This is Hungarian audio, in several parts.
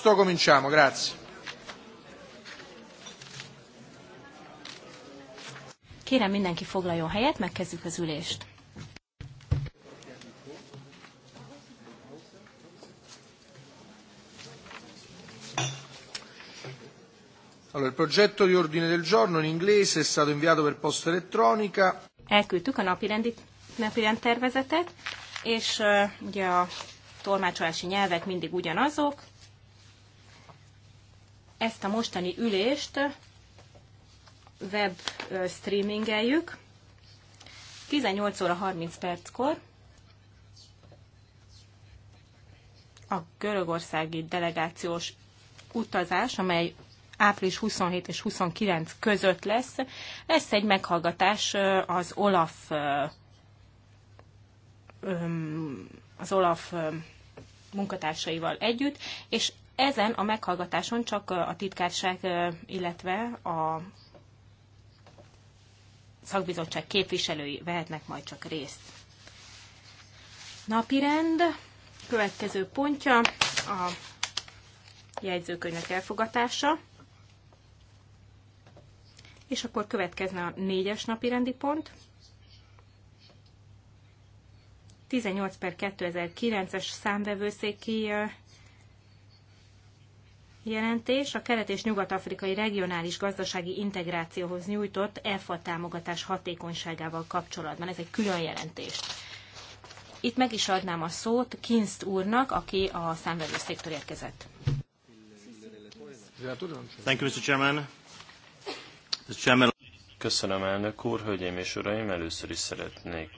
posto, cominciamo, grazie. Kérem mindenki foglaljon helyet, megkezdjük az ülést. Allora, il progetto di ordine del giorno in inglese è stato inviato per posta elettronica. Elküldtük a napirendi, napirend tervezetet, és uh, ugye a tolmácsolási nyelvek mindig ugyanazok, ezt a mostani ülést web streamingeljük 18 óra 30 perckor a görögországi delegációs utazás, amely április 27 és 29 között lesz, lesz egy meghallgatás az Olaf az Olaf munkatársaival együtt, és ezen a meghallgatáson csak a titkárság, illetve a szakbizottság képviselői vehetnek majd csak részt. Napirend következő pontja a jegyzőkönyvek elfogatása. És akkor következne a négyes napi rendi pont. 18 per 2009-es számvevőszéki jelentés a keret- és nyugat-afrikai regionális gazdasági integrációhoz nyújtott EFA támogatás hatékonyságával kapcsolatban. Ez egy külön jelentés. Itt meg is adnám a szót Kinst úrnak, aki a számvevőszéktől érkezett. Thank you, Mr. Chairman. Mr. Chairman. Köszönöm, elnök úr, hölgyeim és uraim, először is szeretnék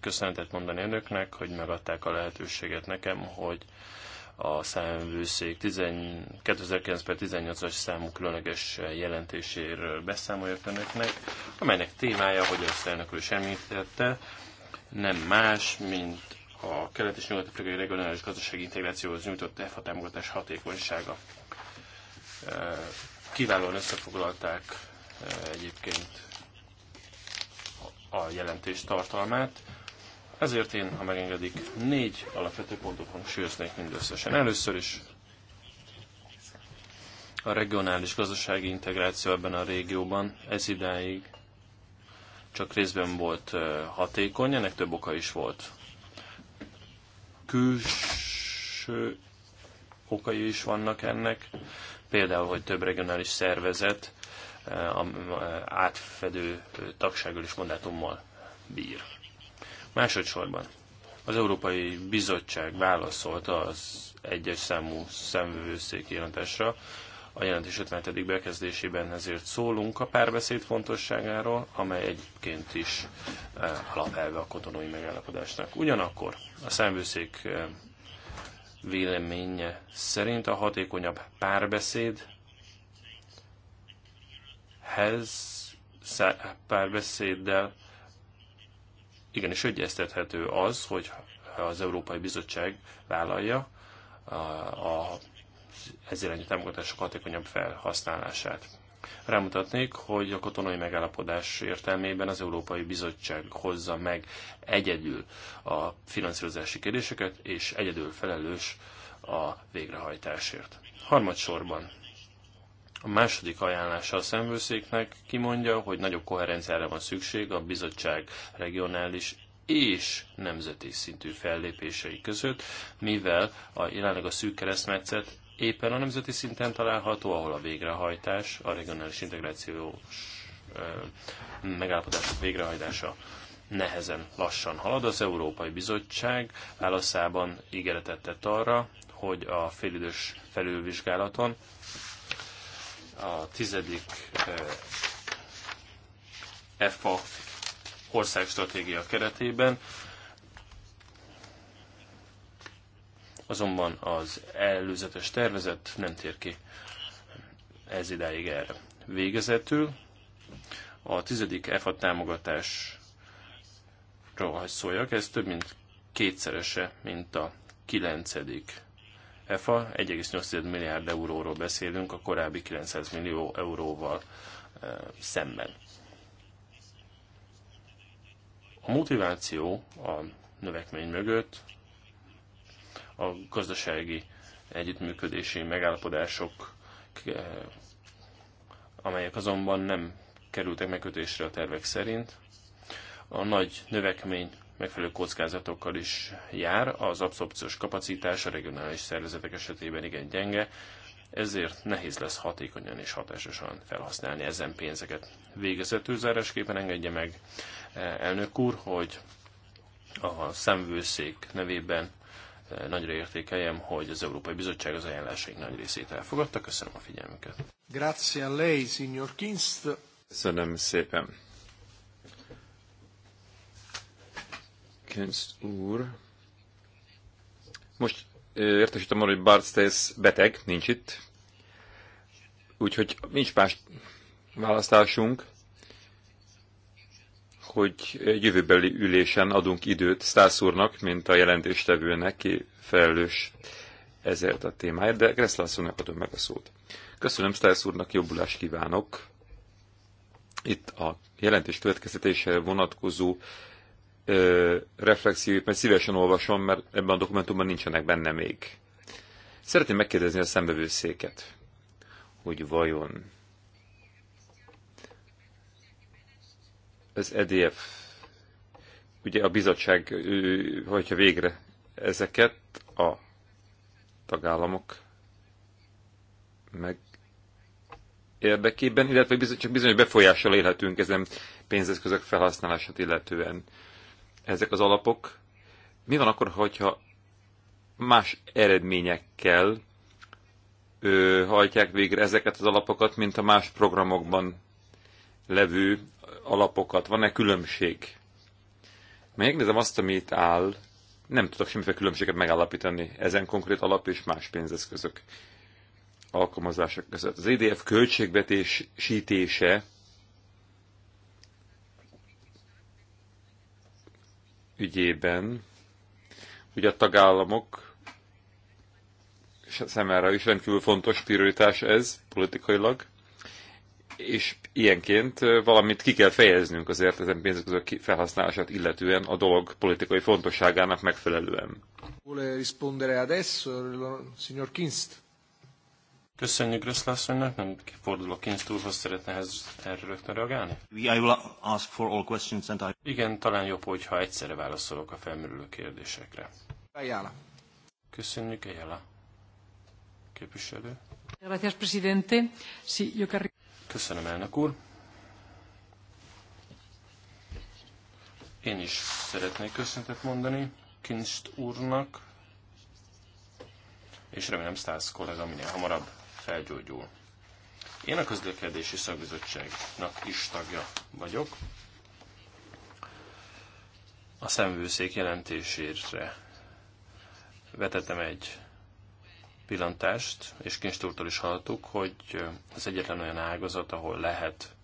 köszönetet mondani önöknek, hogy megadták a lehetőséget nekem, hogy a számvőszék 2009-18-as számú különleges jelentéséről beszámoljak önöknek, amelynek témája, hogy a elnök is említette, nem más, mint a kelet- és nyugat-afrikai regionális gazdasági integrációhoz nyújtott EFA támogatás hatékonysága. Kiválóan összefoglalták egyébként a jelentés tartalmát. Ezért én, ha megengedik, négy alapvető pontot hangsúlyoznék mindösszesen. Először is a regionális gazdasági integráció ebben a régióban ez idáig csak részben volt hatékony, ennek több oka is volt. Külső okai is vannak ennek, például, hogy több regionális szervezet átfedő tagsággal és mandátummal bír. Másodszorban az Európai Bizottság válaszolt az egyes számú szemvőszék jelentésre, a jelentés 57. bekezdésében ezért szólunk a párbeszéd fontosságáról, amely egyébként is eh, alapelve a kotonói megállapodásnak. Ugyanakkor a számvőszék eh, véleménye szerint a hatékonyabb párbeszédhez párbeszéddel igenis egyeztethető az, hogy az Európai Bizottság vállalja a, a ez irányú támogatások hatékonyabb felhasználását. Rámutatnék, hogy a katonai megállapodás értelmében az Európai Bizottság hozza meg egyedül a finanszírozási kérdéseket, és egyedül felelős a végrehajtásért. Harmadsorban a második ajánlása a szemvőszéknek kimondja, hogy nagyobb koherenciára van szükség a bizottság regionális és nemzeti szintű fellépései között, mivel a jelenleg a szűk keresztmetszet éppen a nemzeti szinten található, ahol a végrehajtás, a regionális integrációs megállapodások végrehajtása nehezen lassan halad. Az Európai Bizottság válaszában ígéretet tett arra, hogy a félidős felülvizsgálaton a tizedik EFA eh, országstratégia keretében. Azonban az előzetes tervezet nem tér ki ez idáig erre. Végezetül a tizedik EFA támogatásról hagy szóljak, ez több mint kétszerese, mint a kilencedik EFA, 1,8 milliárd euróról beszélünk a korábbi 900 millió euróval eh, szemben. A motiváció a növekmény mögött a gazdasági együttműködési megállapodások, eh, amelyek azonban nem kerültek megkötésre a tervek szerint. A nagy növekmény megfelelő kockázatokkal is jár, az abszorpciós kapacitás a regionális szervezetek esetében igen gyenge, ezért nehéz lesz hatékonyan és hatásosan felhasználni ezen pénzeket. Végezetül zárásképpen engedje meg eh, elnök úr, hogy a szemvőszék nevében eh, nagyra értékeljem, hogy az Európai Bizottság az ajánlásaink nagy részét elfogadta. Köszönöm a figyelmüket. Grazie a lei, signor Kinst. Köszönöm szépen. Könz úr. Most értesítem arra, hogy Bart Stace beteg, nincs itt. Úgyhogy nincs más választásunk, hogy egy jövőbeli ülésen adunk időt Stász úrnak, mint a jelentéstevőnek, ki felelős ezért a témáért, de úrnak adom meg a szót. Köszönöm Stász úrnak, jobbulást kívánok! Itt a jelentés következtetése vonatkozó ö, mert szívesen olvasom, mert ebben a dokumentumban nincsenek benne még. Szeretném megkérdezni a szembevőszéket, hogy vajon az EDF, ugye a bizottság hagyja végre ezeket a tagállamok meg érdekében, illetve csak bizonyos befolyással élhetünk ezen pénzeszközök felhasználását illetően ezek az alapok. Mi van akkor, hogyha más eredményekkel ö, hajtják végre ezeket az alapokat, mint a más programokban levő alapokat? Van-e különbség? Megnézem azt, ami itt áll, nem tudok semmiféle különbséget megállapítani ezen konkrét alap és más pénzeszközök alkalmazása között. Az EDF költségvetés sítése ügyében, hogy a tagállamok szemára is rendkívül fontos prioritás ez politikailag, és ilyenként valamit ki kell fejeznünk azért ezen pénzek felhasználását illetően a dolog politikai fontosságának megfelelően. Vuole rispondere adesso, signor Kinst? Köszönjük Röszlászonynak, nem fordulok túlhoz, szeretne ez, erre rögtön reagálni? I will ask for all questions and I... Igen, talán jobb, hogyha egyszerre válaszolok a felmerülő kérdésekre. Ayala. Köszönjük, Ajánla. Képviselő. Gracias, presidente. Sí, yo car... Köszönöm, elnök úr. Én is szeretnék köszönetet mondani Kinst úrnak, és remélem Stász kollega minél hamarabb felgyógyul. Én a közlekedési szakbizottságnak is tagja vagyok. A szemvőszék jelentésére vetettem egy pillantást, és Kincstúrtól is hallottuk, hogy az egyetlen olyan ágazat, ahol lehet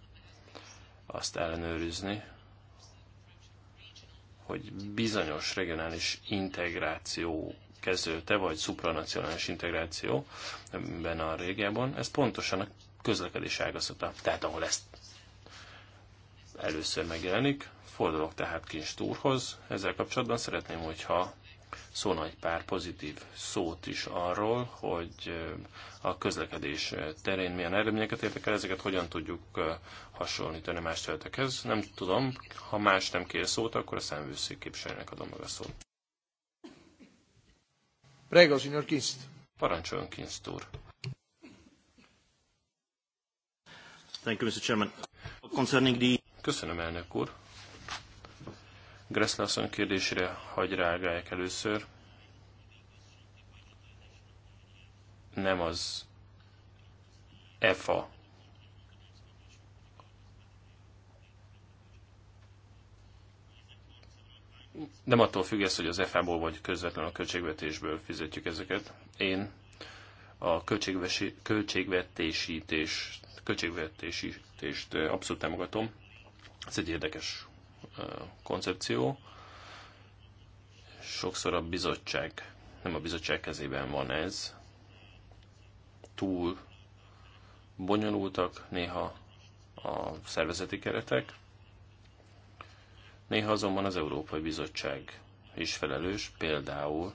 azt ellenőrizni, hogy bizonyos regionális integráció kezdődte, vagy szupranacionális integráció ebben a régiában, ez pontosan a közlekedés ágazata. Tehát ahol ezt először megjelenik, fordulok tehát Kincs Túrhoz. Ezzel kapcsolatban szeretném, hogyha szólna egy pár pozitív szót is arról, hogy eh, a közlekedés eh, terén milyen eredményeket értek el, ezeket hogyan tudjuk eh, hasonlítani más területekhez. Nem tudom, ha más nem kér szót, akkor a szemvőszék képviselőnek adom meg a szót. Prego, signor Kinst. Parancsoljon, Kinst úr. Thank you, Mr. Chairman. Concerning the... Köszönöm, elnök úr. Gressler asszony kérdésére hagy reagálják először. Nem az EFA nem attól függ ez, hogy az FA-ból vagy közvetlenül a költségvetésből fizetjük ezeket. Én a költségvetésítés, költségvetésítést abszolút támogatom. Ez egy érdekes koncepció. Sokszor a bizottság, nem a bizottság kezében van ez. Túl bonyolultak néha a szervezeti keretek, Néha azonban az Európai Bizottság is felelős, például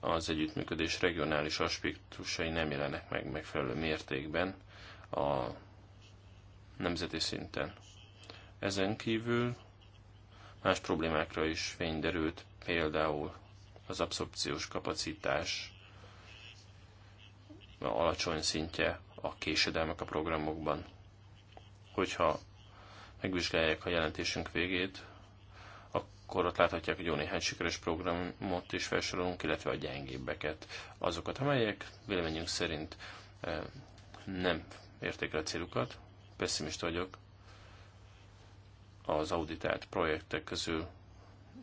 az együttműködés regionális aspektusai nem jelenek meg megfelelő mértékben a nemzeti szinten. Ezen kívül más problémákra is fény derült, például az abszorpciós kapacitás alacsony szintje, a késedelmek a programokban. Hogyha megvizsgálják a jelentésünk végét, akkor ott láthatják, hogy jó néhány sikeres programot is felsorolunk, illetve a gyengébbeket. Azokat, amelyek véleményünk szerint e, nem érték el a célukat, Pessimist vagyok, az auditált projektek közül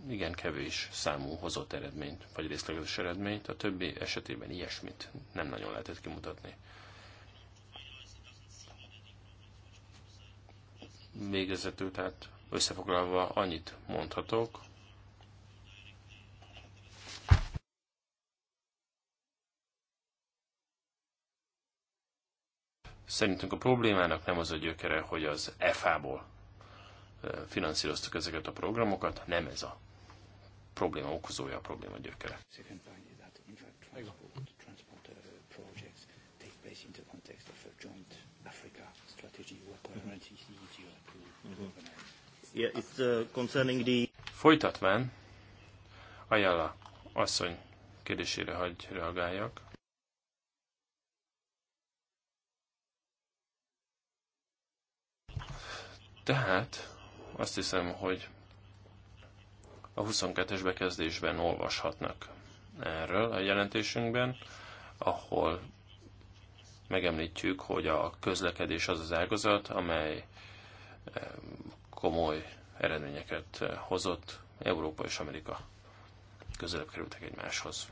igen kevés számú hozott eredményt, vagy részleges eredményt, a többi esetében ilyesmit nem nagyon lehetett kimutatni. Végezetül, tehát összefoglalva annyit mondhatok, Szerintünk a problémának nem az a gyökere, hogy az FA-ból finanszíroztuk ezeket a programokat, nem ez a probléma okozója, a probléma gyökere. Szépen. Yeah, it's, uh, concerning the... Folytatván Ayala asszony kérdésére hagy reagáljak. Tehát azt hiszem, hogy a 22-es bekezdésben olvashatnak erről a jelentésünkben, ahol megemlítjük, hogy a közlekedés az az ágazat, amely komoly eredményeket eh, hozott. Európa és Amerika közelebb kerültek egymáshoz.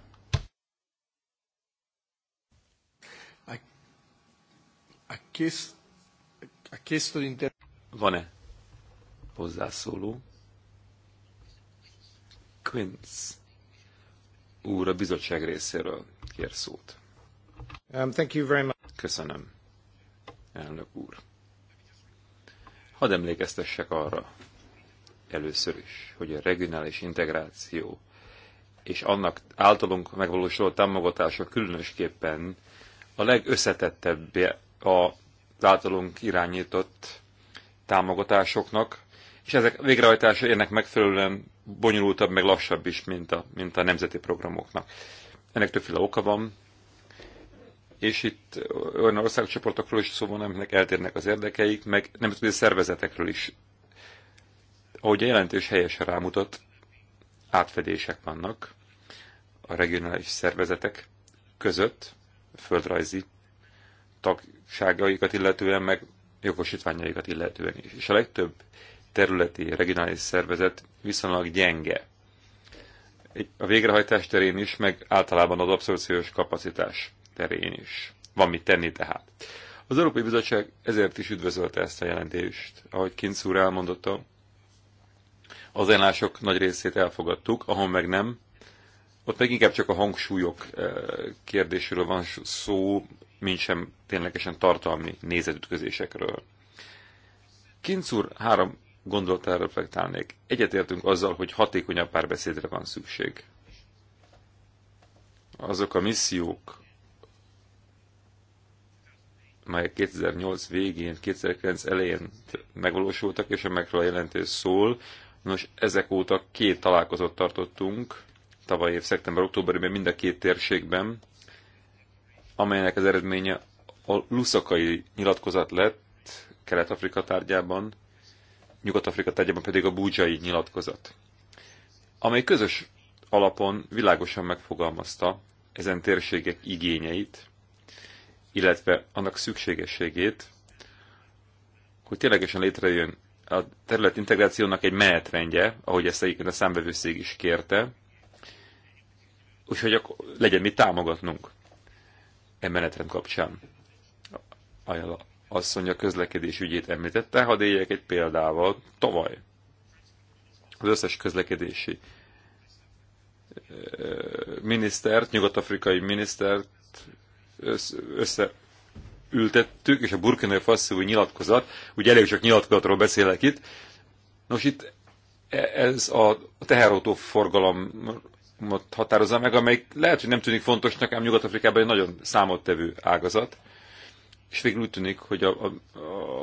Van-e hozzászóló? Quince úr a bizottság részéről kér szót. Um, thank you very much. Köszönöm, elnök úr. Hadd emlékeztessek arra először is, hogy a regionális integráció és annak általunk megvalósuló támogatása különösképpen a legösszetettebb a általunk irányított támogatásoknak, és ezek végrehajtása ennek megfelelően bonyolultabb, meg lassabb is, mint a, mint a nemzeti programoknak. Ennek többféle oka van, és itt olyan országcsoportokról is szó van, amiknek eltérnek az érdekeik, meg nemzetközi szervezetekről is. Ahogy a jelentős helyesen rámutat, átfedések vannak a regionális szervezetek között, földrajzi tagságaikat illetően, meg jogosítványaikat illetően is. És a legtöbb területi regionális szervezet viszonylag gyenge. A végrehajtás terén is, meg általában az abszorciós kapacitás terén is. Van mit tenni tehát. Az Európai Bizottság ezért is üdvözölte ezt a jelentést. Ahogy Kinc úr elmondotta, az ellások nagy részét elfogadtuk, ahol meg nem, ott meg inkább csak a hangsúlyok eh, kérdéséről van szó, mint sem ténylegesen tartalmi nézetütközésekről. Kinc úr három gondolatára reflektálnék. Egyetértünk azzal, hogy hatékonyabb párbeszédre van szükség. Azok a missziók, melyek 2008 végén, 2009 elején megvalósultak, és amelyekről a jelentés szól. Nos, ezek óta két találkozót tartottunk, tavaly év szeptember-októberben mind a két térségben, amelynek az eredménye a luszakai nyilatkozat lett Kelet-Afrika tárgyában, Nyugat-Afrika tárgyában pedig a búdzsai nyilatkozat, amely közös alapon világosan megfogalmazta ezen térségek igényeit, illetve annak szükségességét, hogy ténylegesen létrejön a terület integrációnak egy menetrendje, ahogy ezt egyébként a számbevőszék is kérte, úgyhogy legyen mit támogatnunk e menetrend kapcsán. Ajala asszony a közlekedés ügyét említette, ha éljek egy példával, tavaly az összes közlekedési minisztert, nyugat-afrikai minisztert összeültettük, és a Burkina Faso nyilatkozat, ugye elég csak nyilatkozatról beszélek itt, nos itt e, ez a teherautó forgalomot határozza meg, amely lehet, hogy nem tűnik fontosnak, ám Nyugat-Afrikában egy nagyon számottevő ágazat. És végül úgy tűnik, hogy a, a,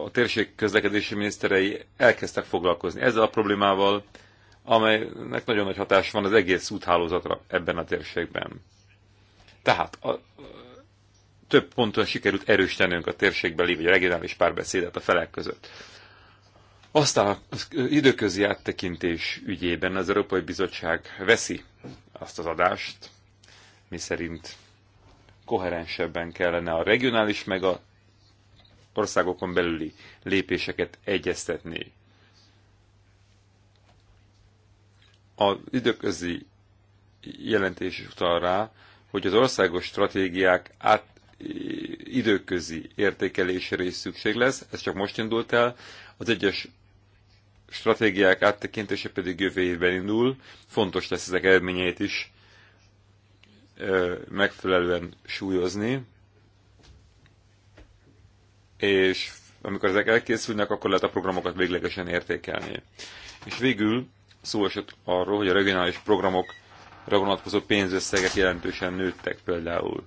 a térség közlekedési miniszterei elkezdtek foglalkozni ezzel a problémával, amelynek nagyon nagy hatás van az egész úthálózatra ebben a térségben. Tehát a, több ponton sikerült erősítenünk a térségbeli vagy a regionális párbeszédet a felek között. Aztán az időközi áttekintés ügyében az Európai Bizottság veszi azt az adást, mi szerint koherensebben kellene a regionális meg a országokon belüli lépéseket egyeztetni. Az időközi jelentés is utal rá, hogy az országos stratégiák át időközi értékelésére is szükség lesz, ez csak most indult el, az egyes stratégiák áttekintése pedig jövő évben indul, fontos lesz ezek eredményeit is megfelelően súlyozni, és amikor ezek elkészülnek, akkor lehet a programokat véglegesen értékelni. És végül szó esett arról, hogy a regionális programokra vonatkozó pénzösszegek jelentősen nőttek például.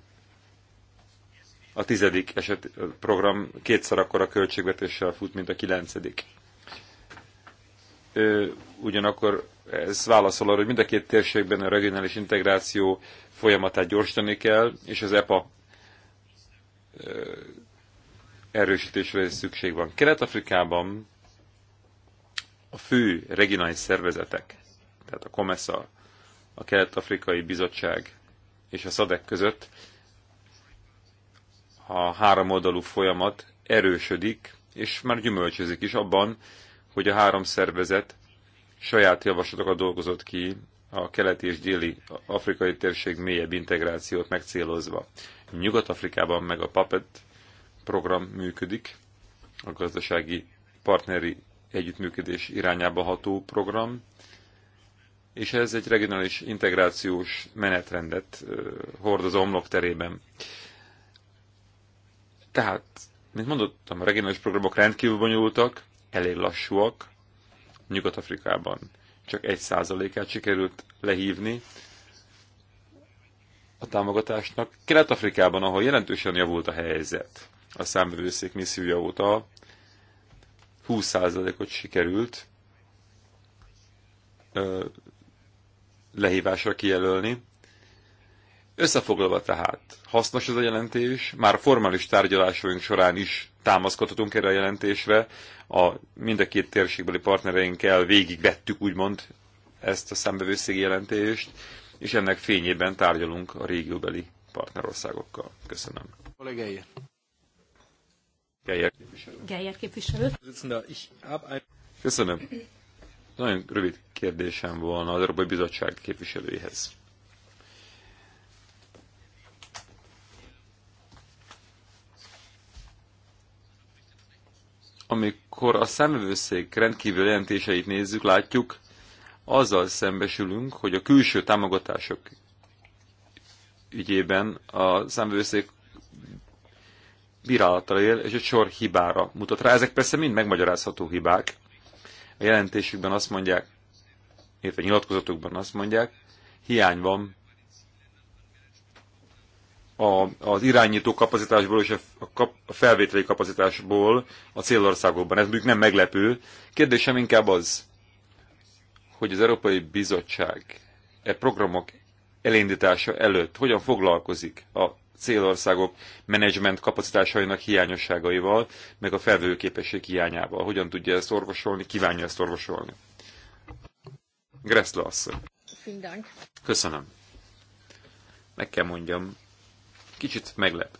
A tizedik eset program kétszer akkora költségvetéssel fut, mint a kilencedik. Ö, ugyanakkor ez válaszol arra, hogy mind a két térségben a regionális integráció folyamatát gyorsítani kell, és az EPA ö, erősítésre is szükség van. Kelet-Afrikában a fő regionális szervezetek, tehát a COMESA, a Kelet-Afrikai Bizottság és a SZADEK között a háromoldalú folyamat erősödik, és már gyümölcsözik is abban, hogy a három szervezet saját javaslatokat dolgozott ki a keleti és déli afrikai térség mélyebb integrációt megcélozva. Nyugat-Afrikában meg a PAPET program működik, a gazdasági partneri együttműködés irányába ható program, és ez egy regionális integrációs menetrendet hordoz omlok terében. Tehát, mint mondottam, a regionális programok rendkívül bonyolultak, elég lassúak, Nyugat-Afrikában csak egy százalékát sikerült lehívni a támogatásnak. Kelet-Afrikában, ahol jelentősen javult a helyzet, a számvevőszék missziója óta 20%-ot sikerült ö, lehívásra kijelölni. Összefoglalva tehát, hasznos ez a jelentés, már formális tárgyalásaink során is támaszkodhatunk erre a jelentésre, a mind a két térségbeli partnereinkkel végigvettük úgymond ezt a szembevőszégi jelentést, és ennek fényében tárgyalunk a régióbeli partnerországokkal. Köszönöm. Geyer képviselő. Geyer képviselő. Köszönöm. Nagyon rövid kérdésem volna az Európai Bizottság képviselőjéhez. amikor a számövőszék rendkívül jelentéseit nézzük, látjuk, azzal szembesülünk, hogy a külső támogatások ügyében a számvőszék bírálattal él, és egy sor hibára mutat rá. Ezek persze mind megmagyarázható hibák. A jelentésükben azt mondják, illetve nyilatkozatokban azt mondják, hiány van a, az irányító kapacitásból és a, kap, a felvételi kapacitásból a célországokban. Ez mondjuk nem meglepő. Kérdésem inkább az, hogy az Európai Bizottság e programok elindítása előtt hogyan foglalkozik a célországok menedzsment kapacitásainak hiányosságaival, meg a felvőképesség hiányával. Hogyan tudja ezt orvosolni, kívánja ezt orvosolni. Gressle asszony. Köszönöm. Meg kell mondjam, Kicsit meglep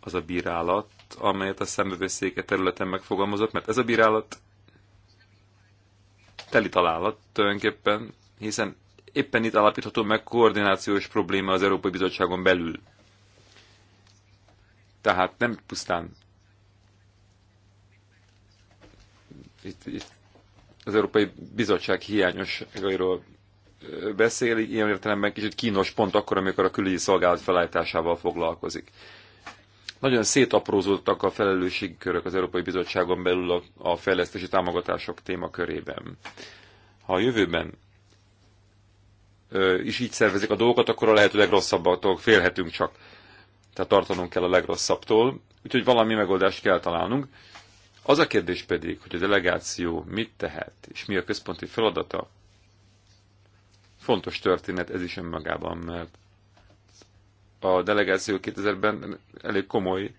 az a bírálat, amelyet a szemövőszéke területen megfogalmazott, mert ez a bírálat teli találat tulajdonképpen, hiszen éppen itt alapítható meg koordinációs probléma az Európai Bizottságon belül. Tehát nem pusztán itt, itt az Európai Bizottság hiányosságairól beszél, ilyen értelemben kicsit kínos pont akkor, amikor a külügyi szolgálat felállításával foglalkozik. Nagyon szétaprózódtak a felelősségi körök az Európai Bizottságon belül a, a fejlesztési támogatások témakörében. Ha a jövőben ö, is így szervezik a dolgokat, akkor a lehető legrosszabbaktól félhetünk csak. Tehát tartanunk kell a legrosszabbtól, úgyhogy valami megoldást kell találnunk. Az a kérdés pedig, hogy a delegáció mit tehet, és mi a központi feladata, Fontos történet ez is önmagában, mert a delegáció 2000-ben elég komoly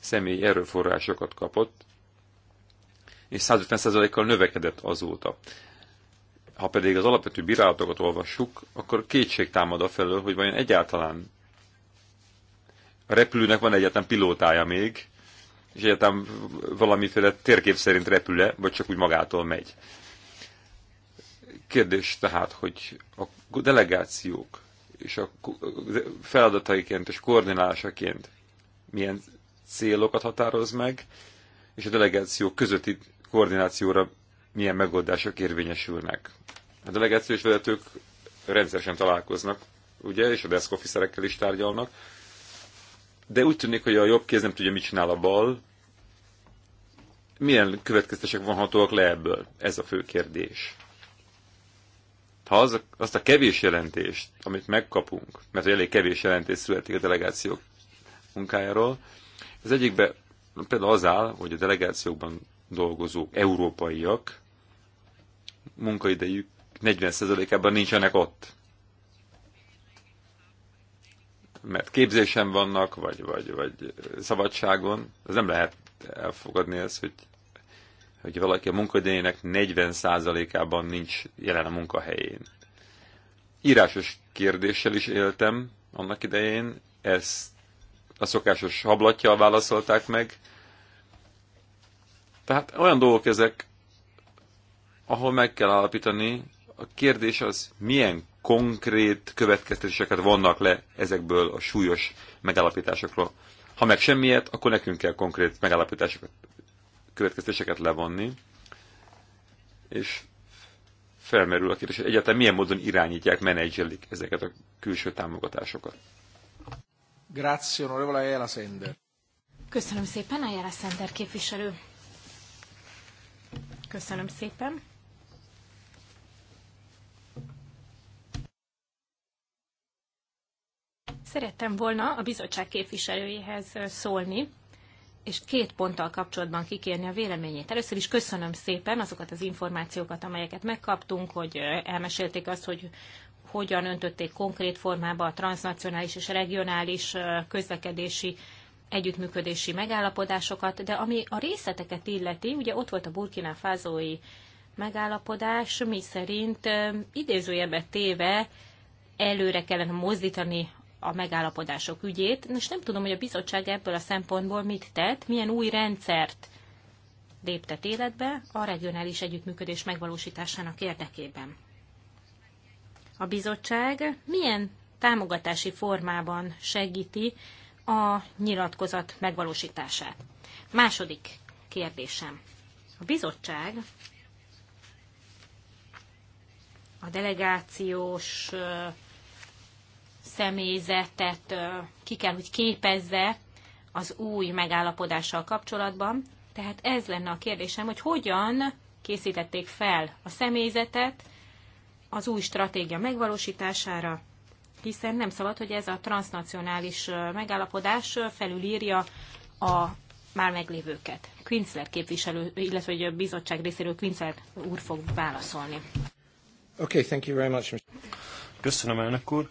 személyi erőforrásokat kapott, és 150%-kal növekedett azóta. Ha pedig az alapvető bírálatokat olvassuk, akkor kétség támad a felől, hogy vajon egyáltalán a repülőnek van egyáltalán pilótája még, és egyáltalán valamiféle térkép szerint repül repül-e, vagy csak úgy magától megy. Kérdés tehát, hogy a delegációk és a feladataiként és koordinálásaként milyen célokat határoz meg, és a delegáció közötti koordinációra milyen megoldások érvényesülnek. A delegációs vezetők rendszeresen találkoznak, ugye, és a desk officerekkel is tárgyalnak, de úgy tűnik, hogy a jobb kéz nem tudja, mit csinál a bal. Milyen következtések vonhatóak le ebből? Ez a fő kérdés. Ha az, azt a kevés jelentést, amit megkapunk, mert elég kevés jelentés születik a delegációk munkájáról, az egyikben például az áll, hogy a delegációkban dolgozók európaiak munkaidejük 40%-ában nincsenek ott. Mert képzésen vannak, vagy, vagy, vagy szabadságon. Ez nem lehet elfogadni ezt, hogy hogy valaki a munkadénének 40%-ában nincs jelen a munkahelyén. Írásos kérdéssel is éltem annak idején, ezt a szokásos hablatjal válaszolták meg. Tehát olyan dolgok ezek, ahol meg kell állapítani, a kérdés az, milyen konkrét következtetéseket vannak le ezekből a súlyos megállapításokról. Ha meg semmiet, akkor nekünk kell konkrét megállapításokat következtéseket levonni, és felmerül a kérdés, hogy egyáltalán milyen módon irányítják, menedzselik ezeket a külső támogatásokat. Grazie, onorevole Ayala Sender. Köszönöm szépen, Ayala Sender képviselő. Köszönöm szépen. Szerettem volna a bizottság képviselőjéhez szólni, és két ponttal kapcsolatban kikérni a véleményét. Először is köszönöm szépen azokat az információkat, amelyeket megkaptunk, hogy elmesélték azt, hogy hogyan öntötték konkrét formába a transnacionális és regionális közlekedési együttműködési megállapodásokat, de ami a részleteket illeti, ugye ott volt a burkina fázói megállapodás, mi szerint idézőjebe téve előre kellene mozdítani a megállapodások ügyét, és nem tudom, hogy a bizottság ebből a szempontból mit tett, milyen új rendszert léptet életbe a regionális együttműködés megvalósításának érdekében. A bizottság milyen támogatási formában segíti a nyilatkozat megvalósítását? Második kérdésem. A bizottság a delegációs személyzetet ki kell, hogy képezze az új megállapodással kapcsolatban. Tehát ez lenne a kérdésem, hogy hogyan készítették fel a személyzetet az új stratégia megvalósítására, hiszen nem szabad, hogy ez a transnacionális megállapodás felülírja a már meglévőket. Künzler képviselő, illetve hogy a bizottság részéről Künzler úr fog válaszolni. Okay, thank you very much. Köszönöm, elnök úr.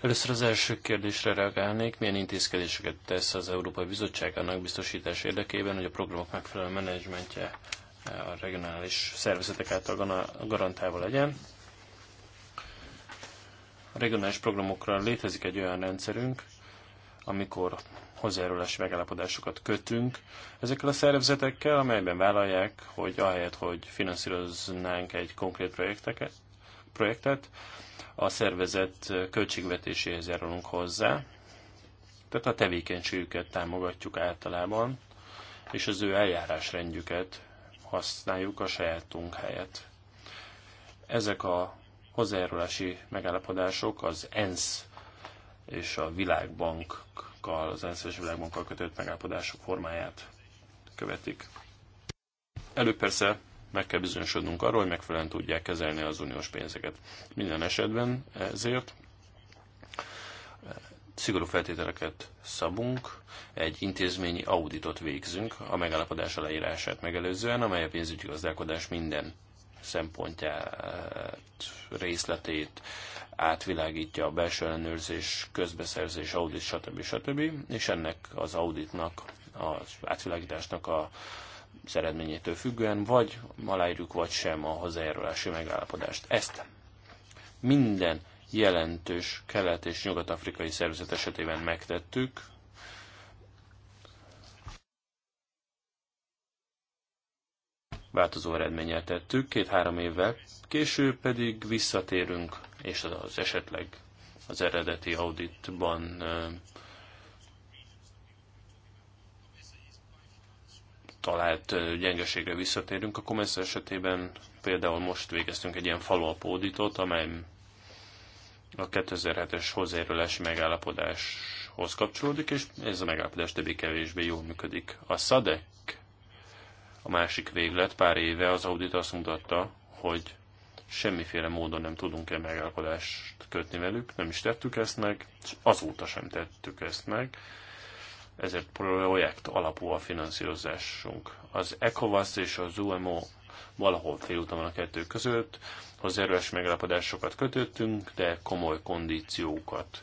Először az első kérdésre reagálnék, milyen intézkedéseket tesz az Európai Bizottság annak biztosítás érdekében, hogy a programok megfelelő menedzsmentje eh, a regionális szervezetek által garantálva legyen. A regionális programokra létezik egy olyan rendszerünk, amikor hozzájárulási megállapodásokat kötünk ezekkel a szervezetekkel, amelyben vállalják, hogy ahelyett, hogy finanszíroznánk egy konkrét projekteket, projektet, a szervezet költségvetéséhez járulunk hozzá. Tehát a tevékenységüket támogatjuk általában, és az ő eljárásrendjüket használjuk a sajátunk helyett. Ezek a hozzájárulási megállapodások az ENSZ és a Világbankkal, az ENSZ és a Világbankkal kötött megállapodások formáját követik. Előbb persze meg kell bizonyosodnunk arról, hogy megfelelően tudják kezelni az uniós pénzeket. Minden esetben ezért eh, szigorú feltételeket szabunk, egy intézményi auditot végzünk a megállapodás aláírását megelőzően, amely a pénzügyi gazdálkodás minden szempontját, részletét átvilágítja a belső ellenőrzés, közbeszerzés, audit, stb. stb. És ennek az auditnak, az átvilágításnak a eredményétől függően, vagy aláírjuk, vagy sem a hazajárulási megállapodást. Ezt minden jelentős kelet- és nyugat-afrikai szervezet esetében megtettük, változó eredménnyel tettük, két-három évvel később pedig visszatérünk, és az esetleg az eredeti auditban talált gyengeségre visszatérünk. A Comens esetében például most végeztünk egy ilyen follow auditot, amely a 2007-es hozzájárulási megállapodáshoz kapcsolódik, és ez a megállapodás többé-kevésbé jól működik. A SADEC, a másik véglet, pár éve az audit azt mutatta, hogy semmiféle módon nem tudunk-e megállapodást kötni velük, nem is tettük ezt meg, és azóta sem tettük ezt meg ezért projekt alapú a finanszírozásunk. Az ECOWAS és az UMO valahol félúton van a kettő között, erős megállapodásokat kötöttünk, de komoly kondíciókat,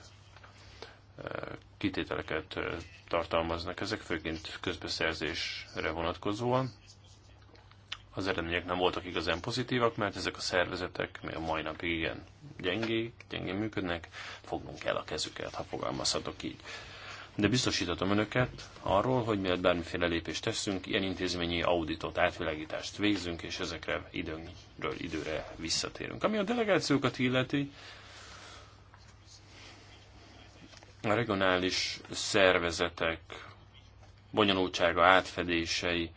eh, kitételeket eh, tartalmaznak ezek, főként közbeszerzésre vonatkozóan. Az eredmények nem voltak igazán pozitívak, mert ezek a szervezetek még a mai napig igen gyengék, gyengén működnek, fognunk el a kezüket, ha fogalmazhatok így de biztosítatom önöket arról, hogy mielőtt bármiféle lépést teszünk, ilyen intézményi auditot, átvilágítást végzünk, és ezekre időről időre visszatérünk. Ami a delegációkat illeti, a regionális szervezetek bonyolultsága, átfedései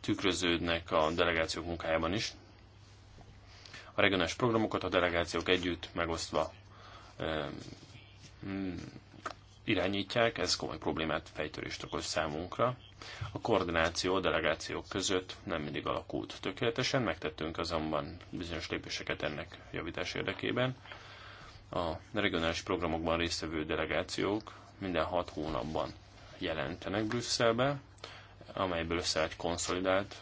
tükröződnek a delegációk munkájában is. A regionális programokat a delegációk együtt megosztva eh, hmm, irányítják, ez komoly problémát, fejtörést okoz számunkra. A koordináció a delegációk között nem mindig alakult tökéletesen, megtettünk azonban bizonyos lépéseket ennek javítás érdekében. A regionális programokban résztvevő delegációk minden hat hónapban jelentenek Brüsszelbe, amelyből össze egy konszolidált,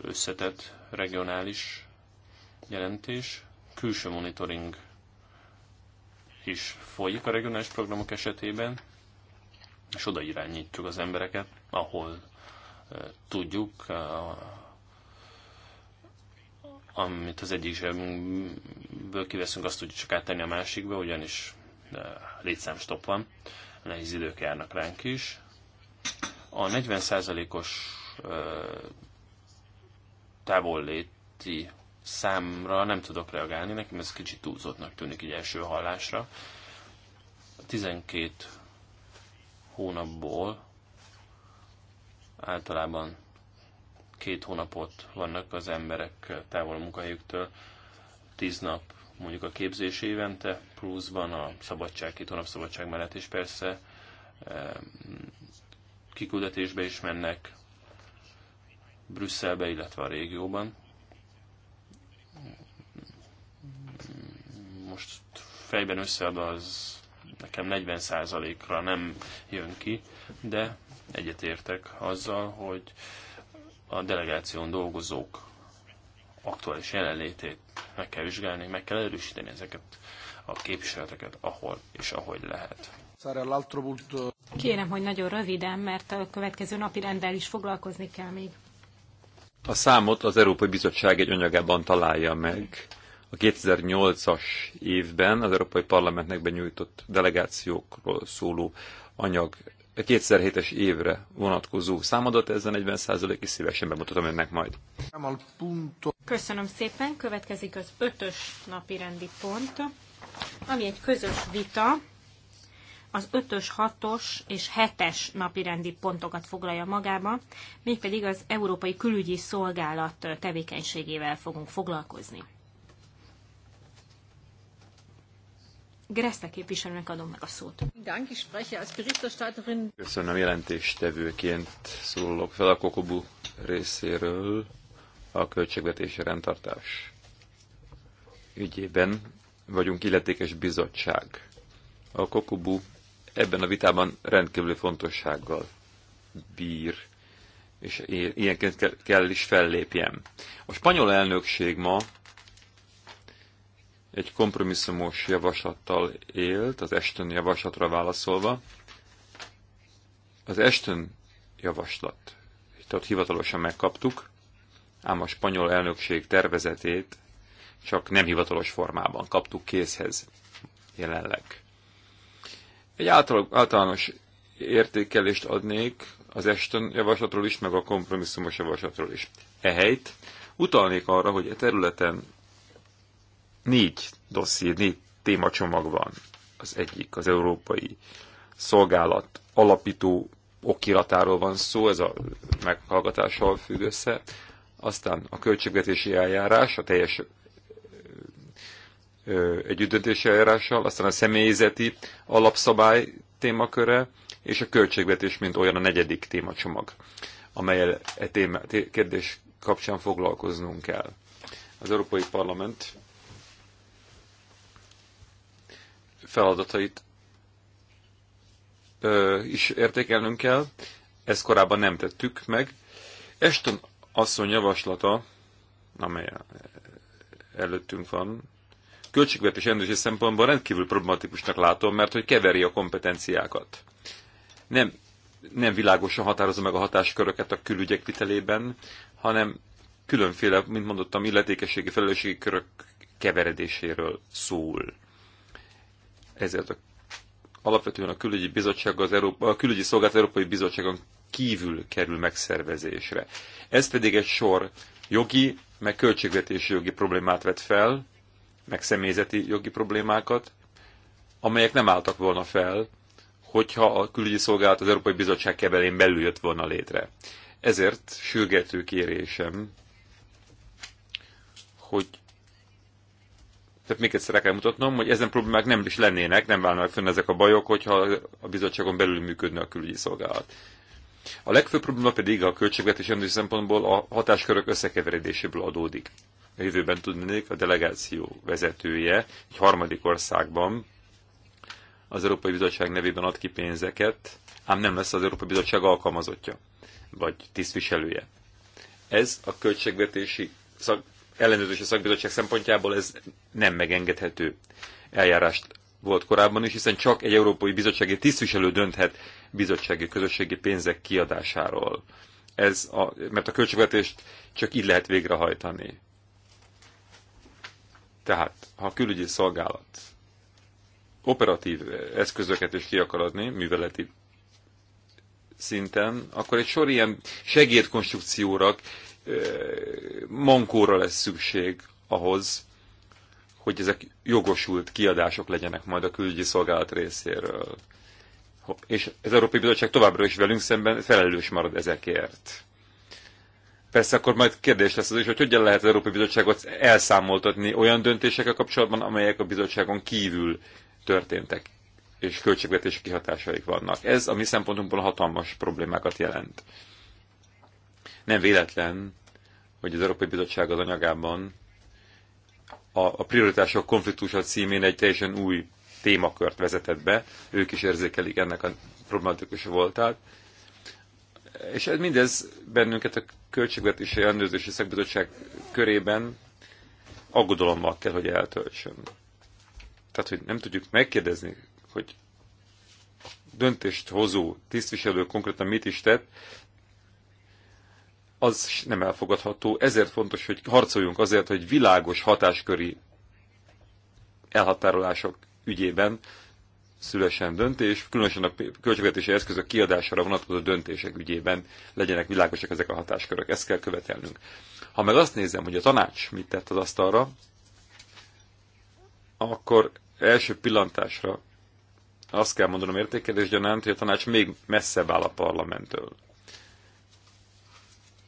összetett regionális jelentés, külső monitoring is folyik a regionális programok esetében, és oda irányítjuk az embereket, ahol tudjuk, amit az egyik zsebünkből kiveszünk, azt tudjuk csak áttenni a másikba, ugyanis létszámstop van, nehéz idők járnak ránk is. A 40%-os távolléti számra nem tudok reagálni, nekem ez kicsit túlzottnak tűnik így első hallásra. 12 hónapból általában két hónapot vannak az emberek távol a munkahelyüktől, tíz nap mondjuk a képzés évente, pluszban a szabadság, két hónap szabadság mellett is persze kiküldetésbe is mennek Brüsszelbe, illetve a régióban. most fejben összead az nekem 40%-ra nem jön ki, de egyetértek azzal, hogy a delegáción dolgozók aktuális jelenlétét meg kell vizsgálni, meg kell erősíteni ezeket a képviseleteket, ahol és ahogy lehet. Kérem, hogy nagyon röviden, mert a következő napi rendel is foglalkozni kell még. A számot az Európai Bizottság egy anyagában találja meg a 2008-as évben az Európai Parlamentnek benyújtott delegációkról szóló anyag 2007-es évre vonatkozó számadat, ezen 40 százalék, szívesen bemutatom önnek majd. Köszönöm szépen, következik az ötös napi rendi pont, ami egy közös vita, az ötös, hatos és hetes napi napirendi pontokat foglalja magába, mégpedig az Európai Külügyi Szolgálat tevékenységével fogunk foglalkozni. Greszle képviselőnek adom meg a szót. Köszönöm jelentéstevőként szólok fel a Kokobu részéről a költségvetési rendtartás ügyében vagyunk illetékes bizottság. A Kokobu ebben a vitában rendkívül fontossággal bír, és ilyenként kell is fellépjem. A spanyol elnökség ma egy kompromisszumos javaslattal élt, az Eston javaslatra válaszolva. Az Eston javaslat, tehát hivatalosan megkaptuk, ám a spanyol elnökség tervezetét csak nem hivatalos formában kaptuk készhez jelenleg. Egy által, általános értékelést adnék az Eston javaslatról is, meg a kompromisszumos javaslatról is. Ehelyt utalnék arra, hogy e területen négy dosszi, négy témacsomag van. Az egyik az Európai Szolgálat alapító okiratáról van szó, ez a meghallgatással függ össze. Aztán a költségvetési eljárás, a teljes együttdöntési eljárással, aztán a személyzeti alapszabály témaköre, és a költségvetés, mint olyan a negyedik témacsomag, amelyel e téma, kérdés kapcsán foglalkoznunk kell. Az Európai Parlament feladatait ö, is értékelnünk kell, ezt korábban nem tettük meg. Eston asszony javaslata, amely előttünk van, költségvetés rendőrség szempontból rendkívül problematikusnak látom, mert hogy keveri a kompetenciákat. Nem, nem világosan határozza meg a hatásköröket a külügyek vitelében, hanem különféle, mint mondottam, illetékességi felelősségi körök keveredéséről szól. Ezért a, alapvetően a külügyi, bizottság az Európa, a külügyi szolgált Európai Bizottságon kívül kerül megszervezésre. Ez pedig egy sor jogi, meg költségvetési jogi problémát vet fel, meg személyzeti jogi problémákat, amelyek nem álltak volna fel, hogyha a külügyi szolgálat az Európai Bizottság kebelén belül jött volna létre. Ezért sürgető kérésem, hogy tehát még egyszer kell mutatnom, hogy ezen problémák nem is lennének, nem válnak fönn ezek a bajok, hogyha a bizottságon belül működne a külügyi szolgálat. A legfőbb probléma pedig a költségvetés rendőri szempontból a hatáskörök összekeveredéséből adódik. A jövőben tudnék a delegáció vezetője egy harmadik országban az Európai Bizottság nevében ad ki pénzeket, ám nem lesz az Európai Bizottság alkalmazottja, vagy tisztviselője. Ez a költségvetési szak ellenőrzési szakbizottság szempontjából ez nem megengedhető eljárást volt korábban is, hiszen csak egy európai bizottsági tisztviselő dönthet bizottsági közösségi pénzek kiadásáról. Ez a, mert a költségvetést csak így lehet végrehajtani. Tehát, ha a külügyi szolgálat operatív eszközöket is ki akar adni, műveleti szinten, akkor egy sor ilyen segédkonstrukcióra mankóra lesz szükség ahhoz, hogy ezek jogosult kiadások legyenek majd a külügyi szolgálat részéről. És az Európai Bizottság továbbra is velünk szemben felelős marad ezekért. Persze akkor majd kérdés lesz az is, hogy hogyan lehet az Európai Bizottságot elszámoltatni olyan döntésekkel kapcsolatban, amelyek a bizottságon kívül történtek, és költségvetési kihatásaik vannak. Ez a mi szempontunkból hatalmas problémákat jelent. Nem véletlen, hogy az Európai Bizottság az anyagában a, a prioritások konfliktusa címén egy teljesen új témakört vezetett be, ők is érzékelik ennek a problematikus voltát. És ez mindez bennünket a Költségvetési Ellenőrzési Szakbizottság körében aggodalommal kell, hogy eltöltsön. Tehát, hogy nem tudjuk megkérdezni, hogy döntést hozó tisztviselő konkrétan mit is tett, az nem elfogadható, ezért fontos, hogy harcoljunk azért, hogy világos hatásköri elhatárolások ügyében szülesen döntés, különösen a költségvetési eszközök kiadására vonatkozó döntések ügyében legyenek világosak ezek a hatáskörök. Ezt kell követelnünk. Ha meg azt nézem, hogy a tanács mit tett az asztalra, akkor első pillantásra azt kell mondanom értékelés gyanánt, hogy a tanács még messzebb áll a parlamenttől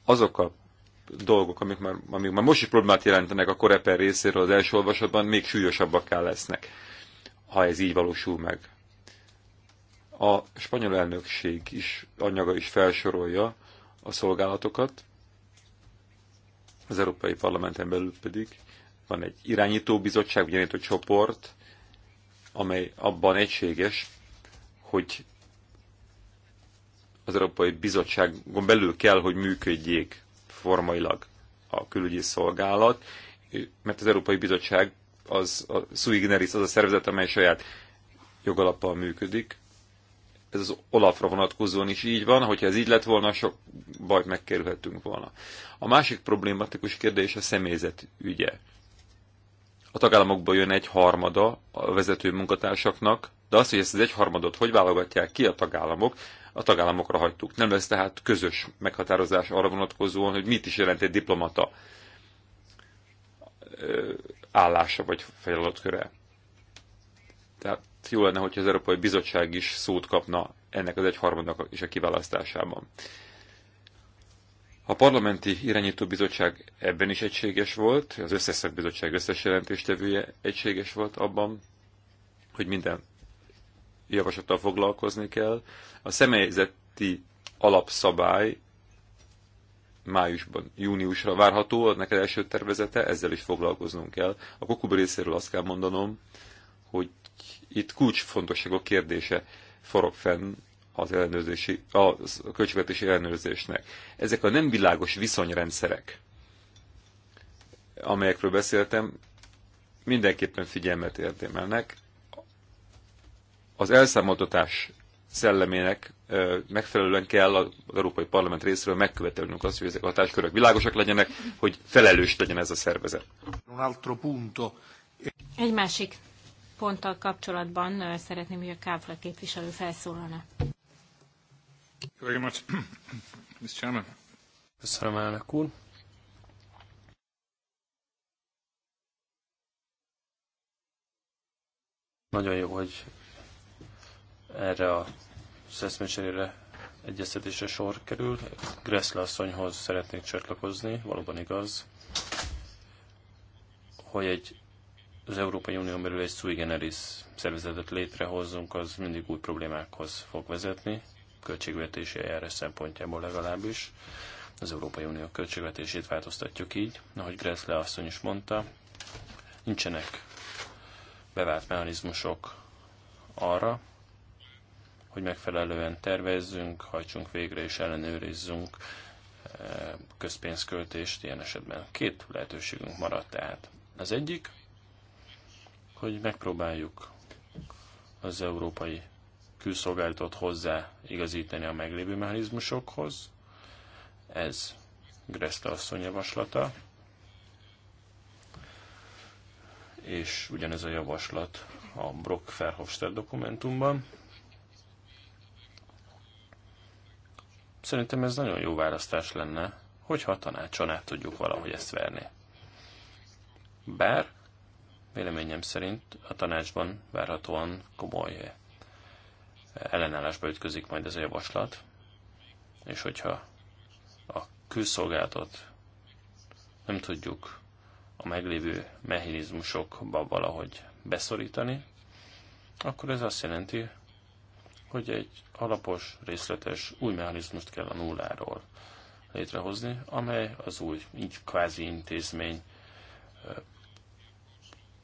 azok a dolgok, amik már, amik már most is problémát jelentenek a koreper részéről az első olvasatban, még súlyosabbakká lesznek, ha ez így valósul meg. A spanyol elnökség is, anyaga is felsorolja a szolgálatokat, az Európai Parlamenten belül pedig van egy irányítóbizottság, egy irányító csoport, amely abban egységes, hogy az Európai Bizottságon belül kell, hogy működjék formailag a külügyi szolgálat, mert az Európai Bizottság az a sui generis, az a szervezet, amely saját jogalappal működik. Ez az Olafra vonatkozóan is így van, hogyha ez így lett volna, sok bajt megkerülhetünk volna. A másik problématikus kérdés a személyzet ügye. A tagállamokból jön egy harmada a vezető munkatársaknak, de az, hogy ezt az egyharmadot hogy válogatják ki a tagállamok, a tagállamokra hagytuk. Nem lesz tehát közös meghatározás arra vonatkozóan, hogy mit is jelent egy diplomata állása vagy feladatköre. Tehát jó lenne, hogyha az Európai Bizottság is szót kapna ennek az egyharmadnak is a kiválasztásában. A parlamenti irányító bizottság ebben is egységes volt, az összes szakbizottság összes jelentéstevője egységes volt abban, hogy minden javaslattal foglalkozni kell. A személyzeti alapszabály májusban, júniusra várható, a neked első tervezete, ezzel is foglalkoznunk kell. A kokuba részéről azt kell mondanom, hogy itt a kérdése forog fenn az ellenőrzési, a költségvetési ellenőrzésnek. Ezek a nem világos viszonyrendszerek, amelyekről beszéltem, mindenképpen figyelmet érdemelnek, az elszámoltatás szellemének megfelelően kell az Európai Parlament részéről megkövetelnünk azt, hogy ezek a hatáskörök világosak legyenek, hogy felelős legyen ez a szervezet. Egy másik ponttal kapcsolatban szeretném, hogy a Kávla képviselő felszólalna. Köszönöm, elnök úr. Nagyon jó, hogy erre a szeszmecserére egyeztetésre sor kerül. Gressler asszonyhoz szeretnék csatlakozni, valóban igaz, hogy egy az Európai Unión belül egy sui generis szervezetet létrehozzunk, az mindig új problémákhoz fog vezetni, költségvetési eljárás szempontjából legalábbis. Az Európai Unió költségvetését változtatjuk így, ahogy Gressle asszony is mondta, nincsenek bevált mechanizmusok arra, hogy megfelelően tervezzünk, hajtsunk végre és ellenőrizzünk eh, közpénzköltést ilyen esetben. Két lehetőségünk maradt tehát. Az egyik, hogy megpróbáljuk az európai külszolgálatot hozzá igazítani a meglévő mechanizmusokhoz. Ez Greszta asszony javaslata. És ugyanez a javaslat a Brock-Ferhofstadt dokumentumban. Szerintem ez nagyon jó választás lenne, hogyha a tanácson át tudjuk valahogy ezt verni. Bár véleményem szerint a tanácsban várhatóan komoly eh, ellenállásba ütközik majd ez a javaslat, és hogyha a külszolgálatot nem tudjuk a meglévő mechanizmusokba valahogy beszorítani, akkor ez azt jelenti, hogy egy alapos, részletes új mechanizmust kell a nulláról létrehozni, amely az új így kvázi intézmény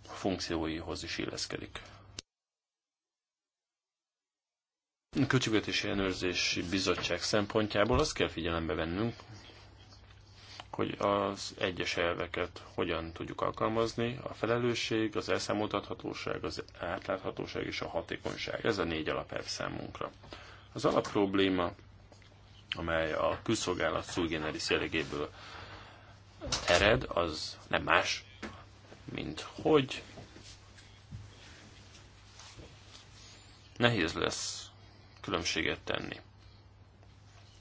funkcióihoz is illeszkedik. A Költségvetési Ellenőrzési Bizottság szempontjából azt kell figyelembe vennünk, hogy az egyes elveket hogyan tudjuk alkalmazni, a felelősség, az elszámoltathatóság, az átláthatóság és a hatékonyság. Ez a négy alapelv számunkra. Az alapprobléma, amely a külszolgálat szulgeneris jellegéből ered, az nem más, mint hogy nehéz lesz különbséget tenni.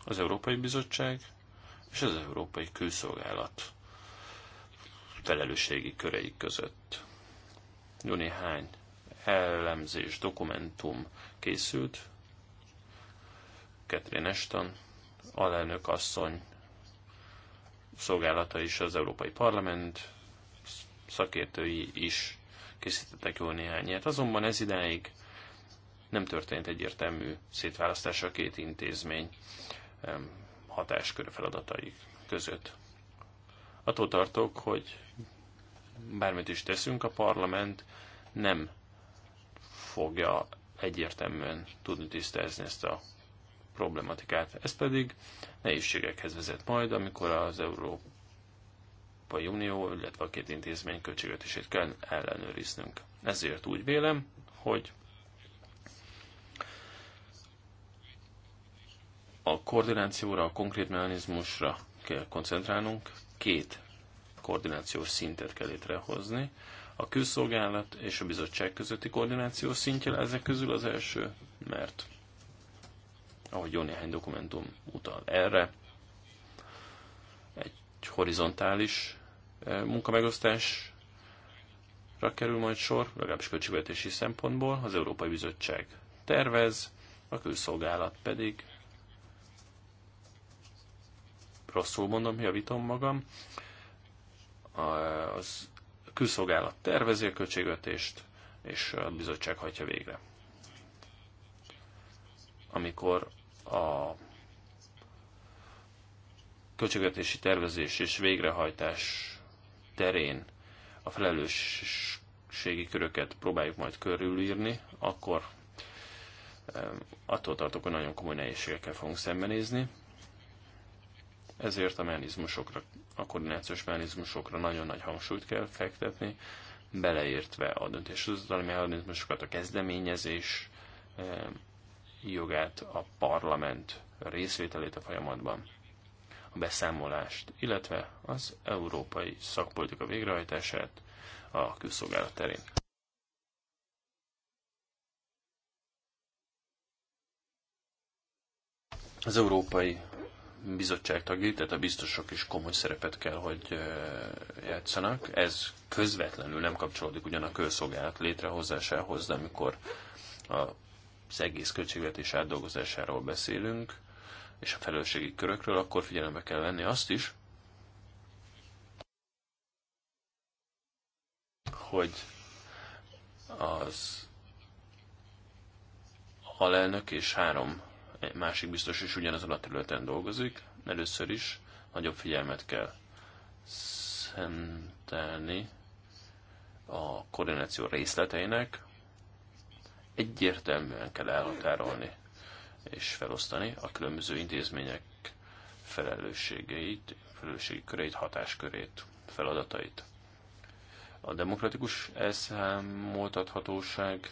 Az Európai Bizottság és az Európai Külszolgálat felelősségi körei között. Jó néhány elemzés, dokumentum készült. Catherine Ashton, alelnök asszony szolgálata is az Európai Parlament szakértői is készítettek jó néhány ilyet. Azonban ez idáig nem történt egyértelmű szétválasztása a két intézmény hatáskör feladataik között. Attól tartok, hogy bármit is teszünk, a parlament nem fogja egyértelműen tudni tisztázni ezt a problematikát. Ez pedig nehézségekhez vezet majd, amikor az Európai Unió, illetve a két intézmény költségvetését kell ellenőriznünk. Ezért úgy vélem, hogy A koordinációra, a konkrét mechanizmusra kell koncentrálnunk. Két koordinációs szintet kell létrehozni. A külszolgálat és a bizottság közötti koordinációs szintje ezek közül az első, mert ahogy jó néhány dokumentum utal erre, egy horizontális eh, munkamegosztásra kerül majd sor, legalábbis költségvetési szempontból. Az Európai Bizottság tervez, a külszolgálat pedig rosszul mondom, javítom magam, az külszolgálat tervezi a költségvetést, és a bizottság hagyja végre. Amikor a költségvetési tervezés és végrehajtás terén a felelősségi köröket próbáljuk majd körülírni, akkor attól tartok, hogy nagyon komoly nehézségekkel fogunk szembenézni. Ezért a mechanizmusokra, a koordinációs mechanizmusokra nagyon nagy hangsúlyt kell fektetni, beleértve a döntéshozatali mechanizmusokat, a kezdeményezés eh, jogát, a parlament részvételét a folyamatban, a beszámolást, illetve az európai szakpolitika végrehajtását a külszolgálat terén. Az európai bizottság tagjai, tehát a biztosok is komoly szerepet kell, hogy játszanak. Ez közvetlenül nem kapcsolódik ugyan a közszolgálat létrehozásához, de amikor az egész költségvetés átdolgozásáról beszélünk, és a felelősségi körökről, akkor figyelembe kell venni azt is, hogy az alelnök és három másik biztos is ugyanazon a területen dolgozik. Először is nagyobb figyelmet kell szentelni a koordináció részleteinek. Egyértelműen kell elhatárolni és felosztani a különböző intézmények felelősségeit, felelősségköreit, hatáskörét, feladatait. A demokratikus elszámoltathatóság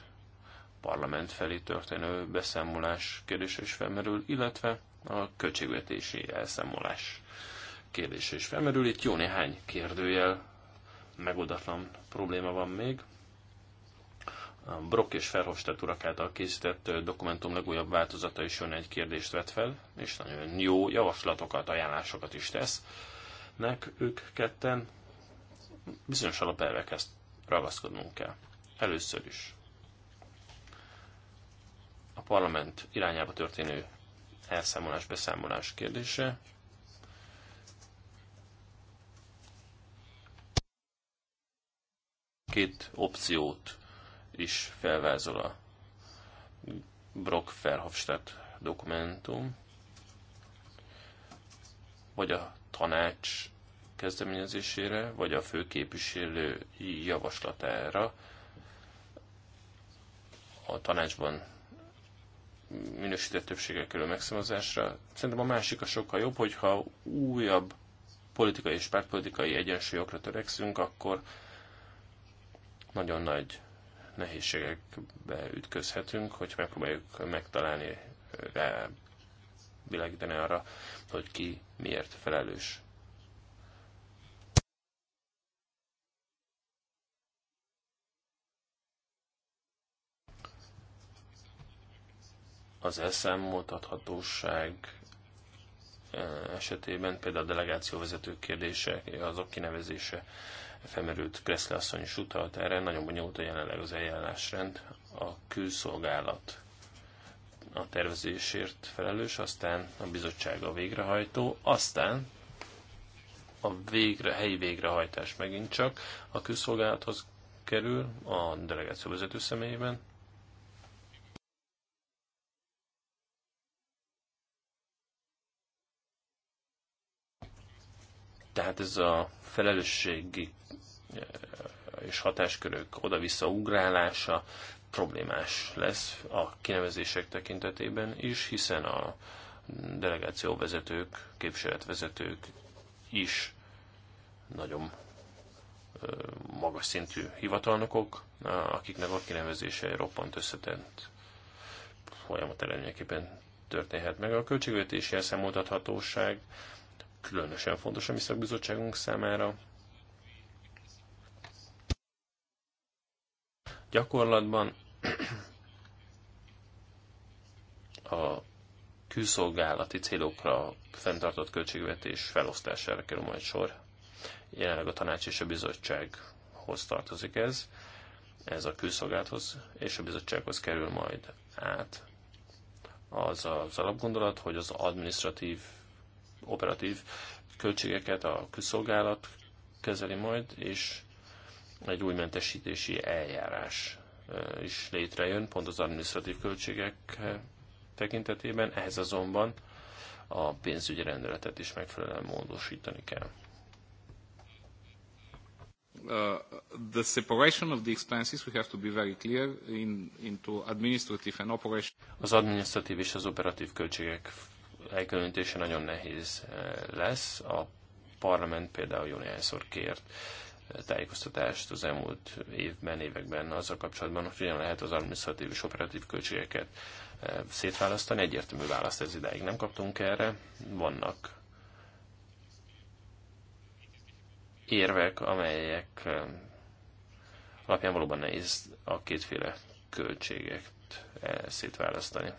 parlament felé történő beszámolás kérdése is felmerül, illetve a költségvetési elszámolás kérdése is felmerül. Itt jó néhány kérdőjel megoldatlan probléma van még. A Brock és Ferhofstadt urak által készített dokumentum legújabb változata is jön egy kérdést vet fel, és nagyon jó javaslatokat, ajánlásokat is tesz. Nek ők ketten bizonyos alapelvekhez ragaszkodnunk kell. Először is parlament irányába történő elszámolás, beszámolás kérdése. Két opciót is felvázol a Brock-Verhofstadt dokumentum, vagy a tanács kezdeményezésére, vagy a főképviselő javaslatára a tanácsban minősített többséggel kerül megszavazásra. Szerintem a másik a sokkal jobb, hogyha újabb politikai és pártpolitikai egyensúlyokra törekszünk, akkor nagyon nagy nehézségekbe ütközhetünk, hogy megpróbáljuk megtalálni, rá világítani arra, hogy ki miért felelős. az mutathatóság eh, esetében, például a delegációvezetők kérdése, azok kinevezése felmerült Kreszle asszony is utalt erre, nagyon bonyolult a jelenleg az eljárásrend, a külszolgálat a tervezésért felelős, aztán a bizottság a végrehajtó, aztán a végre, helyi végrehajtás megint csak a külszolgálathoz kerül a delegáció vezető személyében, Tehát ez a felelősségi eh, és hatáskörök oda-vissza ugrálása problémás lesz a kinevezések tekintetében is, hiszen a delegációvezetők, képviseletvezetők is nagyon eh, magas szintű hivatalnokok, eh, akiknek a kinevezése roppant összetett folyamat eredményeképpen történhet meg. A költségvetési elszámoltathatóság különösen fontos a mi szakbizottságunk számára. Gyakorlatban a külszolgálati célokra fenntartott költségvetés felosztására kerül majd sor. Jelenleg a tanács és a bizottsághoz tartozik ez. Ez a külszolgálathoz és a bizottsághoz kerül majd át. Az az alapgondolat, hogy az administratív operatív költségeket a közszolgálat kezeli majd, és egy új mentesítési eljárás is létrejön, pont az administratív költségek tekintetében, ehhez azonban a pénzügyi rendeletet is megfelelően módosítani kell. Uh, the separation of the expenses, we have to be very clear in, into administrative and operation. Az administratív és az operatív költségek elkülönítése nagyon nehéz eh, lesz. A parlament például jó néhányszor kért eh, tájékoztatást az elmúlt évben, években azzal kapcsolatban, hogy hogyan lehet az administratív és operatív költségeket eh, szétválasztani. Egyértelmű választ ez idáig nem kaptunk erre. Vannak érvek, amelyek alapján valóban nehéz a kétféle költségeket szétválasztani.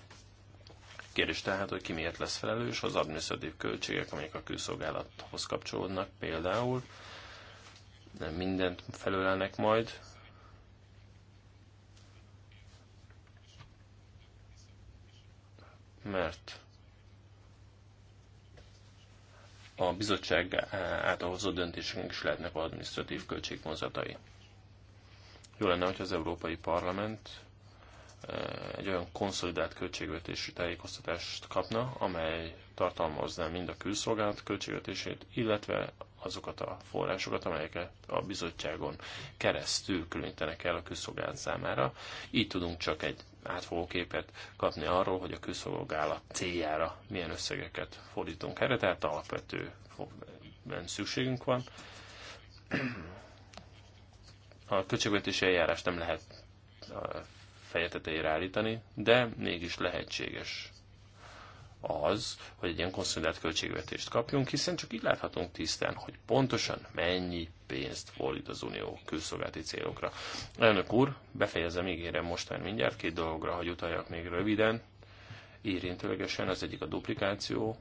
Kérdés tehát, hogy ki miért lesz felelős az adminisztratív költségek, amelyek a külszolgálathoz kapcsolódnak például. Nem mindent felölelnek majd. Mert a bizottság által hozott döntéseknek is lehetnek adminisztratív költségmozatai. Jó lenne, hogy az Európai Parlament egy olyan konszolidált költségvetési tájékoztatást kapna, amely tartalmazná mind a külszolgálat költségvetését, illetve azokat a forrásokat, amelyeket a bizottságon keresztül különítenek el a külszolgálat számára. Így tudunk csak egy átfogó képet kapni arról, hogy a külszolgálat céljára milyen összegeket fordítunk erre, tehát alapvető szükségünk van. A költségvetési eljárás nem lehet feje tetejére állítani, de mégis lehetséges az, hogy egy ilyen konszolidált költségvetést kapjunk, hiszen csak így láthatunk tisztán, hogy pontosan mennyi pénzt fordít az Unió külszolgálati célokra. Elnök úr, befejezem, ígérem most már mindjárt két dologra, hogy utaljak még röviden, érintőlegesen, az egyik a duplikáció,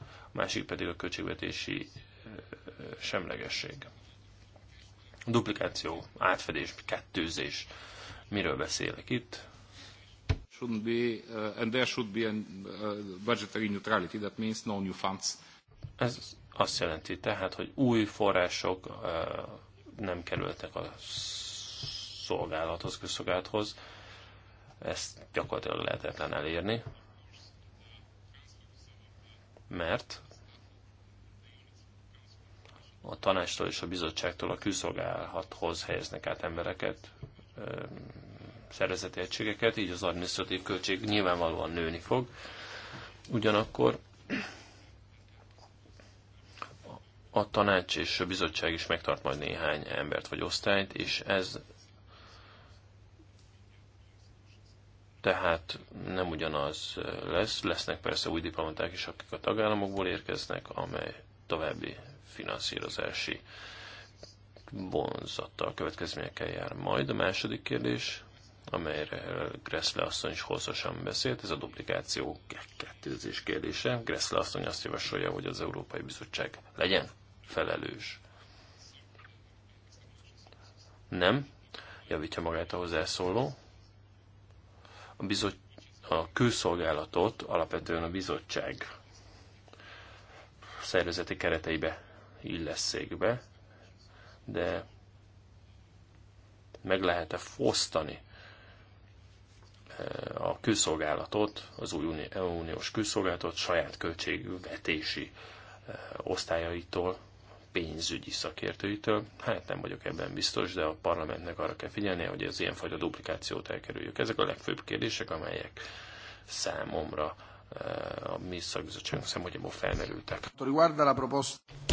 a másik pedig a költségvetési semlegesség. A duplikáció, átfedés, kettőzés Miről beszélek itt? be, uh, and there should be a budgetary neutrality, that means no new funds. Ez azt jelenti tehát, hogy új források uh, nem kerültek a szolgálathoz, közszolgálathoz. Ezt gyakorlatilag lehetetlen elérni, mert a tanástól és a bizottságtól a külszolgálathoz helyeznek át embereket, szervezeti egységeket, így az administratív költség nyilvánvalóan nőni fog. Ugyanakkor a tanács és a bizottság is megtart majd néhány embert vagy osztályt, és ez tehát nem ugyanaz lesz. Lesznek persze új diplomaták is, akik a tagállamokból érkeznek, amely további finanszírozási vonzattal, következményekkel jár. Majd a második kérdés, amelyre Gressle asszony is hosszasan beszélt, ez a duplikáció kettőzés kérdése. Gressle asszony azt javasolja, hogy az Európai Bizottság legyen felelős. Nem, javítja magát a hozzászóló. A, bizot, a külszolgálatot alapvetően a bizottság szervezeti kereteibe illesszék be, de meg lehet-e fosztani eh, a külszolgálatot, az új uniós külszolgálatot saját költségvetési eh, osztályaitól, pénzügyi szakértőitől. Hát nem vagyok ebben biztos, de a parlamentnek arra kell figyelnie, hogy az ilyenfajta duplikációt elkerüljük. Ezek a legfőbb kérdések, amelyek számomra eh, a mi szakbizottságunk szempontjából felmerültek.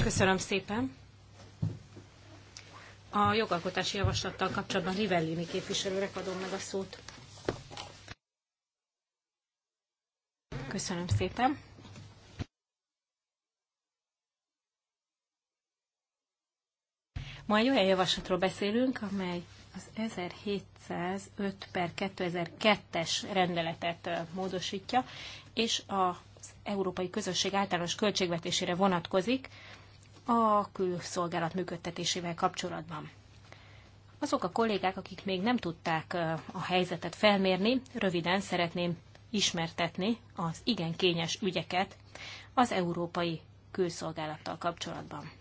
Köszönöm szépen! a jogalkotási javaslattal kapcsolatban Rivellini képviselőnek adom meg a szót. Köszönöm szépen. Ma egy olyan javaslatról beszélünk, amely az 1705 per 2002-es rendeletet módosítja, és az Európai Közösség általános költségvetésére vonatkozik, a külszolgálat működtetésével kapcsolatban. Azok a kollégák, akik még nem tudták a helyzetet felmérni, röviden szeretném ismertetni az igen kényes ügyeket az európai külszolgálattal kapcsolatban.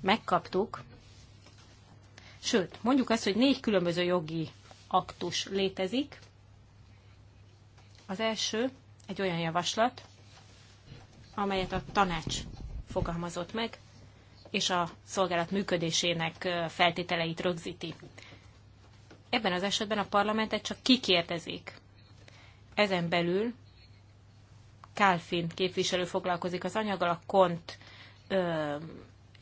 Megkaptuk, sőt, mondjuk azt, hogy négy különböző jogi aktus létezik. Az első egy olyan javaslat, amelyet a tanács fogalmazott meg, és a szolgálat működésének feltételeit rögzíti. Ebben az esetben a parlamentet csak kikérdezik. Ezen belül Kálfin képviselő foglalkozik az anyaggal, a kont ö,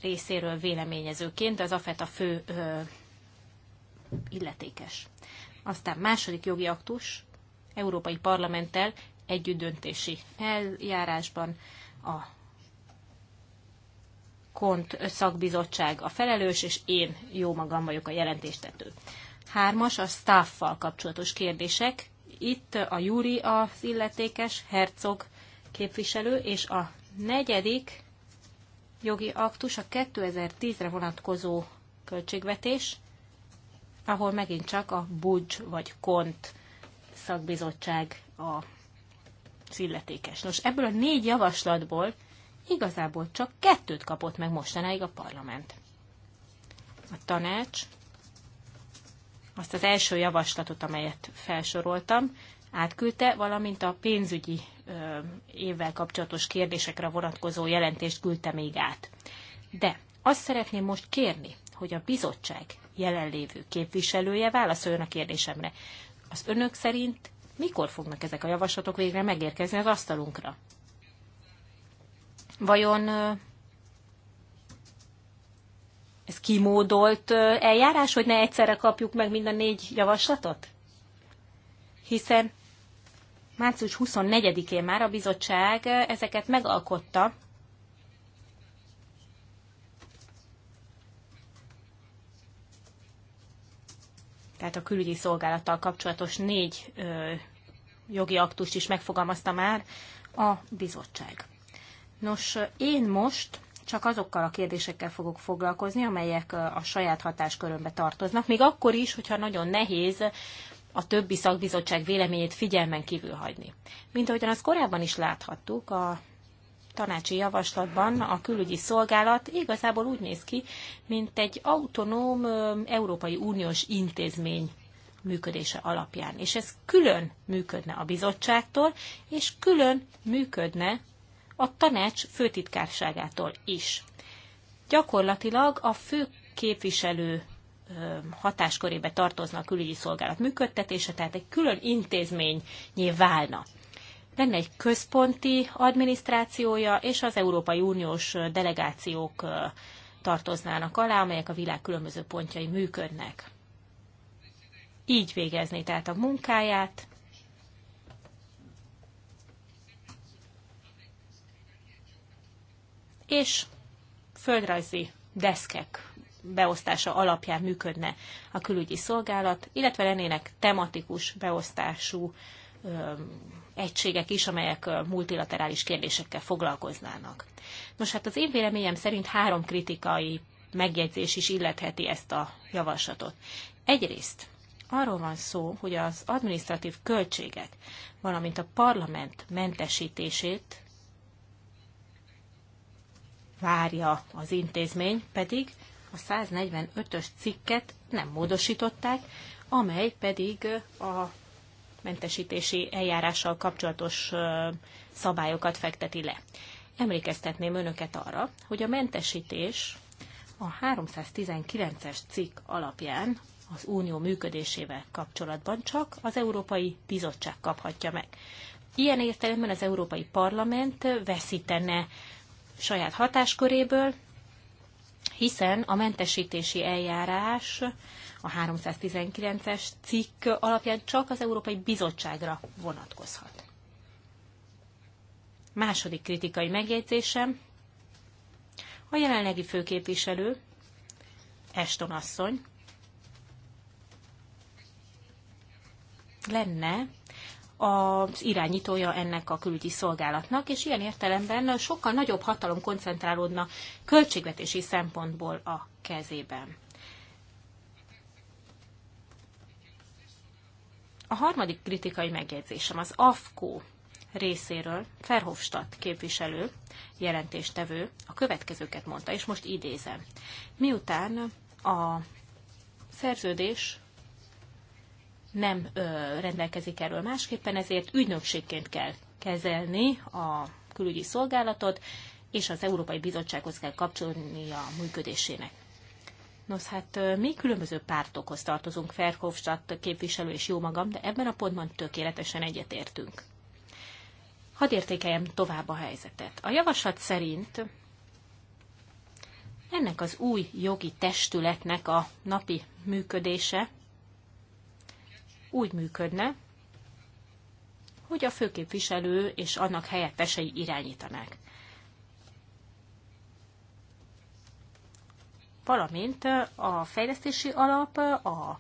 részéről véleményezőként, de az AFET a fő ö, illetékes. Aztán második jogi aktus, Európai Parlamenttel együttdöntési eljárásban a kont szakbizottság a felelős, és én jó magam vagyok a jelentéstető. Hármas a staffal kapcsolatos kérdések. Itt a Júri az illetékes, Herzog képviselő, és a negyedik jogi aktus a 2010-re vonatkozó költségvetés, ahol megint csak a budzs vagy kont szakbizottság a illetékes. Nos, ebből a négy javaslatból igazából csak kettőt kapott meg mostanáig a parlament. A tanács azt az első javaslatot, amelyet felsoroltam, átküldte, valamint a pénzügyi ö, évvel kapcsolatos kérdésekre vonatkozó jelentést küldte még át. De azt szeretném most kérni, hogy a bizottság jelenlévő képviselője válaszoljon a kérdésemre. Az önök szerint mikor fognak ezek a javaslatok végre megérkezni az asztalunkra? Vajon ez kimódolt eljárás, hogy ne egyszerre kapjuk meg mind a négy javaslatot? Hiszen március 24-én már a bizottság ezeket megalkotta, tehát a külügyi szolgálattal kapcsolatos négy ö, jogi aktust is megfogalmazta már a bizottság. Nos, én most csak azokkal a kérdésekkel fogok foglalkozni, amelyek a saját hatáskörömbe tartoznak, még akkor is, hogyha nagyon nehéz a többi szakbizottság véleményét figyelmen kívül hagyni. Mint ahogyan azt korábban is láthattuk, a tanácsi javaslatban a külügyi szolgálat igazából úgy néz ki, mint egy autonóm Európai Uniós intézmény működése alapján. És ez külön működne a bizottságtól, és külön működne a tanács főtitkárságától is. Gyakorlatilag a fő képviselő hatáskörébe tartozna a külügyi szolgálat működtetése, tehát egy külön intézményé válna. Lenne egy központi adminisztrációja, és az Európai Uniós delegációk tartoznának alá, amelyek a világ különböző pontjai működnek így végezni, tehát a munkáját. És földrajzi deszkek beosztása alapján működne a külügyi szolgálat, illetve lennének tematikus beosztású ö, egységek is, amelyek multilaterális kérdésekkel foglalkoznának. Nos, hát az én véleményem szerint három kritikai megjegyzés is illetheti ezt a javaslatot. Egyrészt arról van szó, hogy az administratív költségek, valamint a parlament mentesítését várja az intézmény, pedig a 145-ös cikket nem módosították, amely pedig a mentesítési eljárással kapcsolatos szabályokat fekteti le. Emlékeztetném önöket arra, hogy a mentesítés a 319-es cikk alapján az unió működésével kapcsolatban csak az Európai Bizottság kaphatja meg. Ilyen értelemben az Európai Parlament veszítene saját hatásköréből, hiszen a mentesítési eljárás a 319-es cikk alapján csak az Európai Bizottságra vonatkozhat. Második kritikai megjegyzésem. A jelenlegi főképviselő, Eston asszony, lenne az irányítója ennek a külügyi szolgálatnak, és ilyen értelemben sokkal nagyobb hatalom koncentrálódna költségvetési szempontból a kezében. A harmadik kritikai megjegyzésem az AFKO részéről Ferhofstadt képviselő, jelentéstevő a következőket mondta, és most idézem. Miután a szerződés nem ö, rendelkezik erről másképpen, ezért ügynökségként kell kezelni a külügyi szolgálatot, és az Európai Bizottsághoz kell kapcsolni a működésének. Nos, hát mi különböző pártokhoz tartozunk, Ferhofstadt képviselő és jó magam, de ebben a pontban tökéletesen egyetértünk. Hadd értékeljem tovább a helyzetet. A javaslat szerint ennek az új jogi testületnek a napi működése úgy működne, hogy a főképviselő és annak helyettesei irányítanák. Valamint a fejlesztési alap az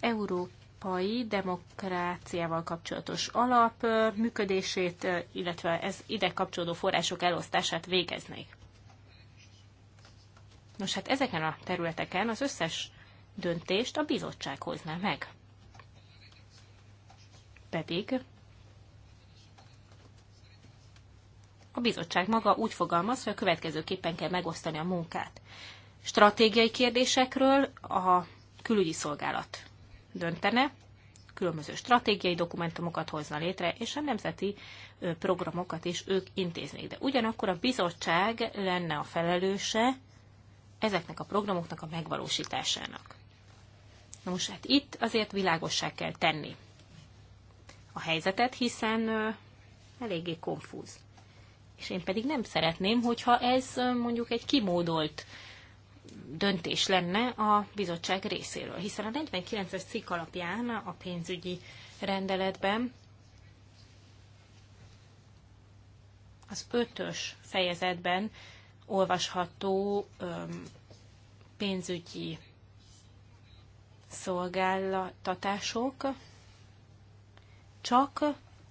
európai demokráciával kapcsolatos alap működését, illetve ez ide kapcsolódó források elosztását végeznék. Nos hát ezeken a területeken az összes döntést a bizottság hozná meg pedig a bizottság maga úgy fogalmaz, hogy a következőképpen kell megosztani a munkát. Stratégiai kérdésekről a külügyi szolgálat döntene, különböző stratégiai dokumentumokat hozna létre, és a nemzeti programokat is ők intéznék. De ugyanakkor a bizottság lenne a felelőse ezeknek a programoknak a megvalósításának. Na most hát itt azért világossá kell tenni a helyzetet, hiszen eléggé konfúz. És én pedig nem szeretném, hogyha ez mondjuk egy kimódolt döntés lenne a bizottság részéről, hiszen a 49-es cikk alapján a pénzügyi rendeletben az ötös fejezetben olvasható öm, pénzügyi szolgáltatások csak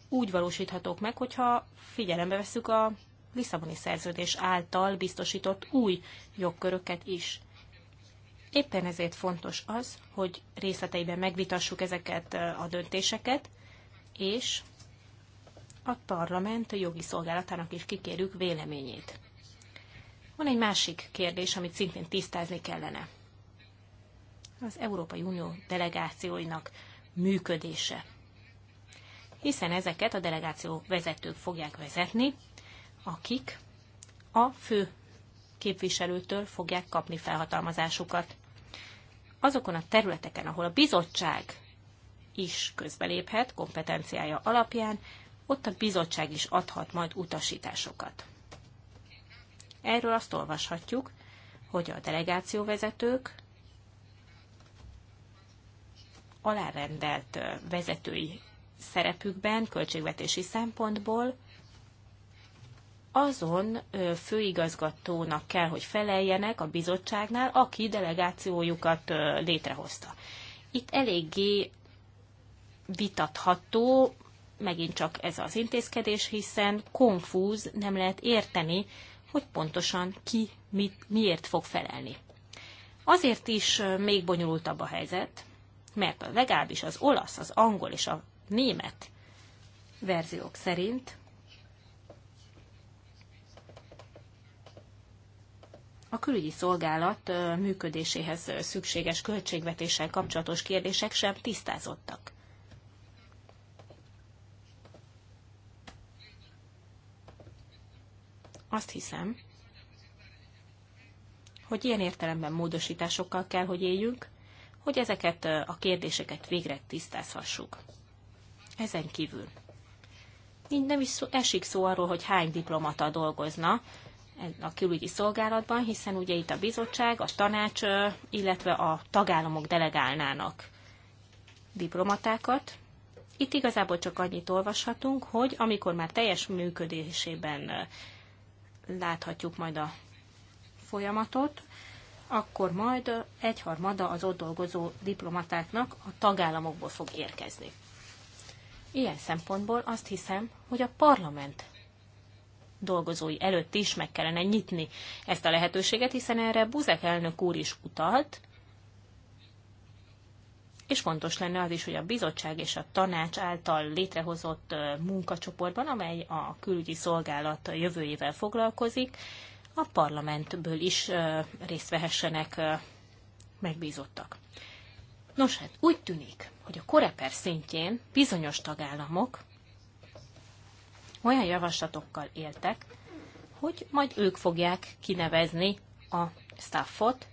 úgy valósíthatók meg, hogyha figyelembe veszük a Lisszaboni szerződés által biztosított új jogköröket is. Éppen ezért fontos az, hogy részleteiben megvitassuk ezeket a döntéseket, és a parlament jogi szolgálatának is kikérjük véleményét. Van egy másik kérdés, amit szintén tisztázni kellene. Az Európai Unió delegációinak működése hiszen ezeket a delegáció vezetők fogják vezetni, akik a fő képviselőtől fogják kapni felhatalmazásukat. Azokon a területeken, ahol a bizottság is közbeléphet kompetenciája alapján, ott a bizottság is adhat majd utasításokat. Erről azt olvashatjuk, hogy a delegációvezetők alárendelt vezetői szerepükben, költségvetési szempontból, azon főigazgatónak kell, hogy feleljenek a bizottságnál, aki delegációjukat létrehozta. Itt eléggé vitatható megint csak ez az intézkedés, hiszen konfúz, nem lehet érteni, hogy pontosan ki mit, miért fog felelni. Azért is még bonyolultabb a helyzet, mert legalábbis az olasz, az angol és a német verziók szerint a külügyi szolgálat működéséhez szükséges költségvetéssel kapcsolatos kérdések sem tisztázottak. Azt hiszem, hogy ilyen értelemben módosításokkal kell, hogy éljünk, hogy ezeket a kérdéseket végre tisztázhassuk. Ezen kívül. mind nem is szó, esik szó arról, hogy hány diplomata dolgozna a külügyi szolgálatban, hiszen ugye itt a bizottság, a tanács, illetve a tagállamok delegálnának diplomatákat. Itt igazából csak annyit olvashatunk, hogy amikor már teljes működésében láthatjuk majd a folyamatot, akkor majd egyharmada az ott dolgozó diplomatáknak a tagállamokból fog érkezni. Ilyen szempontból azt hiszem, hogy a parlament dolgozói előtt is meg kellene nyitni ezt a lehetőséget, hiszen erre Buzek elnök úr is utalt, és fontos lenne az is, hogy a bizottság és a tanács által létrehozott munkacsoportban, amely a külügyi szolgálat jövőjével foglalkozik, a parlamentből is részt vehessenek megbízottak. Nos, hát úgy tűnik, hogy a koreper szintjén bizonyos tagállamok olyan javaslatokkal éltek, hogy majd ők fogják kinevezni a staffot,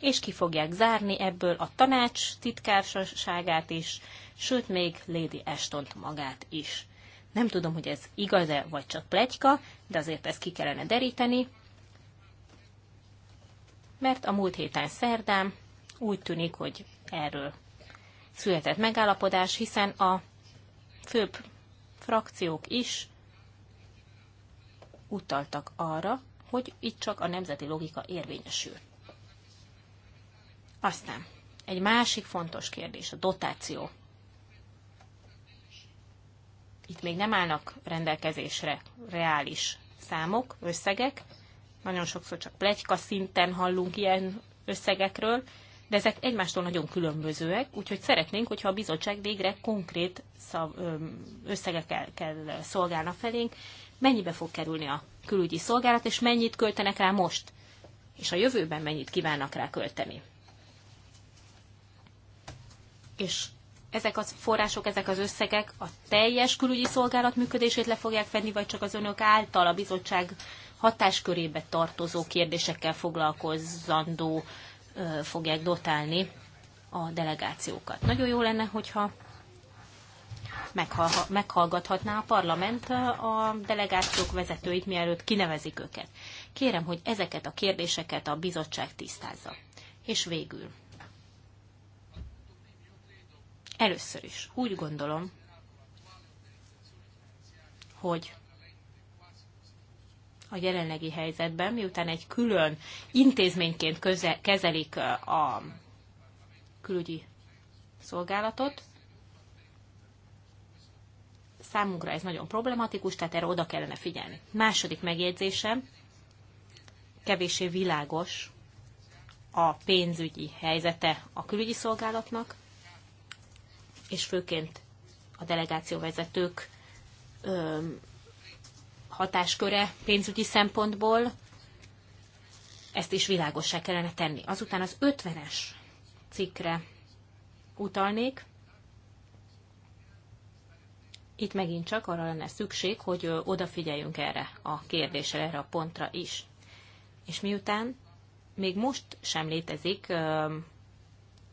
és ki fogják zárni ebből a tanács titkárságát is, sőt még Lady Ashton magát is. Nem tudom, hogy ez igaz-e, vagy csak plegyka, de azért ezt ki kellene deríteni, mert a múlt héten szerdán úgy tűnik, hogy erről született megállapodás, hiszen a főbb frakciók is utaltak arra, hogy itt csak a nemzeti logika érvényesül. Aztán egy másik fontos kérdés, a dotáció. Itt még nem állnak rendelkezésre reális számok, összegek. Nagyon sokszor csak plegyka szinten hallunk ilyen összegekről, de ezek egymástól nagyon különbözőek, úgyhogy szeretnénk, hogyha a bizottság végre konkrét szav, összegekkel kell szolgálna felénk, mennyibe fog kerülni a külügyi szolgálat, és mennyit költenek rá most, és a jövőben mennyit kívánnak rá költeni. És ezek a források, ezek az összegek a teljes külügyi szolgálat működését le fogják fedni, vagy csak az önök által a bizottság hatáskörébe tartozó kérdésekkel foglalkozzandó fogják dotálni a delegációkat. Nagyon jó lenne, hogyha meghallgathatná a parlament a delegációk vezetőit, mielőtt kinevezik őket. Kérem, hogy ezeket a kérdéseket a bizottság tisztázza. És végül. Először is úgy gondolom, hogy a jelenlegi helyzetben, miután egy külön intézményként köze, kezelik a külügyi szolgálatot, számunkra ez nagyon problematikus, tehát erre oda kellene figyelni. Második megjegyzésem, kevéssé világos a pénzügyi helyzete a külügyi szolgálatnak, és főként a delegációvezetők hatásköre pénzügyi szempontból, ezt is világossá kellene tenni. Azután az 50-es cikkre utalnék. Itt megint csak arra lenne szükség, hogy odafigyeljünk erre a kérdésre, erre a pontra is. És miután még most sem létezik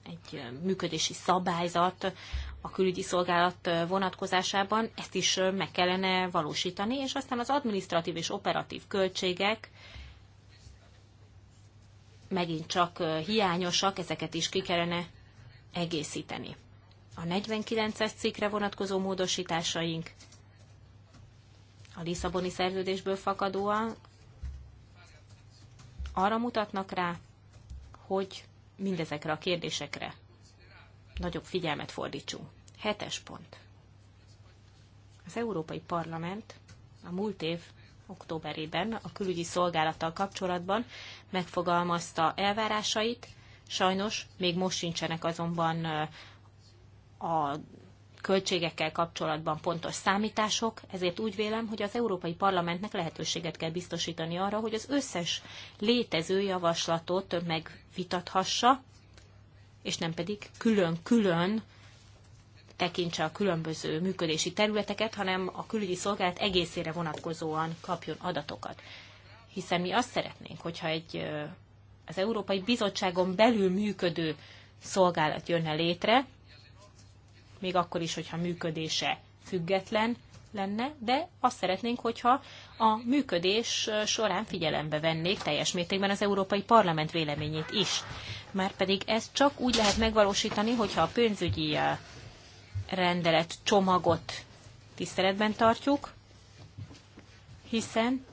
egy működési szabályzat a külügyi szolgálat vonatkozásában ezt is meg kellene valósítani, és aztán az administratív és operatív költségek megint csak hiányosak, ezeket is ki kellene egészíteni. A 49-es cikkre vonatkozó módosításaink a Lisszaboni szerződésből fakadóan arra mutatnak rá, hogy mindezekre a kérdésekre nagyobb figyelmet fordítsunk. Hetes pont. Az Európai Parlament a múlt év októberében a külügyi szolgálattal kapcsolatban megfogalmazta elvárásait, sajnos még most sincsenek azonban a költségekkel kapcsolatban pontos számítások, ezért úgy vélem, hogy az Európai Parlamentnek lehetőséget kell biztosítani arra, hogy az összes létező javaslatot megvitathassa, és nem pedig külön-külön tekintse a különböző működési területeket, hanem a külügyi szolgálat egészére vonatkozóan kapjon adatokat. Hiszen mi azt szeretnénk, hogyha egy az Európai Bizottságon belül működő szolgálat jönne létre, még akkor is, hogyha működése független, lenne, de azt szeretnénk, hogyha a működés során figyelembe vennék teljes mértékben az Európai Parlament véleményét is. Márpedig ezt csak úgy lehet megvalósítani, hogyha a pénzügyi eh, rendelet csomagot tiszteletben tartjuk, hiszen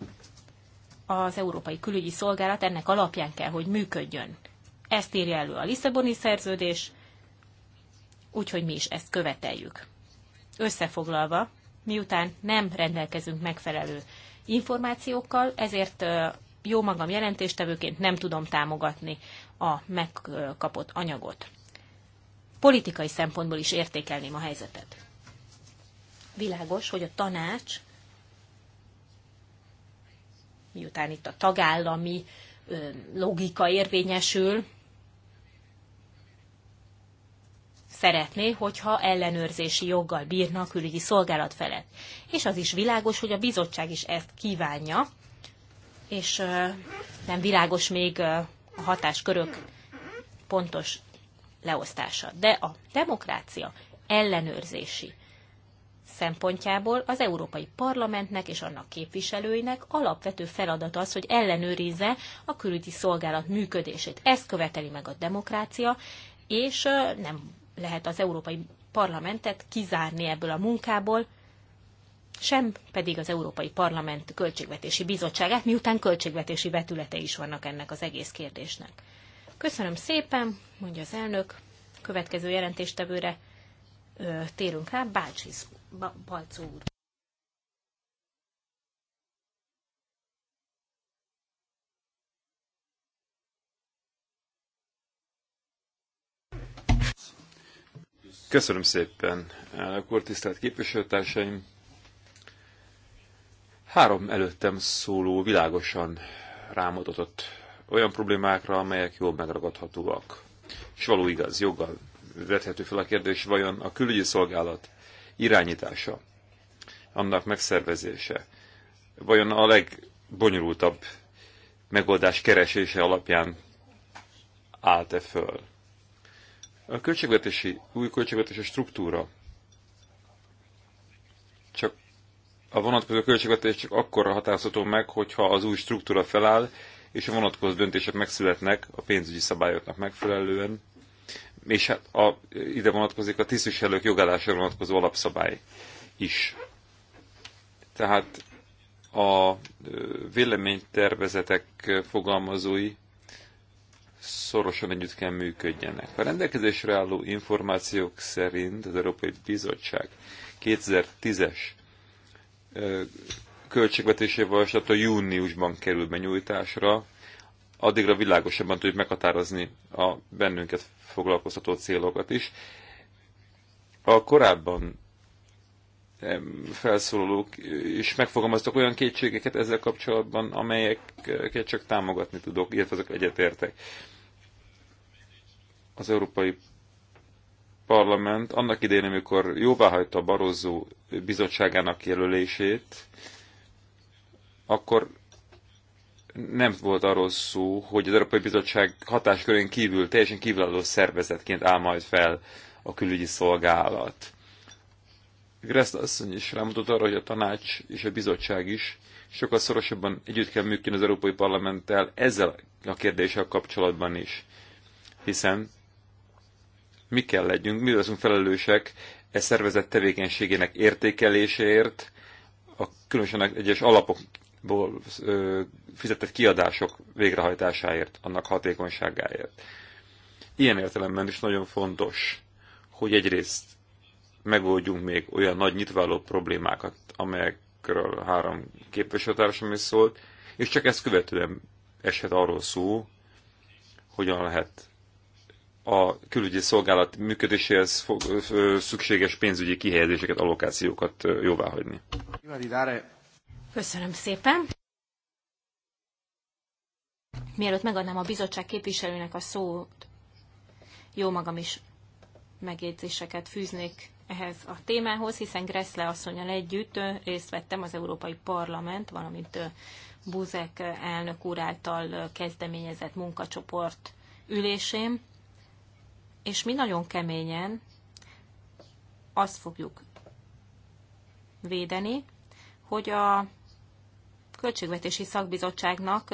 az Európai Külügyi Szolgálat ennek alapján kell, hogy működjön. Ezt írja elő a Lisszaboni szerződés, úgyhogy mi is ezt követeljük. Összefoglalva, miután nem rendelkezünk megfelelő információkkal, ezért jó magam jelentéstevőként nem tudom támogatni a megkapott anyagot. Politikai szempontból is értékelném a helyzetet. Világos, hogy a tanács, miután itt a tagállami logika érvényesül, szeretné, hogyha ellenőrzési joggal bírna a külügyi szolgálat felett. És az is világos, hogy a bizottság is ezt kívánja, és nem világos még a hatáskörök pontos leosztása. De a demokrácia ellenőrzési szempontjából az Európai Parlamentnek és annak képviselőinek alapvető feladata az, hogy ellenőrizze a külügyi szolgálat működését. Ezt követeli meg a demokrácia, és nem lehet az Európai Parlamentet kizárni ebből a munkából, sem pedig az Európai Parlament Költségvetési Bizottságát, miután költségvetési vetülete is vannak ennek az egész kérdésnek. Köszönöm szépen, mondja az elnök. Következő jelentéstevőre ö, térünk rá, Bácsis Balcó úr. Köszönöm szépen, elnök úr, tisztelt képviselőtársaim! Három előttem szóló világosan rámutatott olyan problémákra, amelyek jól megragadhatóak. És való igaz, joggal vethető fel a kérdés, vajon a külügyi szolgálat irányítása, annak megszervezése, vajon a legbonyolultabb megoldás keresése alapján állt-e föl? A költségvetési, új költségvetési struktúra csak a vonatkozó költségvetés csak akkor határozható meg, hogyha az új struktúra feláll, és a vonatkozó döntések megszületnek a pénzügyi szabályoknak megfelelően, és hát a, ide vonatkozik a tisztviselők jogállásra vonatkozó alapszabály is. Tehát a véleménytervezetek fogalmazói szorosan együtt kell működjenek. A rendelkezésre álló információk szerint az Európai Bizottság 2010-es költségvetésével a júniusban kerül benyújtásra, addigra világosabban tudjuk meghatározni a bennünket foglalkoztató célokat is. A korábban felszólalók is megfogalmaztak olyan kétségeket ezzel kapcsolatban, amelyeket csak támogatni tudok, illetve azok egyetértek. Az Európai Parlament annak idején, amikor jóváhagyta Barozó bizottságának jelölését, akkor nem volt arról szó, hogy az Európai Bizottság hatáskörén kívül, teljesen kívülálló szervezetként áll majd fel a külügyi szolgálat Gressz asszony is rámutat arra, hogy a tanács és a bizottság is sokkal szorosabban együtt kell működni az Európai Parlamenttel ezzel a kérdéssel kapcsolatban is. Hiszen mi kell legyünk, mi leszünk felelősek e szervezet tevékenységének értékeléséért, a különösen egyes alapokból ö, fizetett kiadások végrehajtásáért, annak hatékonyságáért. Ilyen értelemben is nagyon fontos, hogy egyrészt megoldjunk még olyan nagy nyitváló problémákat, amelyekről három képviselőtársam is szólt, és csak ezt követően eshet arról szó, hogyan lehet a külügyi szolgálat működéséhez szükséges pénzügyi kihelyezéseket, allokációkat jóváhagyni. Köszönöm szépen! Mielőtt megadnám a bizottság képviselőnek a szót, jó magam is megjegyzéseket fűznék ehhez a témához, hiszen Gressle asszonyal együtt részt vettem az Európai Parlament, valamint Buzek elnök úr által kezdeményezett munkacsoport ülésén, és mi nagyon keményen azt fogjuk védeni, hogy a Költségvetési Szakbizottságnak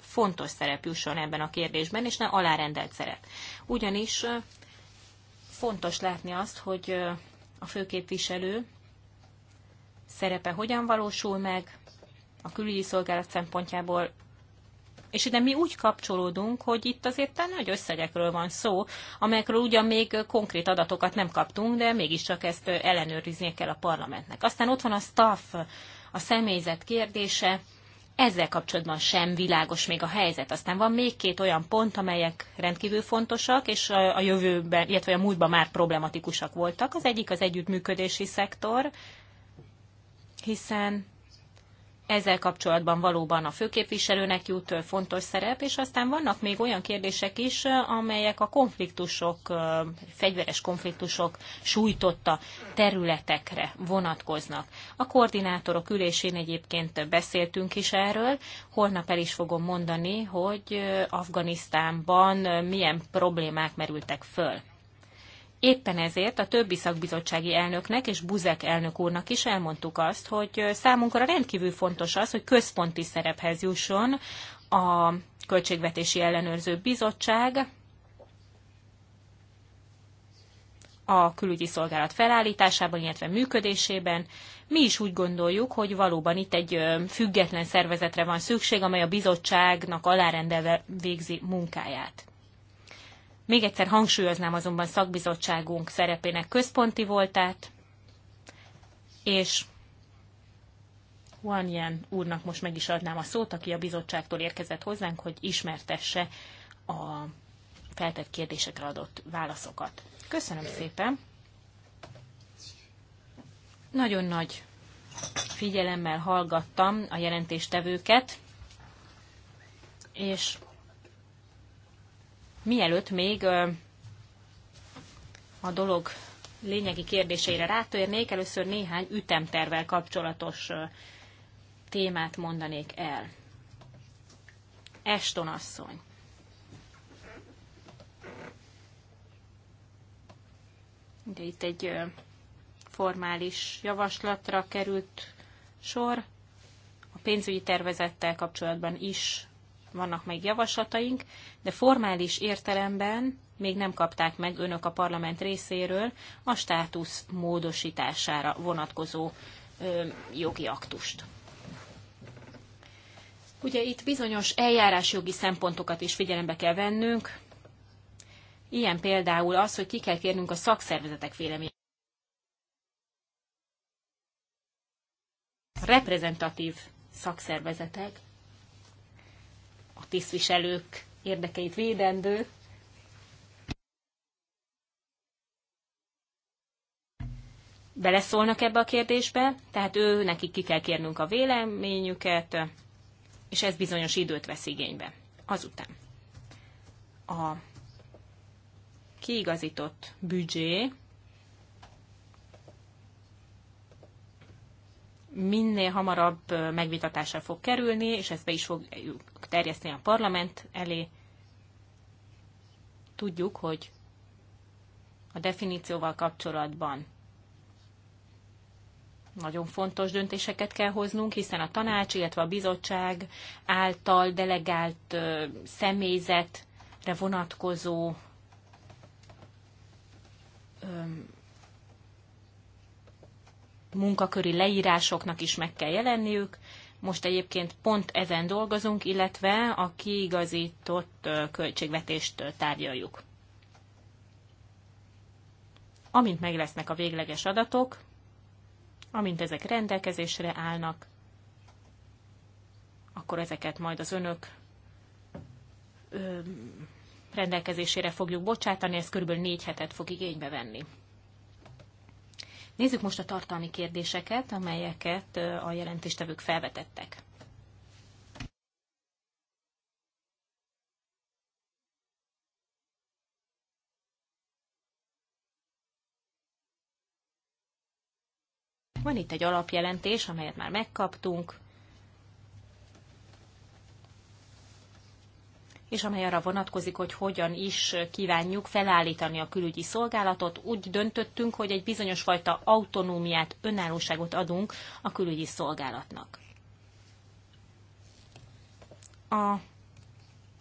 fontos szerep jusson ebben a kérdésben, és ne alárendelt szerep. Ugyanis fontos látni azt, hogy a főképviselő szerepe hogyan valósul meg a külügyi szolgálat szempontjából, és ide mi úgy kapcsolódunk, hogy itt azért nagy összegekről van szó, amelyekről ugyan még konkrét adatokat nem kaptunk, de mégiscsak ezt ellenőriznie kell a parlamentnek. Aztán ott van a staff, a személyzet kérdése, ezzel kapcsolatban sem világos még a helyzet. Aztán van még két olyan pont, amelyek rendkívül fontosak, és a jövőben, illetve a múltban már problematikusak voltak. Az egyik az együttműködési szektor, hiszen ezzel kapcsolatban valóban a főképviselőnek jut fontos szerep, és aztán vannak még olyan kérdések is, amelyek a konfliktusok, fegyveres konfliktusok sújtotta területekre vonatkoznak. A koordinátorok ülésén egyébként beszéltünk is erről, holnap el is fogom mondani, hogy Afganisztánban milyen problémák merültek föl. Éppen ezért a többi szakbizottsági elnöknek és Buzek elnök úrnak is elmondtuk azt, hogy számunkra rendkívül fontos az, hogy központi szerephez jusson a Költségvetési Ellenőrző Bizottság, a külügyi szolgálat felállításában, illetve működésében. Mi is úgy gondoljuk, hogy valóban itt egy független szervezetre van szükség, amely a bizottságnak alárendelve végzi munkáját. Még egyszer hangsúlyoznám azonban szakbizottságunk szerepének központi voltát, és Juan Yen úrnak most meg is adnám a szót, aki a bizottságtól érkezett hozzánk, hogy ismertesse a feltett kérdésekre adott válaszokat. Köszönöm szépen! Nagyon nagy figyelemmel hallgattam a jelentéstevőket, és mielőtt még a dolog lényegi kérdéseire rátérnék, először néhány ütemtervel kapcsolatos témát mondanék el. Eston asszony. Ugye itt egy formális javaslatra került sor. A pénzügyi tervezettel kapcsolatban is vannak még javaslataink, de formális értelemben még nem kapták meg önök a parlament részéről a státusz módosítására vonatkozó ö, jogi aktust. Ugye itt bizonyos eljárásjogi szempontokat is figyelembe kell vennünk, ilyen például az, hogy ki kell kérnünk a szakszervezetek véleményét. Reprezentatív szakszervezetek tisztviselők érdekeit védendő. Beleszólnak ebbe a kérdésbe, tehát ő nekik ki kell kérnünk a véleményüket, és ez bizonyos időt vesz igénybe. Azután a kiigazított büdzsé minél hamarabb megvitatásra fog kerülni, és ezt be is fogjuk terjeszteni a parlament elé. Tudjuk, hogy a definícióval kapcsolatban nagyon fontos döntéseket kell hoznunk, hiszen a tanács, illetve a bizottság által delegált személyzetre vonatkozó munkaköri leírásoknak is meg kell jelenniük, most egyébként pont ezen dolgozunk, illetve a kiigazított költségvetést tárgyaljuk. Amint meg lesznek a végleges adatok, amint ezek rendelkezésre állnak, akkor ezeket majd az önök rendelkezésére fogjuk bocsátani, ez körülbelül négy hetet fog igénybe venni. Nézzük most a tartalmi kérdéseket, amelyeket a jelentéstevők felvetettek. Van itt egy alapjelentés, amelyet már megkaptunk, és amely arra vonatkozik, hogy hogyan is kívánjuk felállítani a külügyi szolgálatot. Úgy döntöttünk, hogy egy bizonyos fajta autonómiát, önállóságot adunk a külügyi szolgálatnak. A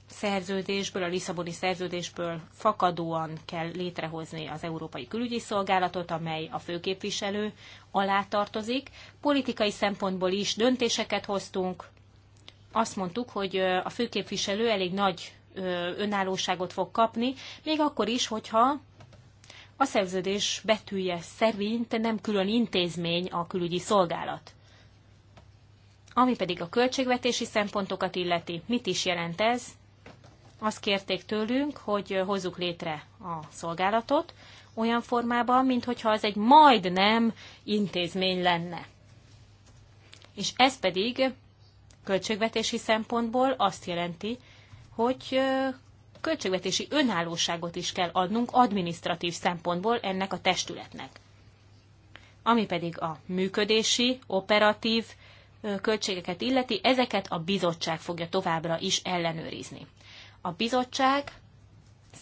szerződésből, a Lisszaboni szerződésből fakadóan kell létrehozni az Európai Külügyi Szolgálatot, amely a főképviselő alá tartozik. Politikai szempontból is döntéseket hoztunk, azt mondtuk, hogy a főképviselő elég nagy önállóságot fog kapni, még akkor is, hogyha a szerződés betűje szerint nem külön intézmény a külügyi szolgálat. Ami pedig a költségvetési szempontokat illeti, mit is jelent ez? Azt kérték tőlünk, hogy hozzuk létre a szolgálatot olyan formában, mintha az egy majdnem intézmény lenne. És ez pedig költségvetési szempontból azt jelenti, hogy költségvetési önállóságot is kell adnunk adminisztratív szempontból ennek a testületnek. Ami pedig a működési, operatív költségeket illeti, ezeket a bizottság fogja továbbra is ellenőrizni. A bizottság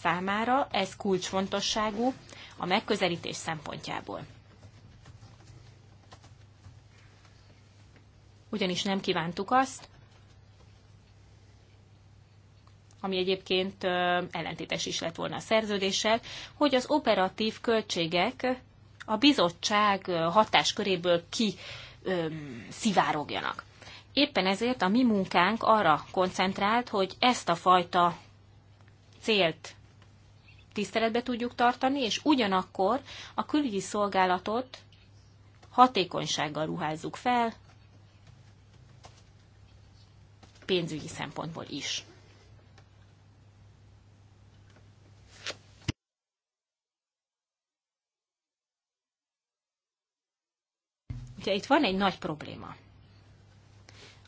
számára ez kulcsfontosságú a megközelítés szempontjából. ugyanis nem kívántuk azt, ami egyébként ellentétes is lett volna a szerződéssel, hogy az operatív költségek a bizottság hatásköréből ki szivárogjanak. Éppen ezért a mi munkánk arra koncentrált, hogy ezt a fajta célt tiszteletbe tudjuk tartani, és ugyanakkor a külügyi szolgálatot hatékonysággal ruházzuk fel, pénzügyi szempontból is. Ugye itt van egy nagy probléma,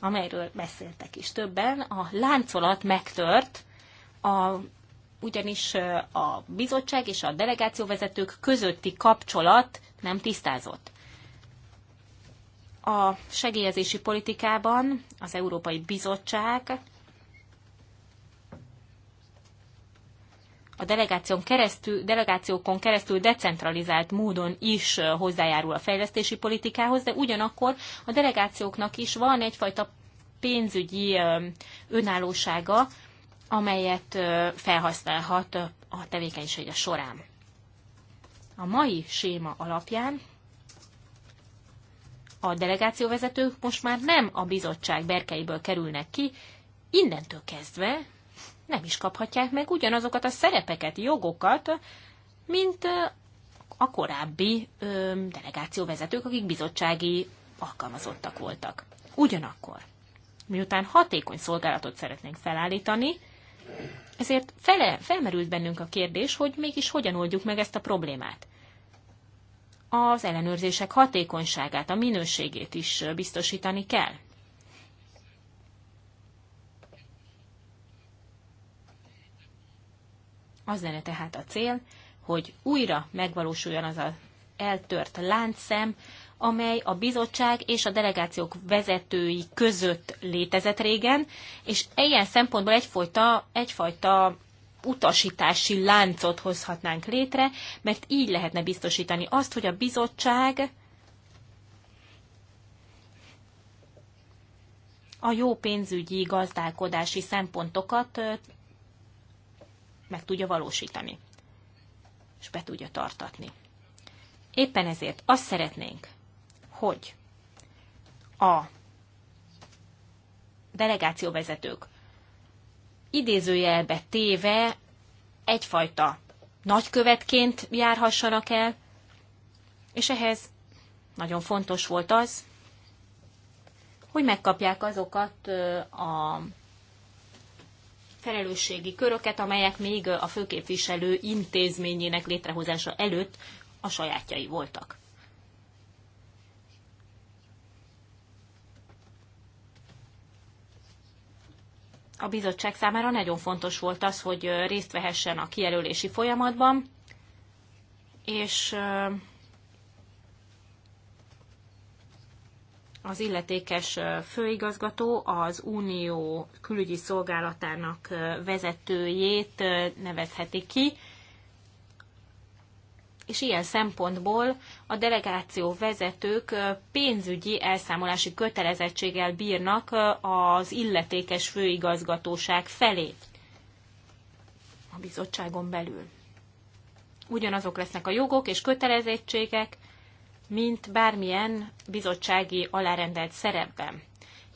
amelyről beszéltek is többen. A láncolat megtört, a, ugyanis a bizottság és a delegációvezetők közötti kapcsolat nem tisztázott a segélyezési politikában az Európai Bizottság a delegáción keresztül, delegációkon keresztül decentralizált módon is hozzájárul a fejlesztési politikához, de ugyanakkor a delegációknak is van egyfajta pénzügyi önállósága, amelyet felhasználhat a tevékenysége során. A mai séma alapján a delegációvezetők most már nem a bizottság berkeiből kerülnek ki, innentől kezdve nem is kaphatják meg ugyanazokat a szerepeket, jogokat, mint a korábbi delegációvezetők, akik bizottsági alkalmazottak voltak. Ugyanakkor, miután hatékony szolgálatot szeretnénk felállítani, ezért fele, felmerült bennünk a kérdés, hogy mégis hogyan oldjuk meg ezt a problémát az ellenőrzések hatékonyságát, a minőségét is biztosítani kell. Az lenne tehát a cél, hogy újra megvalósuljon az a eltört láncszem, amely a bizottság és a delegációk vezetői között létezett régen, és ilyen szempontból egyfajta, egyfajta utasítási láncot hozhatnánk létre, mert így lehetne biztosítani azt, hogy a bizottság a jó pénzügyi gazdálkodási szempontokat meg tudja valósítani, és be tudja tartatni. Éppen ezért azt szeretnénk, hogy a delegációvezetők idézőjelbe téve egyfajta nagykövetként járhassanak el, és ehhez nagyon fontos volt az, hogy megkapják azokat a felelősségi köröket, amelyek még a főképviselő intézményének létrehozása előtt a sajátjai voltak. a bizottság számára nagyon fontos volt az, hogy részt vehessen a kijelölési folyamatban, és az illetékes főigazgató az Unió külügyi szolgálatának vezetőjét nevezheti ki, és ilyen szempontból a delegáció vezetők pénzügyi elszámolási kötelezettséggel bírnak az illetékes főigazgatóság felé a bizottságon belül. Ugyanazok lesznek a jogok és kötelezettségek, mint bármilyen bizottsági alárendelt szerepben.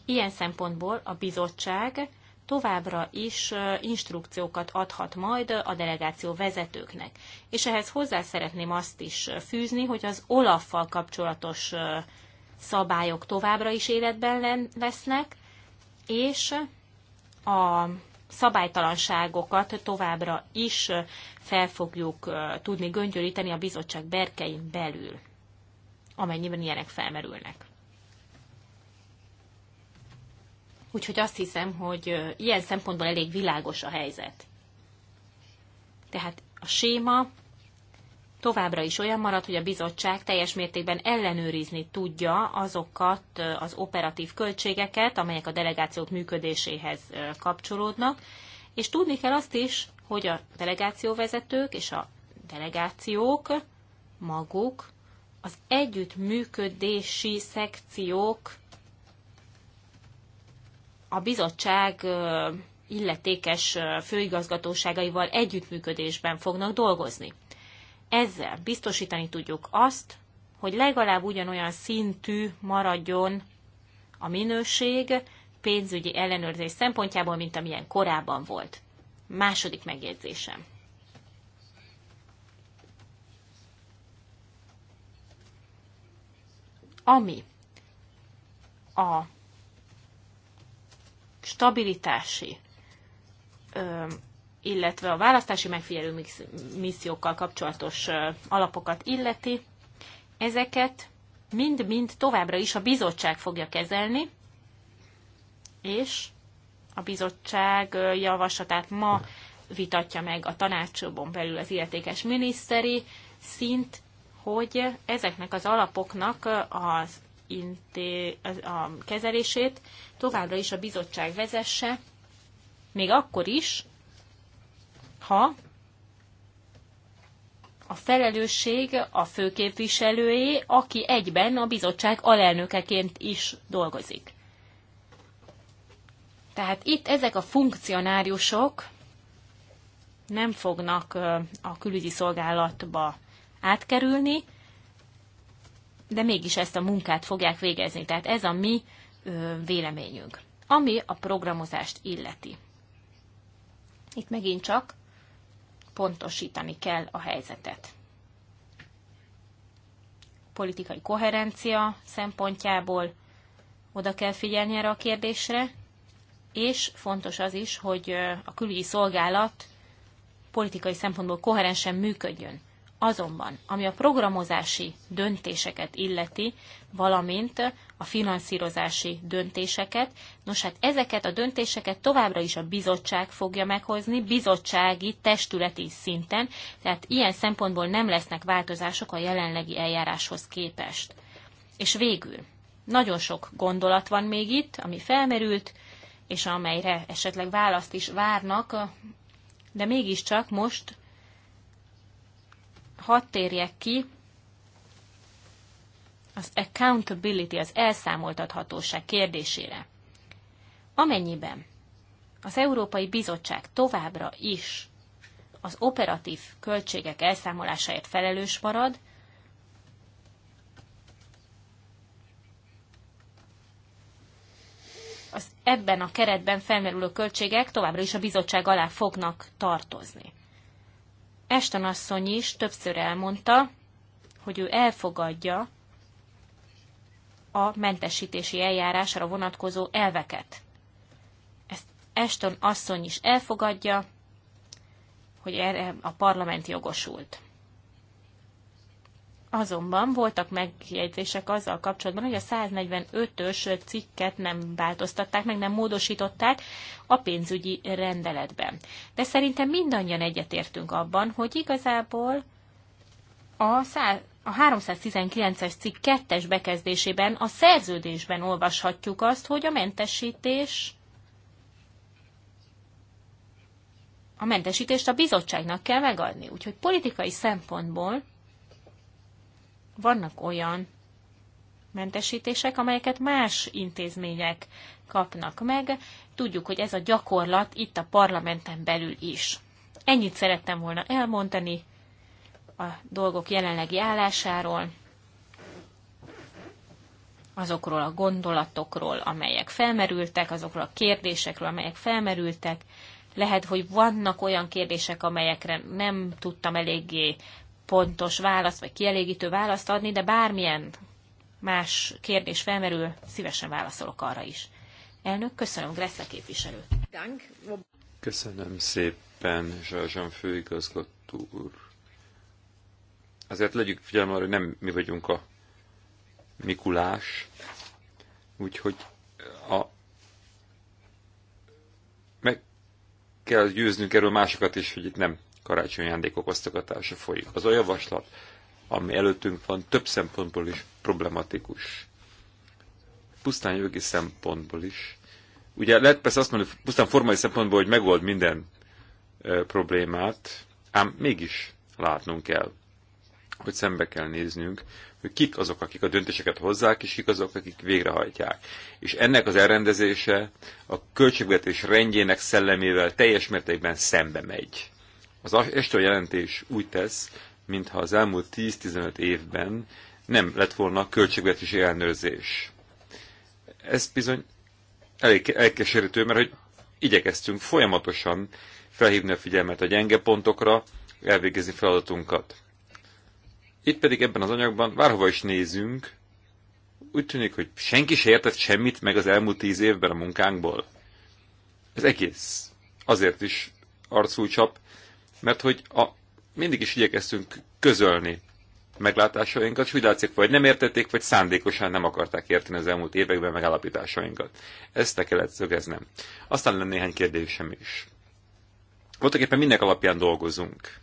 Ilyen szempontból a bizottság továbbra is instrukciókat adhat majd a delegáció vezetőknek. És ehhez hozzá szeretném azt is fűzni, hogy az Olaffal kapcsolatos szabályok továbbra is életben lesznek, és a szabálytalanságokat továbbra is fel fogjuk tudni göngyölíteni a bizottság berkein belül, amennyiben ilyenek felmerülnek. Úgyhogy azt hiszem, hogy ilyen szempontból elég világos a helyzet. Tehát a séma továbbra is olyan marad, hogy a bizottság teljes mértékben ellenőrizni tudja azokat az operatív költségeket, amelyek a delegációk működéséhez kapcsolódnak, és tudni kell azt is, hogy a delegációvezetők és a delegációk maguk az együttműködési szekciók a bizottság illetékes főigazgatóságaival együttműködésben fognak dolgozni. Ezzel biztosítani tudjuk azt, hogy legalább ugyanolyan szintű maradjon a minőség pénzügyi ellenőrzés szempontjából, mint amilyen korábban volt. Második megjegyzésem. Ami a stabilitási, illetve a választási megfigyelő missziókkal kapcsolatos alapokat illeti, ezeket mind-mind továbbra is a bizottság fogja kezelni, és a bizottság javaslatát ma vitatja meg a tanácsban belül az illetékes miniszteri szint, hogy ezeknek az alapoknak az inté- a kezelését továbbra is a bizottság vezesse, még akkor is, ha a felelősség a főképviselőjé, aki egyben a bizottság alelnökeként is dolgozik. Tehát itt ezek a funkcionáriusok nem fognak a külügyi szolgálatba átkerülni, de mégis ezt a munkát fogják végezni. Tehát ez a mi véleményünk. Ami a programozást illeti. Itt megint csak pontosítani kell a helyzetet. Politikai koherencia szempontjából oda kell figyelni erre a kérdésre, és fontos az is, hogy a külügyi szolgálat politikai szempontból koherensen működjön. Azonban, ami a programozási döntéseket illeti, valamint a finanszírozási döntéseket, nos hát ezeket a döntéseket továbbra is a bizottság fogja meghozni, bizottsági, testületi szinten, tehát ilyen szempontból nem lesznek változások a jelenlegi eljáráshoz képest. És végül, nagyon sok gondolat van még itt, ami felmerült, és amelyre esetleg választ is várnak, de mégiscsak most hadd térjek ki az accountability, az elszámoltathatóság kérdésére. Amennyiben az Európai Bizottság továbbra is az operatív költségek elszámolásáért felelős marad, az ebben a keretben felmerülő költségek továbbra is a bizottság alá fognak tartozni. Eston asszony is többször elmondta, hogy ő elfogadja a mentesítési eljárásra vonatkozó elveket. Ezt Eston asszony is elfogadja, hogy erre a parlament jogosult. Azonban voltak megjegyzések azzal kapcsolatban, hogy a 145-ös cikket nem változtatták, meg nem módosították a pénzügyi rendeletben. De szerintem mindannyian egyetértünk abban, hogy igazából a, 100, a 319-es cikk kettes bekezdésében a szerződésben olvashatjuk azt, hogy a mentesítés a mentesítést a bizottságnak kell megadni. Úgyhogy politikai szempontból vannak olyan mentesítések, amelyeket más intézmények kapnak meg. Tudjuk, hogy ez a gyakorlat itt a parlamenten belül is. Ennyit szerettem volna elmondani a dolgok jelenlegi állásáról, azokról a gondolatokról, amelyek felmerültek, azokról a kérdésekről, amelyek felmerültek. Lehet, hogy vannak olyan kérdések, amelyekre nem tudtam eléggé pontos választ, vagy kielégítő választ adni, de bármilyen más kérdés felmerül, szívesen válaszolok arra is. Elnök, köszönöm, Gressle képviselő. Köszönöm szépen, Zsazsan főigazgató úr. Azért legyük figyelme arra, hogy nem mi vagyunk a Mikulás, úgyhogy a meg kell győznünk erről másokat is, hogy itt nem karácsonyi ajándékok osztogatása folyik. Az a javaslat, ami előttünk van, több szempontból is problematikus. Pusztán jogi szempontból is. Ugye lehet persze azt mondani, pusztán formai szempontból, hogy megold minden e, problémát, ám mégis látnunk kell, hogy szembe kell néznünk, hogy kik azok, akik a döntéseket hozzák, és kik azok, akik végrehajtják. És ennek az elrendezése a költségvetés rendjének szellemével teljes mértékben szembe megy. Az Estő jelentés úgy tesz, mintha az elmúlt 10-15 évben nem lett volna költségvetési ellenőrzés. Ez bizony elég elkeserítő, mert hogy igyekeztünk folyamatosan felhívni a figyelmet a gyenge pontokra, elvégezni feladatunkat. Itt pedig ebben az anyagban, bárhova is nézünk, úgy tűnik, hogy senki se értett semmit meg az elmúlt tíz évben a munkánkból. Ez egész. Azért is arcú csap, mert hogy a, mindig is igyekeztünk közölni meglátásainkat, és úgy látszik, vagy nem értették, vagy szándékosan nem akarták érteni az elmúlt években megállapításainkat. Ezt te kellett szögeznem. Aztán lenne néhány kérdésem is. Voltak éppen minden alapján dolgozunk.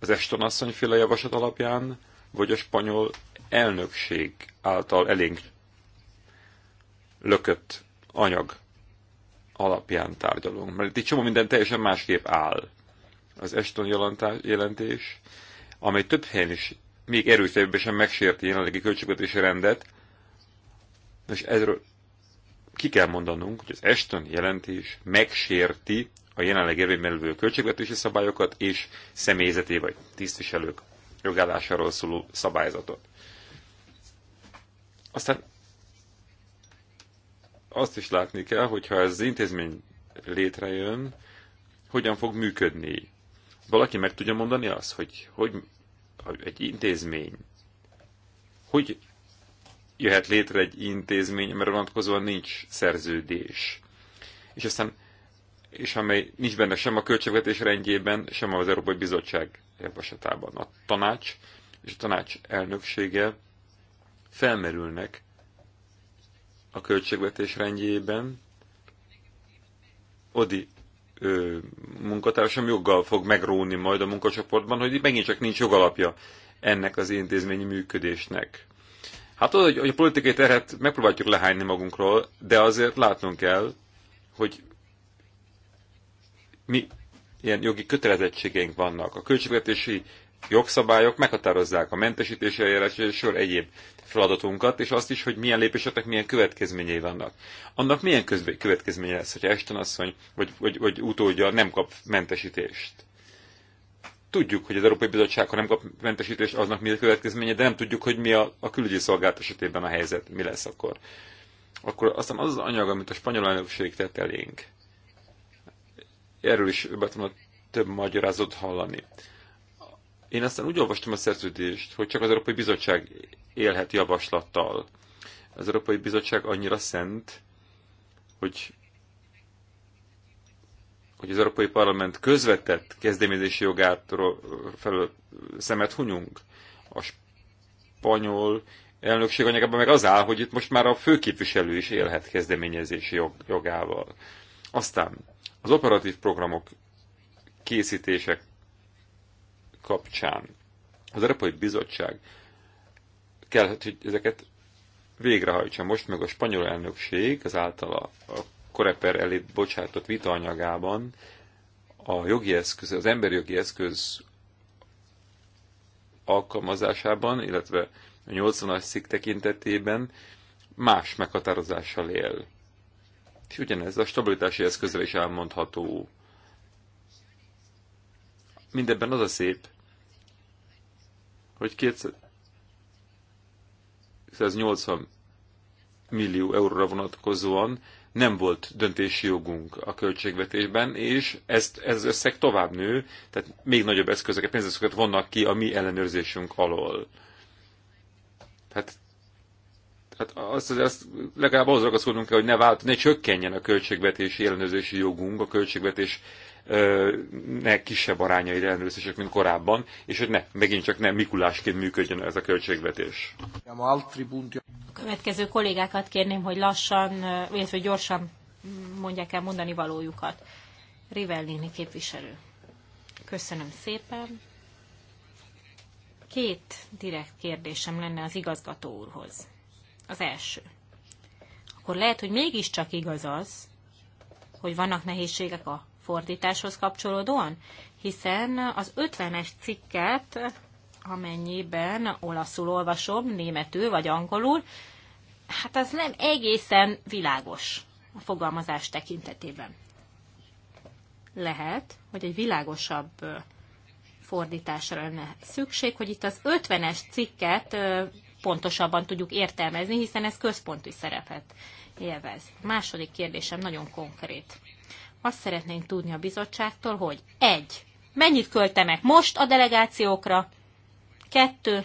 Az Eston asszonyféle javaslat alapján, vagy a spanyol elnökség által elénk lökött anyag alapján tárgyalunk. Mert itt csomó minden teljesen másképp áll az Eston jelentés, amely több helyen is még sem megsérti jelenlegi költségvetési rendet. Nos, erről ki kell mondanunk, hogy az Eston jelentés megsérti a jelenleg érvényben lévő költségvetési szabályokat és személyzeti vagy tisztviselők jogállásáról szóló szabályzatot. Aztán azt is látni kell, hogyha ez az intézmény létrejön, hogyan fog működni valaki meg tudja mondani azt, hogy, hogy egy intézmény, hogy jöhet létre egy intézmény, mert vonatkozóan nincs szerződés. És aztán, és amely nincs benne sem a költségvetés rendjében, sem az Európai Bizottság javaslatában. A tanács és a tanács elnöksége felmerülnek a költségvetés rendjében. Odi munkatársam joggal fog megróni majd a munkacsoportban, hogy megint csak nincs jogalapja ennek az intézményi működésnek. Hát az, hogy a politikai terhet megpróbáljuk lehányni magunkról, de azért látnunk kell, hogy mi ilyen jogi kötelezettségeink vannak. A költségvetési jogszabályok meghatározzák a mentesítési eljárás és sor egyéb feladatunkat, és azt is, hogy milyen lépéseknek milyen következményei vannak. Annak milyen következménye lesz, hogy Ashton asszony vagy, vagy, vagy utódja nem kap mentesítést? Tudjuk, hogy az Európai Bizottság, ha nem kap mentesítést, aznak mi a következménye, de nem tudjuk, hogy mi a, a külügyi szolgált esetében a helyzet, mi lesz akkor. Akkor aztán az az anyag, amit a spanyol elnökség tett elénk. Erről is többet több magyarázatot hallani. Én aztán úgy olvastam a szerződést, hogy csak az Európai Bizottság élhet javaslattal. Az Európai Bizottság annyira szent, hogy, hogy az Európai Parlament közvetett kezdeményezési jogától felül szemet hunyunk. A spanyol elnökség anyagában meg az áll, hogy itt most már a főképviselő is élhet kezdeményezési jog, jogával. Aztán az operatív programok készítések kapcsán. Az Európai Bizottság kell, hogy ezeket végrehajtsa most, meg a spanyol elnökség az általa a Koreper elé bocsátott vitaanyagában a jogi eszköz, az emberi jogi eszköz alkalmazásában, illetve a 80-as szik tekintetében más meghatározással él. És ugyanez a stabilitási eszközre is elmondható mindebben az a szép, hogy 280 millió euróra vonatkozóan nem volt döntési jogunk a költségvetésben, és ezt, ez az összeg tovább nő, tehát még nagyobb eszközöket, pénzeszközöket vonnak ki a mi ellenőrzésünk alól. Hát, hát azt, azt legalább ahhoz ragaszkodnunk kell, hogy ne, vált, ne csökkenjen a költségvetési ellenőrzési jogunk, a költségvetés ne kisebb arányai rendőrzések, mint korábban, és hogy ne, megint csak ne Mikulásként működjön ez a költségvetés. A következő kollégákat kérném, hogy lassan, illetve gyorsan mondják el mondani valójukat. Rivellini képviselő. Köszönöm szépen. Két direkt kérdésem lenne az igazgató úrhoz. Az első. Akkor lehet, hogy mégiscsak igaz az, hogy vannak nehézségek a fordításhoz kapcsolódóan, hiszen az 50-es cikket, amennyiben olaszul olvasom, németül vagy angolul, hát az nem egészen világos a fogalmazás tekintetében. Lehet, hogy egy világosabb fordításra lenne szükség, hogy itt az 50-es cikket pontosabban tudjuk értelmezni, hiszen ez központi szerepet élvez. A második kérdésem nagyon konkrét. Azt szeretnénk tudni a bizottságtól, hogy egy, mennyit költenek most a delegációkra, kettő,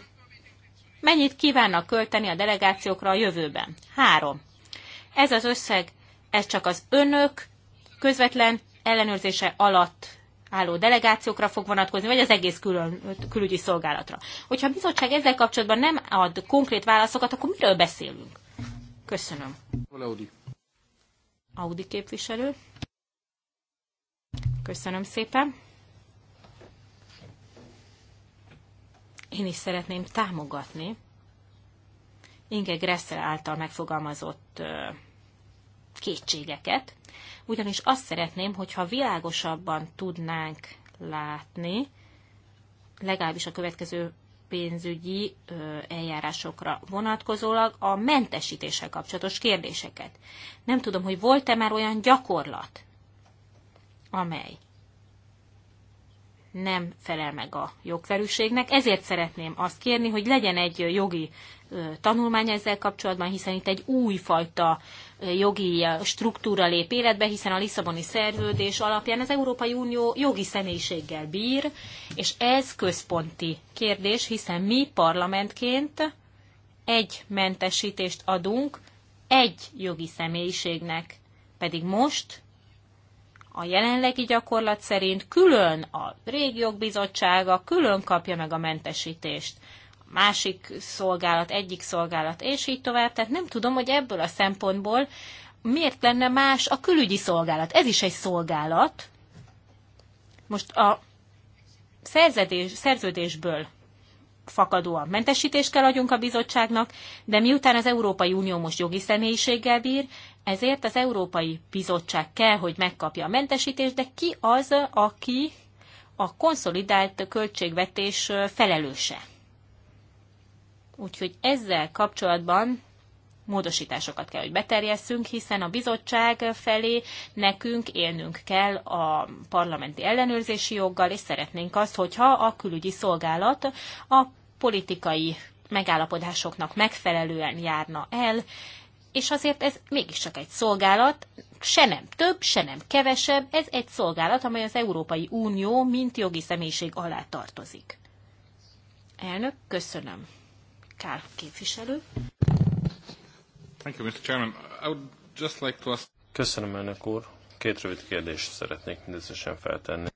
mennyit kívánnak költeni a delegációkra a jövőben, három, ez az összeg, ez csak az önök közvetlen ellenőrzése alatt álló delegációkra fog vonatkozni, vagy az egész külön, külügyi szolgálatra. Hogyha a bizottság ezzel kapcsolatban nem ad konkrét válaszokat, akkor miről beszélünk? Köszönöm. Audi. Audi képviselő. Köszönöm szépen. Én is szeretném támogatni Inge Gressel által megfogalmazott kétségeket, ugyanis azt szeretném, hogyha világosabban tudnánk látni, legalábbis a következő pénzügyi eljárásokra vonatkozólag a mentesítéssel kapcsolatos kérdéseket. Nem tudom, hogy volt-e már olyan gyakorlat, amely nem felel meg a jogszerűségnek. Ezért szeretném azt kérni, hogy legyen egy jogi tanulmány ezzel kapcsolatban, hiszen itt egy újfajta jogi struktúra lép életbe, hiszen a Lisszaboni szerződés alapján az Európai Unió jogi személyiséggel bír, és ez központi kérdés, hiszen mi parlamentként egy mentesítést adunk egy jogi személyiségnek, pedig most a jelenlegi gyakorlat szerint külön a régiók bizottsága külön kapja meg a mentesítést. A másik szolgálat, egyik szolgálat, és így tovább. Tehát nem tudom, hogy ebből a szempontból miért lenne más a külügyi szolgálat. Ez is egy szolgálat. Most a szerződés, szerződésből fakadóan mentesítést kell adjunk a bizottságnak, de miután az Európai Unió most jogi személyiséggel bír, ezért az Európai Bizottság kell, hogy megkapja a mentesítést, de ki az, aki a konszolidált költségvetés felelőse? Úgyhogy ezzel kapcsolatban módosításokat kell, hogy beterjesszünk, hiszen a bizottság felé nekünk élnünk kell a parlamenti ellenőrzési joggal, és szeretnénk azt, hogyha a külügyi szolgálat a politikai megállapodásoknak megfelelően járna el, és azért ez mégiscsak egy szolgálat, se nem több, se nem kevesebb, ez egy szolgálat, amely az Európai Unió mint jogi személyiség alá tartozik. Elnök, köszönöm. Kár képviselő. Thank you, Mr. Chairman. I would just like to ask... Köszönöm, elnök úr. Két rövid kérdést szeretnék mindösszesen feltenni.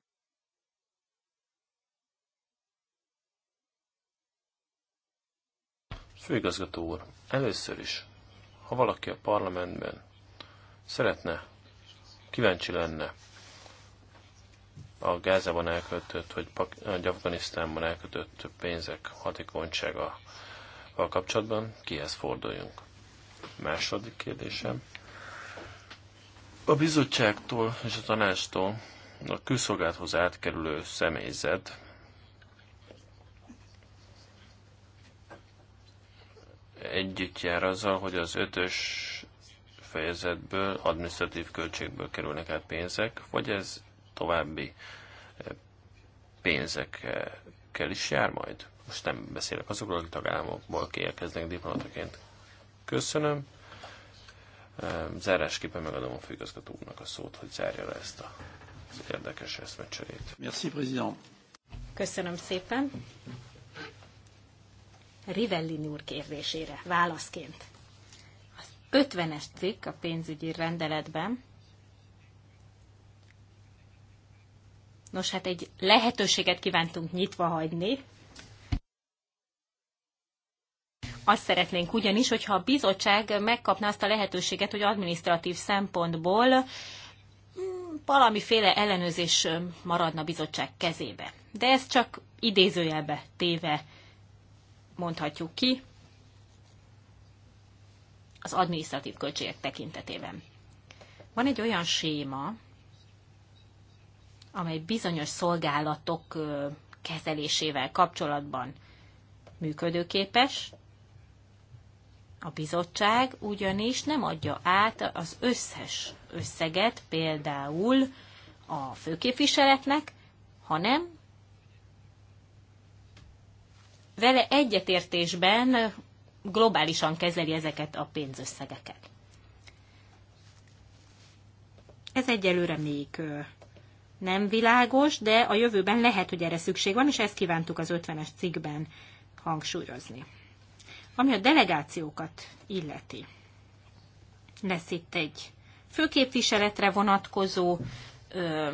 Főigazgató úr, először is, ha valaki a parlamentben szeretne, kíváncsi lenne a Gázában elköltött, vagy, vagy Afganisztánban elköltött pénzek hatékonysága kapcsolatban, kihez forduljunk? Második kérdésem. A bizottságtól és a tanástól a külszolgálathoz átkerülő személyzet együtt jár azzal, hogy az ötös fejezetből, administratív költségből kerülnek át pénzek, vagy ez további eh, pénzekkel is jár majd? Most nem beszélek azokról, akik tagállamokból kérkeznek diplomataként. Köszönöm. Zárásképpen megadom a főigazgató a szót, hogy zárja le ezt a az érdekes eszmecserét. Merci, président. Köszönöm szépen. Rivellin úr kérdésére válaszként. Az 50-es cikk a pénzügyi rendeletben. Nos, hát egy lehetőséget kívántunk nyitva hagyni, azt szeretnénk ugyanis, hogyha a bizottság megkapná azt a lehetőséget, hogy administratív szempontból mm, valamiféle ellenőrzés maradna a bizottság kezébe. De ezt csak idézőjelbe téve mondhatjuk ki az administratív költségek tekintetében. Van egy olyan séma, amely bizonyos szolgálatok kezelésével kapcsolatban működőképes, a bizottság ugyanis nem adja át az összes összeget például a főképviseletnek, hanem vele egyetértésben globálisan kezeli ezeket a pénzösszegeket. Ez egyelőre még nem világos, de a jövőben lehet, hogy erre szükség van, és ezt kívántuk az 50-es cikkben hangsúlyozni. Ami a delegációkat illeti, lesz itt egy főképviseletre vonatkozó ö,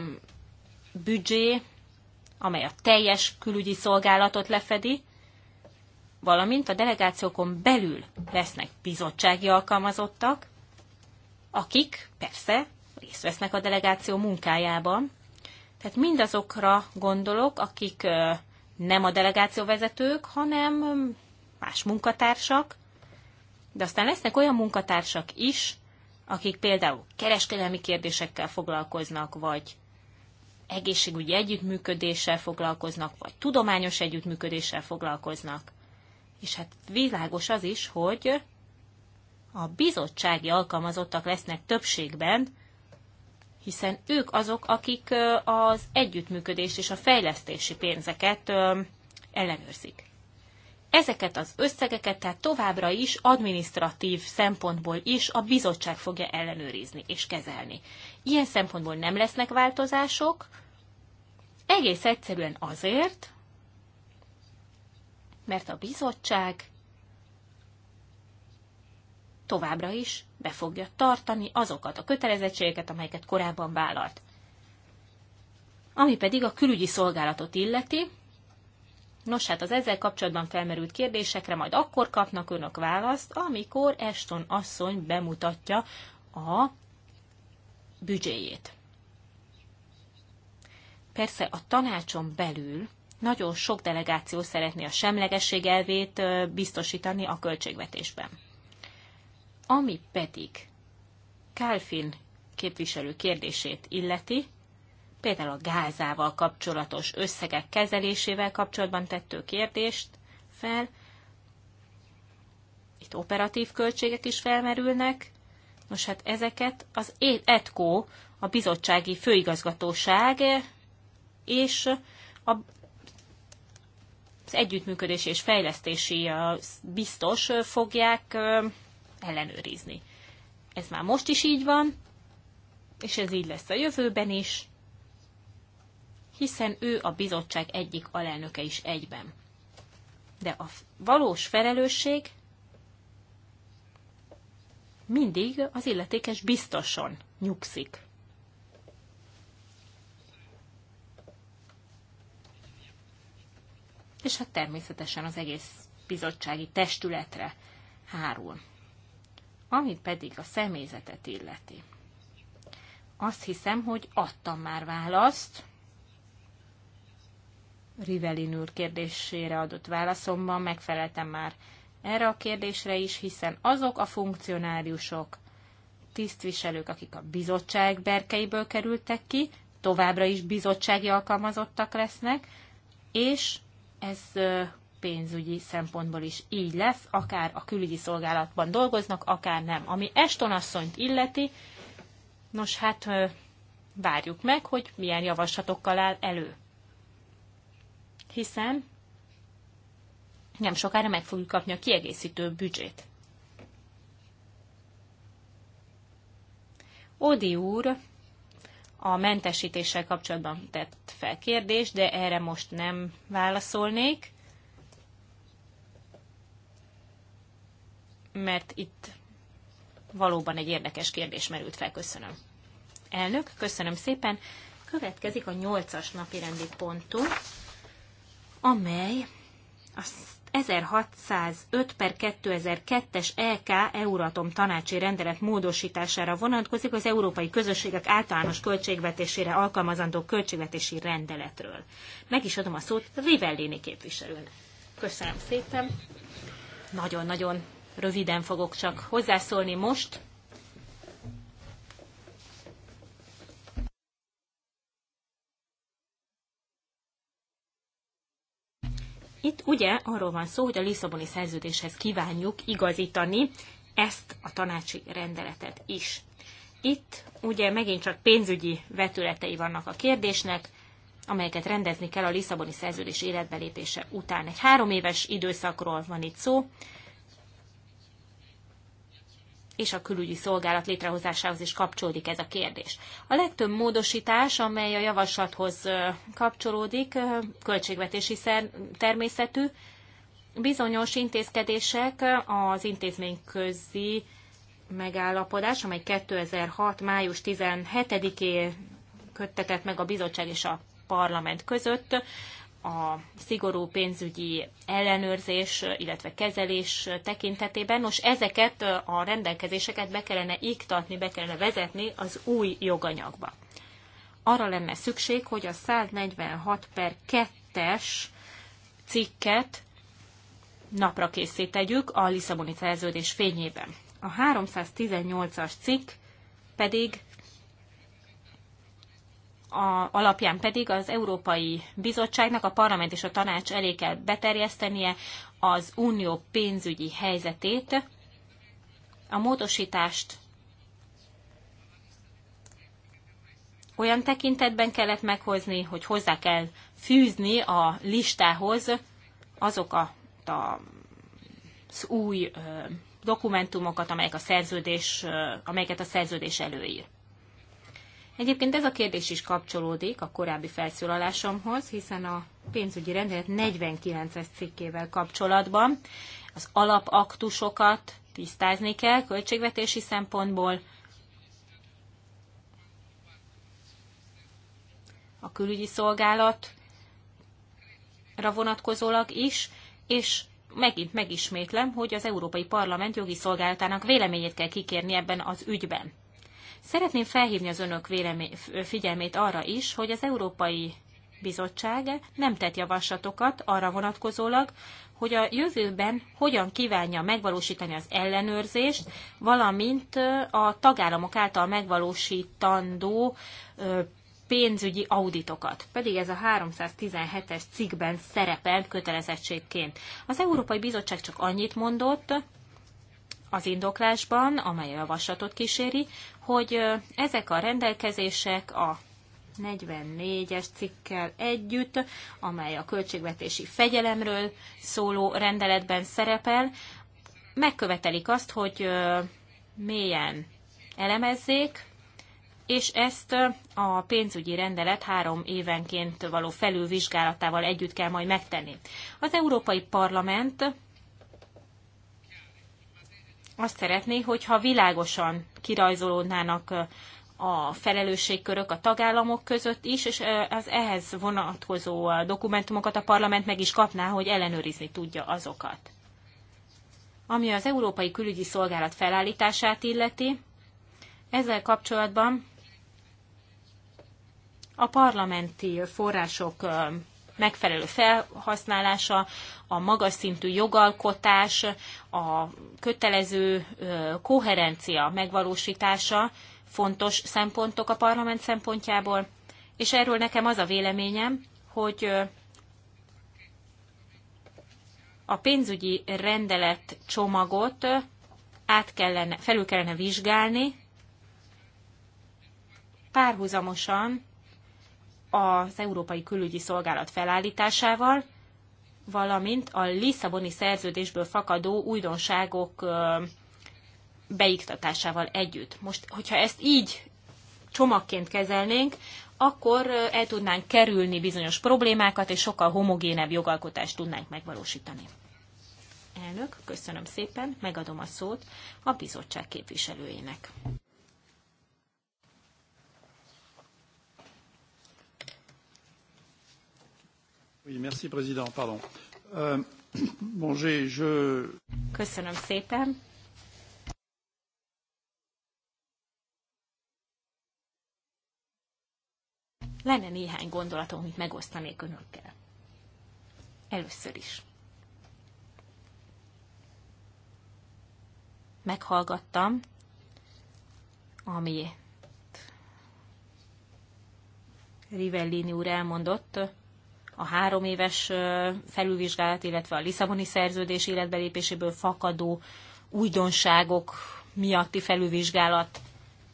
büdzsé, amely a teljes külügyi szolgálatot lefedi, valamint a delegációkon belül lesznek bizottsági alkalmazottak, akik persze részt vesznek a delegáció munkájában. Tehát mindazokra gondolok, akik nem a delegációvezetők, hanem más munkatársak, de aztán lesznek olyan munkatársak is, akik például kereskedelmi kérdésekkel foglalkoznak, vagy egészségügyi együttműködéssel foglalkoznak, vagy tudományos együttműködéssel foglalkoznak. És hát világos az is, hogy a bizottsági alkalmazottak lesznek többségben, hiszen ők azok, akik az együttműködés és a fejlesztési pénzeket ellenőrzik. Ezeket az összegeket tehát továbbra is administratív szempontból is a bizottság fogja ellenőrizni és kezelni. Ilyen szempontból nem lesznek változások, egész egyszerűen azért, mert a bizottság továbbra is be fogja tartani azokat a kötelezettségeket, amelyeket korábban vállalt. Ami pedig a külügyi szolgálatot illeti, Nos, hát az ezzel kapcsolatban felmerült kérdésekre majd akkor kapnak önök választ, amikor Eston asszony bemutatja a büdzséjét. Persze a tanácson belül nagyon sok delegáció szeretné a semlegesség elvét biztosítani a költségvetésben. Ami pedig Kálfin képviselő kérdését illeti, például a gázával kapcsolatos összegek kezelésével kapcsolatban tettő kérdést fel. Itt operatív költségek is felmerülnek. Nos, hát ezeket az ETCO, a bizottsági főigazgatóság és a az együttműködés és fejlesztési biztos fogják ellenőrizni. Ez már most is így van, és ez így lesz a jövőben is hiszen ő a bizottság egyik alelnöke is egyben. De a valós felelősség mindig az illetékes biztoson nyugszik. És hát természetesen az egész bizottsági testületre hárul. amit pedig a személyzetet illeti. Azt hiszem, hogy adtam már választ Rivelin úr kérdésére adott válaszomban megfeleltem már erre a kérdésre is, hiszen azok a funkcionáriusok, tisztviselők, akik a bizottság berkeiből kerültek ki, továbbra is bizottsági alkalmazottak lesznek, és ez pénzügyi szempontból is így lesz, akár a külügyi szolgálatban dolgoznak, akár nem. Ami Eston asszonyt illeti, nos hát várjuk meg, hogy milyen javaslatokkal áll elő hiszen nem sokára meg fogjuk kapni a kiegészítő büdzsét. Ódi úr a mentesítéssel kapcsolatban tett fel kérdést, de erre most nem válaszolnék, mert itt valóban egy érdekes kérdés merült fel. Köszönöm. Elnök, köszönöm szépen. Következik a nyolcas napi rendi pontunk amely a 1605 per 2002-es EK Euratom tanácsi rendelet módosítására vonatkozik az Európai Közösségek általános költségvetésére alkalmazandó költségvetési rendeletről. Meg is adom a szót Rivellini képviselőnek. Köszönöm szépen. Nagyon-nagyon röviden fogok csak hozzászólni most. Itt ugye arról van szó, hogy a Lisszaboni szerződéshez kívánjuk igazítani ezt a tanácsi rendeletet is. Itt ugye megint csak pénzügyi vetületei vannak a kérdésnek, amelyeket rendezni kell a Lisszaboni szerződés életbelépése után. Egy három éves időszakról van itt szó, és a külügyi szolgálat létrehozásához is kapcsolódik ez a kérdés. A legtöbb módosítás, amely a javaslathoz kapcsolódik, költségvetési természetű, bizonyos intézkedések az intézményközi megállapodás, amely 2006. május 17-én köttetett meg a bizottság és a parlament között, a szigorú pénzügyi ellenőrzés, illetve kezelés tekintetében. Nos, ezeket a rendelkezéseket be kellene iktatni, be kellene vezetni az új joganyagba. Arra lenne szükség, hogy a 146 per 2-es cikket napra készítjük, a Lisszaboni szerződés fényében. A 318-as cikk pedig a, alapján pedig az Európai Bizottságnak a parlament és a tanács elé kell beterjesztenie az unió pénzügyi helyzetét. A módosítást olyan tekintetben kellett meghozni, hogy hozzá kell fűzni a listához azokat az új dokumentumokat, amelyek a szerződés, amelyeket a szerződés előír. Egyébként ez a kérdés is kapcsolódik a korábbi felszólalásomhoz, hiszen a pénzügyi rendelet 49-es cikkével kapcsolatban az alapaktusokat tisztázni kell költségvetési szempontból, a külügyi szolgálatra vonatkozólag is, és megint megismétlem, hogy az Európai Parlament jogi szolgálatának véleményét kell kikérni ebben az ügyben. Szeretném felhívni az önök figyelmét arra is, hogy az Európai Bizottság nem tett javaslatokat arra vonatkozólag, hogy a jövőben hogyan kívánja megvalósítani az ellenőrzést, valamint a tagállamok által megvalósítandó pénzügyi auditokat. Pedig ez a 317-es cikkben szerepelt kötelezettségként. Az Európai Bizottság csak annyit mondott, az indoklásban, amely a javaslatot kíséri, hogy ezek a rendelkezések a 44-es cikkel együtt, amely a költségvetési fegyelemről szóló rendeletben szerepel, megkövetelik azt, hogy mélyen elemezzék, és ezt a pénzügyi rendelet három évenként való felülvizsgálatával együtt kell majd megtenni. Az Európai Parlament azt szeretné, hogyha világosan kirajzolódnának a felelősségkörök a tagállamok között is, és az ehhez vonatkozó dokumentumokat a parlament meg is kapná, hogy ellenőrizni tudja azokat. Ami az Európai Külügyi Szolgálat felállítását illeti, ezzel kapcsolatban a parlamenti források megfelelő felhasználása, a magas szintű jogalkotás, a kötelező koherencia megvalósítása fontos szempontok a parlament szempontjából, és erről nekem az a véleményem, hogy a pénzügyi rendelet csomagot át kellene, felül kellene vizsgálni, párhuzamosan az Európai Külügyi Szolgálat felállításával, valamint a Lisszaboni szerződésből fakadó újdonságok beiktatásával együtt. Most, hogyha ezt így csomagként kezelnénk, akkor el tudnánk kerülni bizonyos problémákat, és sokkal homogénebb jogalkotást tudnánk megvalósítani. Elnök, köszönöm szépen, megadom a szót a bizottság képviselőjének. Euh, Köszönöm szépen. Lenne néhány gondolatom, amit megosztanék önökkel. Először is. Meghallgattam, ami Rivellini úr elmondott, a három éves felülvizsgálat, illetve a Lisszaboni szerződés életbelépéséből fakadó újdonságok miatti felülvizsgálat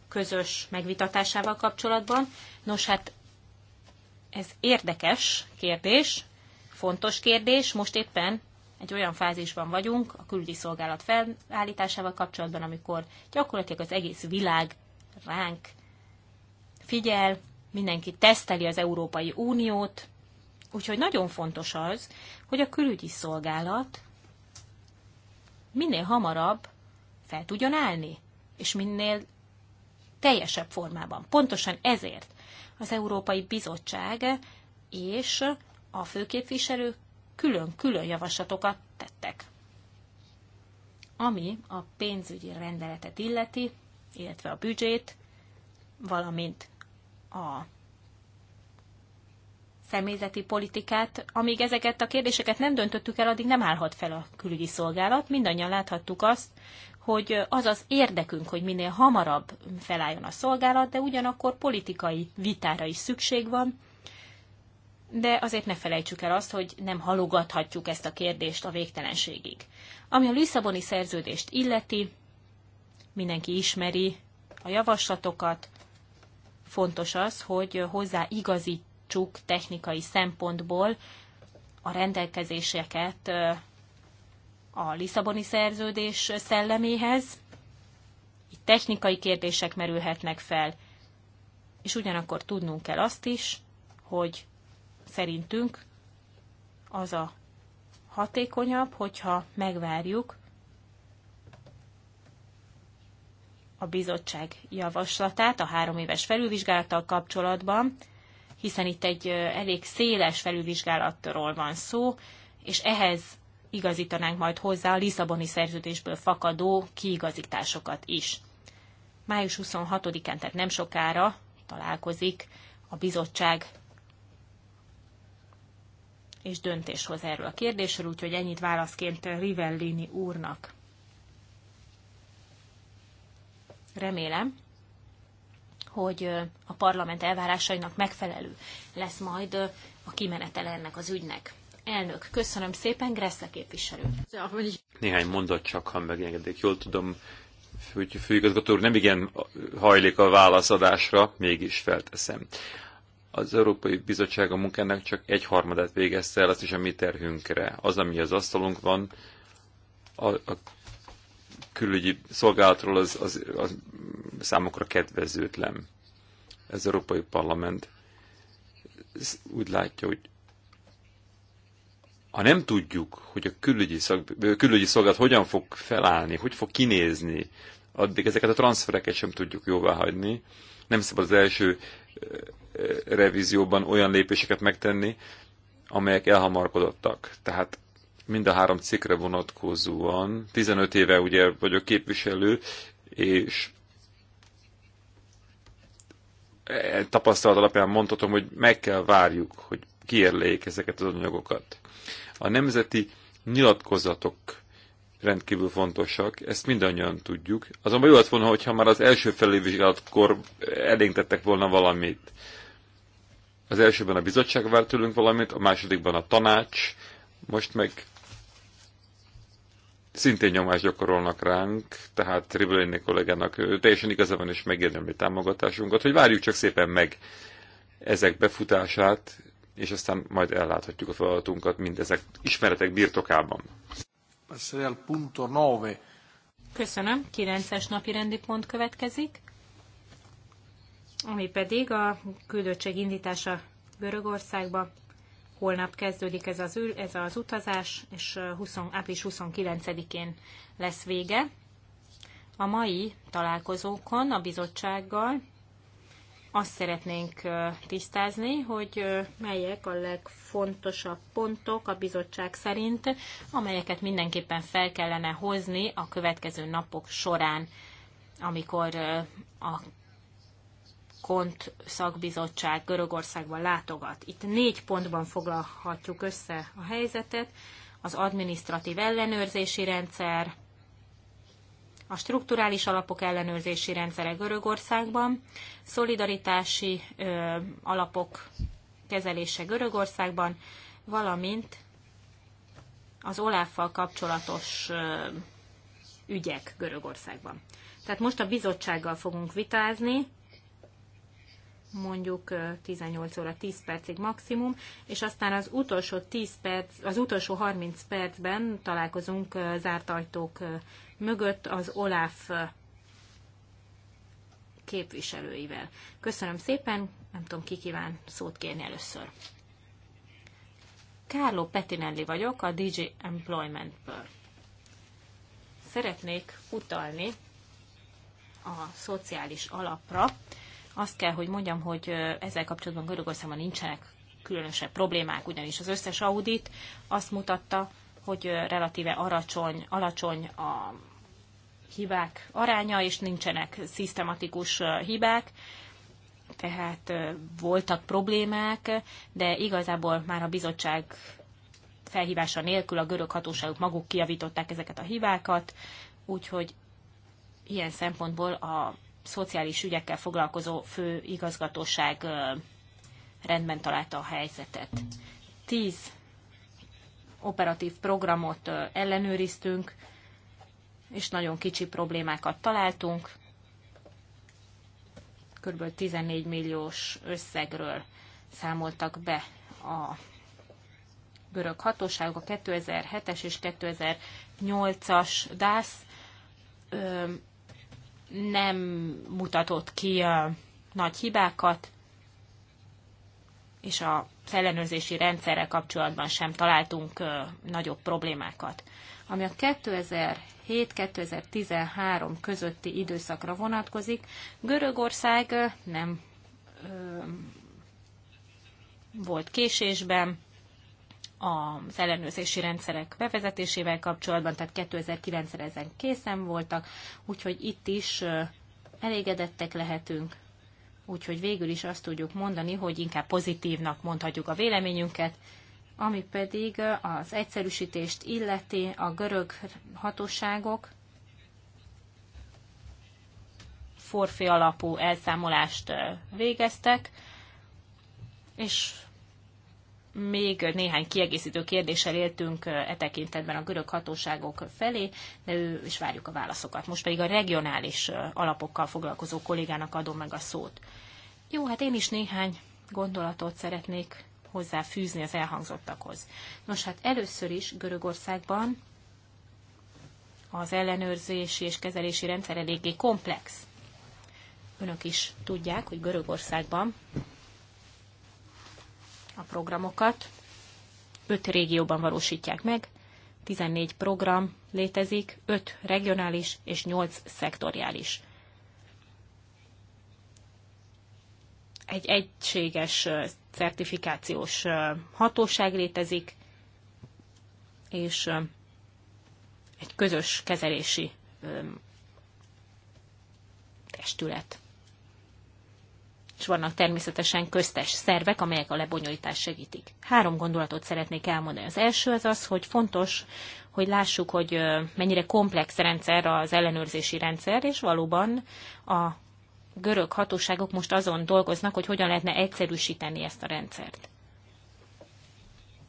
közös megvitatásával kapcsolatban. Nos, hát ez érdekes kérdés, fontos kérdés. Most éppen egy olyan fázisban vagyunk a külügyi szolgálat felállításával kapcsolatban, amikor gyakorlatilag az egész világ ránk figyel, mindenki teszteli az Európai Uniót, Úgyhogy nagyon fontos az, hogy a külügyi szolgálat minél hamarabb fel tudjon állni, és minél teljesebb formában. Pontosan ezért az Európai Bizottság és a főképviselő külön-külön javaslatokat tettek. Ami a pénzügyi rendeletet illeti, illetve a büdzsét, valamint a személyzeti politikát, amíg ezeket a kérdéseket nem döntöttük el, addig nem állhat fel a külügyi szolgálat. Mindannyian láthattuk azt, hogy az az érdekünk, hogy minél hamarabb felálljon a szolgálat, de ugyanakkor politikai vitára is szükség van, de azért ne felejtsük el azt, hogy nem halogathatjuk ezt a kérdést a végtelenségig. Ami a Lisszaboni szerződést illeti, mindenki ismeri a javaslatokat, fontos az, hogy hozzá igazít javítsuk technikai szempontból a rendelkezéseket a Lisszaboni szerződés szelleméhez. Itt technikai kérdések merülhetnek fel, és ugyanakkor tudnunk kell azt is, hogy szerintünk az a hatékonyabb, hogyha megvárjuk a bizottság javaslatát a három éves felülvizsgálattal kapcsolatban, hiszen itt egy elég széles felülvizsgálatról van szó, és ehhez igazítanánk majd hozzá a Lisszaboni szerződésből fakadó kiigazításokat is. Május 26-án, tehát nem sokára találkozik a bizottság és döntés erről a kérdésről, úgyhogy ennyit válaszként Rivellini úrnak. Remélem, hogy a parlament elvárásainak megfelelő lesz majd a kimenetele ennek az ügynek. Elnök, köszönöm szépen, Gressle képviselő. Néhány mondat csak, ha megengedik. Jól tudom, hogy főigazgató úr nem igen hajlik a válaszadásra, mégis felteszem. Az Európai Bizottság a munkának csak egy harmadát végezte el, azt is a mi terhünkre. Az, ami az asztalunk van, a, a külügyi szolgálatról az, az, az számokra kedvezőtlen. Ez Európai Parlament Ez úgy látja, hogy ha nem tudjuk, hogy a külügyi, szak, külügyi szolgálat hogyan fog felállni, hogy fog kinézni, addig ezeket a transfereket sem tudjuk jóvá hagyni. Nem szabad az első revízióban olyan lépéseket megtenni, amelyek elhamarkodottak. Tehát mind a három cikkre vonatkozóan. 15 éve ugye vagyok képviselő, és e, tapasztalat alapján mondhatom, hogy meg kell várjuk, hogy kiérlejék ezeket az anyagokat. A nemzeti nyilatkozatok rendkívül fontosak, ezt mindannyian tudjuk. Azonban jó lett volna, hogyha már az első felülvizsgálatkor elénk tettek volna valamit. Az elsőben a bizottság várt tőlünk valamit, a másodikban a tanács, most meg szintén nyomás gyakorolnak ránk, tehát Rivellini kollégának teljesen igaza van és megérdemli támogatásunkat, hogy várjuk csak szépen meg ezek befutását, és aztán majd elláthatjuk a feladatunkat mindezek ismeretek birtokában. Köszönöm. 9-es napi rendi pont következik, ami pedig a küldöttség indítása Görögországba holnap kezdődik ez az, ez az utazás, és 20, április 29-én lesz vége. A mai találkozókon a bizottsággal azt szeretnénk tisztázni, hogy melyek a legfontosabb pontok a bizottság szerint, amelyeket mindenképpen fel kellene hozni a következő napok során, amikor a KONT szakbizottság Görögországban látogat. Itt négy pontban foglalhatjuk össze a helyzetet. Az administratív ellenőrzési rendszer, a strukturális alapok ellenőrzési rendszere Görögországban, szolidaritási ö, alapok kezelése Görögországban, valamint az oláffal kapcsolatos ö, ügyek Görögországban. Tehát most a bizottsággal fogunk vitázni, mondjuk 18 óra 10 percig maximum, és aztán az utolsó, 10 perc, az utolsó 30 percben találkozunk zárt ajtók mögött az OLAF képviselőivel. Köszönöm szépen, nem tudom, ki kíván szót kérni először. Kárló Petinelli vagyok a DJ Employment-ből. Szeretnék utalni a szociális alapra, azt kell, hogy mondjam, hogy ezzel kapcsolatban Görögországban nincsenek különösebb problémák, ugyanis az összes audit azt mutatta, hogy relatíve alacsony, alacsony a hibák aránya, és nincsenek szisztematikus hibák, tehát voltak problémák, de igazából már a bizottság felhívása nélkül a görög hatóságok maguk kiavították ezeket a hibákat, úgyhogy ilyen szempontból a szociális ügyekkel foglalkozó főigazgatóság rendben találta a helyzetet. Tíz operatív programot ellenőriztünk, és nagyon kicsi problémákat találtunk. Kb. 14 milliós összegről számoltak be a görög hatóságok a 2007-es és 2008-as DASZ nem mutatott ki nagy hibákat, és a ellenőrzési rendszerrel kapcsolatban sem találtunk nagyobb problémákat. Ami a 2007-2013 közötti időszakra vonatkozik, Görögország nem volt késésben, az ellenőrzési rendszerek bevezetésével kapcsolatban, tehát 2009-re ezen készen voltak, úgyhogy itt is elégedettek lehetünk, úgyhogy végül is azt tudjuk mondani, hogy inkább pozitívnak mondhatjuk a véleményünket, ami pedig az egyszerűsítést illeti a görög hatóságok forfé alapú elszámolást végeztek, és még néhány kiegészítő kérdéssel éltünk e tekintetben a görög hatóságok felé, de ő is várjuk a válaszokat. Most pedig a regionális alapokkal foglalkozó kollégának adom meg a szót. Jó, hát én is néhány gondolatot szeretnék hozzáfűzni az elhangzottakhoz. Nos, hát először is Görögországban az ellenőrzési és kezelési rendszer eléggé komplex. Önök is tudják, hogy Görögországban a programokat. Öt régióban valósítják meg, 14 program létezik, 5 regionális és 8 szektoriális. Egy egységes certifikációs hatóság létezik, és egy közös kezelési testület és vannak természetesen köztes szervek, amelyek a lebonyolítást segítik. Három gondolatot szeretnék elmondani. Az első az az, hogy fontos, hogy lássuk, hogy mennyire komplex rendszer az ellenőrzési rendszer, és valóban a görög hatóságok most azon dolgoznak, hogy hogyan lehetne egyszerűsíteni ezt a rendszert.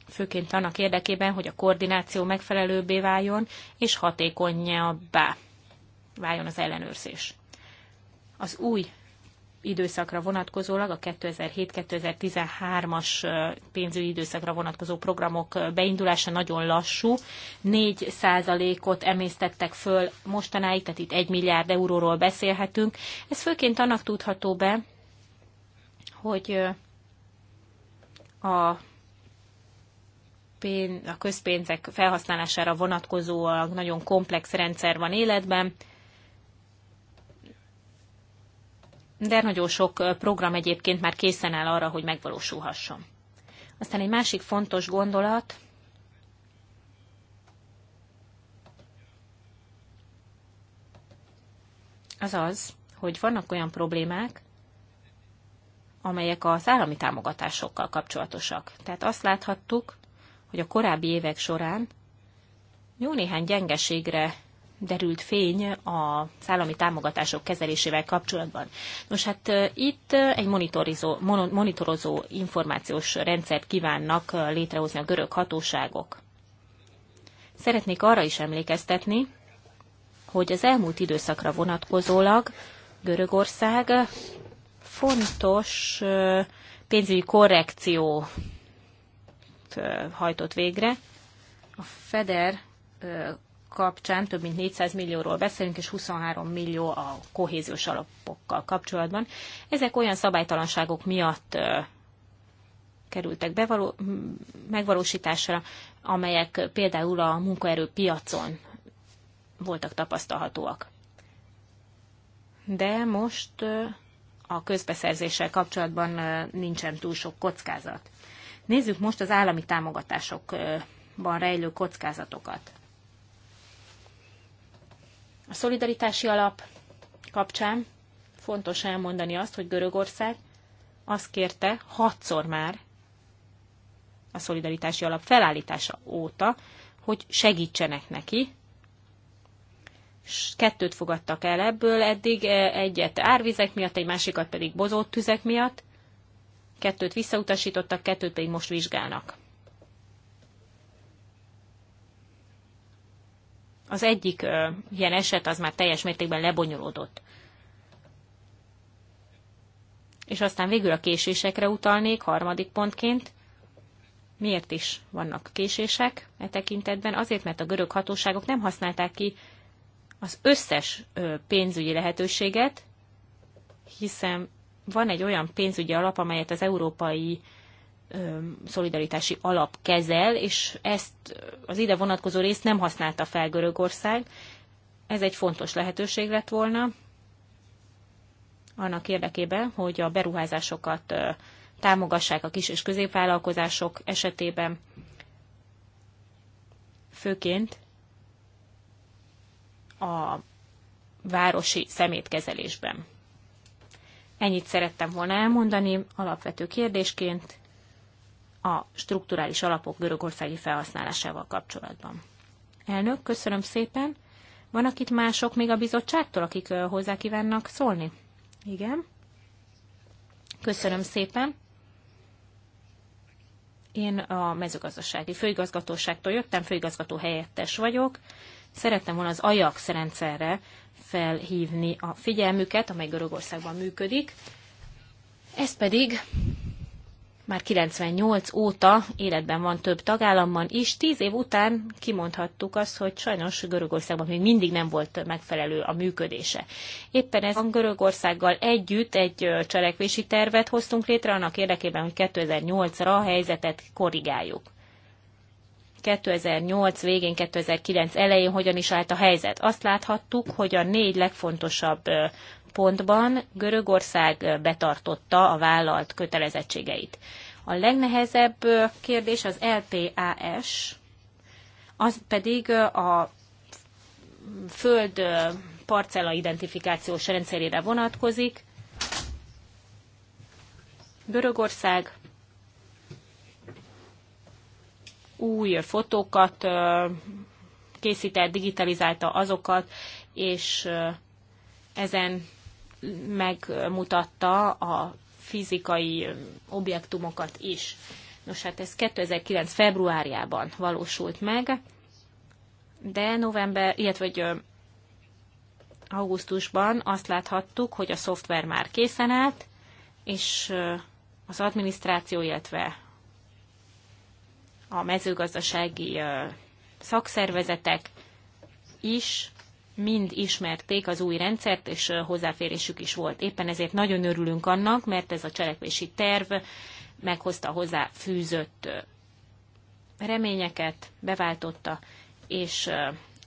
Főként annak érdekében, hogy a koordináció megfelelőbbé váljon, és hatékonyabbá váljon az ellenőrzés. Az új időszakra vonatkozólag, a 2007-2013-as pénzügyi időszakra vonatkozó programok beindulása nagyon lassú. 4 százalékot emésztettek föl mostanáig, tehát itt 1 milliárd euróról beszélhetünk. Ez főként annak tudható be, hogy a a közpénzek felhasználására vonatkozóan nagyon komplex rendszer van életben, de nagyon sok program egyébként már készen áll arra, hogy megvalósulhasson. Aztán egy másik fontos gondolat, az az, hogy vannak olyan problémák, amelyek az állami támogatásokkal kapcsolatosak. Tehát azt láthattuk, hogy a korábbi évek során jó néhány gyengeségre derült fény a szállami támogatások kezelésével kapcsolatban. Nos hát itt egy monitorozó, monitorozó információs rendszert kívánnak létrehozni a görög hatóságok. Szeretnék arra is emlékeztetni, hogy az elmúlt időszakra vonatkozólag Görögország fontos pénzügyi korrekció hajtott végre. A FEDER kapcsán több mint 400 millióról beszélünk, és 23 millió a kohéziós alapokkal kapcsolatban. Ezek olyan szabálytalanságok miatt kerültek bevaló, megvalósításra, amelyek például a munkaerőpiacon voltak tapasztalhatóak. De most a közbeszerzéssel kapcsolatban nincsen túl sok kockázat. Nézzük most az állami támogatásokban rejlő kockázatokat. A szolidaritási alap kapcsán fontos elmondani azt, hogy Görögország azt kérte hatszor már a szolidaritási alap felállítása óta, hogy segítsenek neki. Kettőt fogadtak el ebből eddig, e, egyet árvizek miatt, egy másikat pedig bozott tüzek miatt. Kettőt visszautasítottak, kettőt pedig most vizsgálnak. Az egyik ilyen eset az már teljes mértékben lebonyolódott. És aztán végül a késésekre utalnék harmadik pontként. Miért is vannak késések e tekintetben? Azért, mert a görög hatóságok nem használták ki az összes pénzügyi lehetőséget, hiszen van egy olyan pénzügyi alap, amelyet az Európai szolidaritási alap kezel, és ezt az ide vonatkozó részt nem használta fel Görögország. Ez egy fontos lehetőség lett volna annak érdekében, hogy a beruházásokat támogassák a kis és középvállalkozások esetében, főként a városi szemétkezelésben. Ennyit szerettem volna elmondani alapvető kérdésként a strukturális alapok görögországi felhasználásával kapcsolatban. Elnök, köszönöm szépen. Van akit mások még a bizottságtól, akik hozzá kívánnak szólni? Igen. Köszönöm szépen. Én a mezőgazdasági főigazgatóságtól jöttem, főigazgató helyettes vagyok. Szerettem volna az Ajax rendszerre felhívni a figyelmüket, amely Görögországban működik. Ez pedig már 98 óta életben van több tagállamban is. Tíz év után kimondhattuk azt, hogy sajnos Görögországban még mindig nem volt megfelelő a működése. Éppen ez a Görögországgal együtt egy cselekvési tervet hoztunk létre, annak érdekében, hogy 2008-ra a helyzetet korrigáljuk. 2008 végén, 2009 elején hogyan is állt a helyzet. Azt láthattuk, hogy a négy legfontosabb pontban Görögország betartotta a vállalt kötelezettségeit. A legnehezebb kérdés az LPAS, az pedig a föld parcella identifikációs rendszerére vonatkozik. Görögország új fotókat készített, digitalizálta azokat, és ezen megmutatta a fizikai objektumokat is. Nos, hát ez 2009. februárjában valósult meg, de november, illetve hogy augusztusban azt láthattuk, hogy a szoftver már készen állt, és az adminisztráció, illetve a mezőgazdasági szakszervezetek is mind ismerték az új rendszert, és hozzáférésük is volt. Éppen ezért nagyon örülünk annak, mert ez a cselekvési terv meghozta hozzá fűzött reményeket, beváltotta, és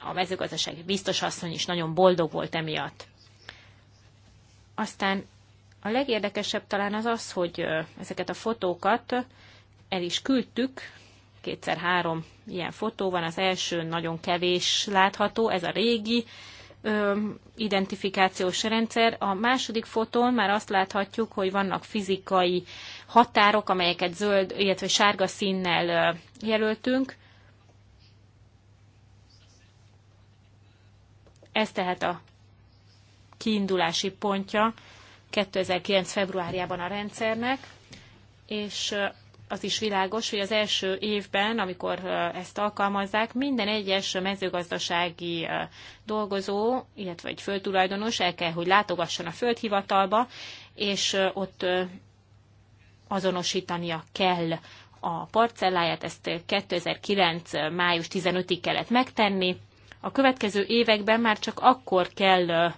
a mezőgazdaság biztos asszony is nagyon boldog volt emiatt. Aztán a legérdekesebb talán az az, hogy ezeket a fotókat el is küldtük kétszer-három ilyen fotó van. Az első nagyon kevés látható, ez a régi ö, identifikációs rendszer. A második fotón már azt láthatjuk, hogy vannak fizikai határok, amelyeket zöld, illetve sárga színnel ö, jelöltünk. Ez tehát a kiindulási pontja 2009. februárjában a rendszernek, és az is világos, hogy az első évben, amikor ezt alkalmazzák, minden egyes mezőgazdasági dolgozó, illetve egy földtulajdonos el kell, hogy látogasson a földhivatalba, és ott azonosítania kell a parcelláját, ezt 2009. május 15-ig kellett megtenni. A következő években már csak akkor kell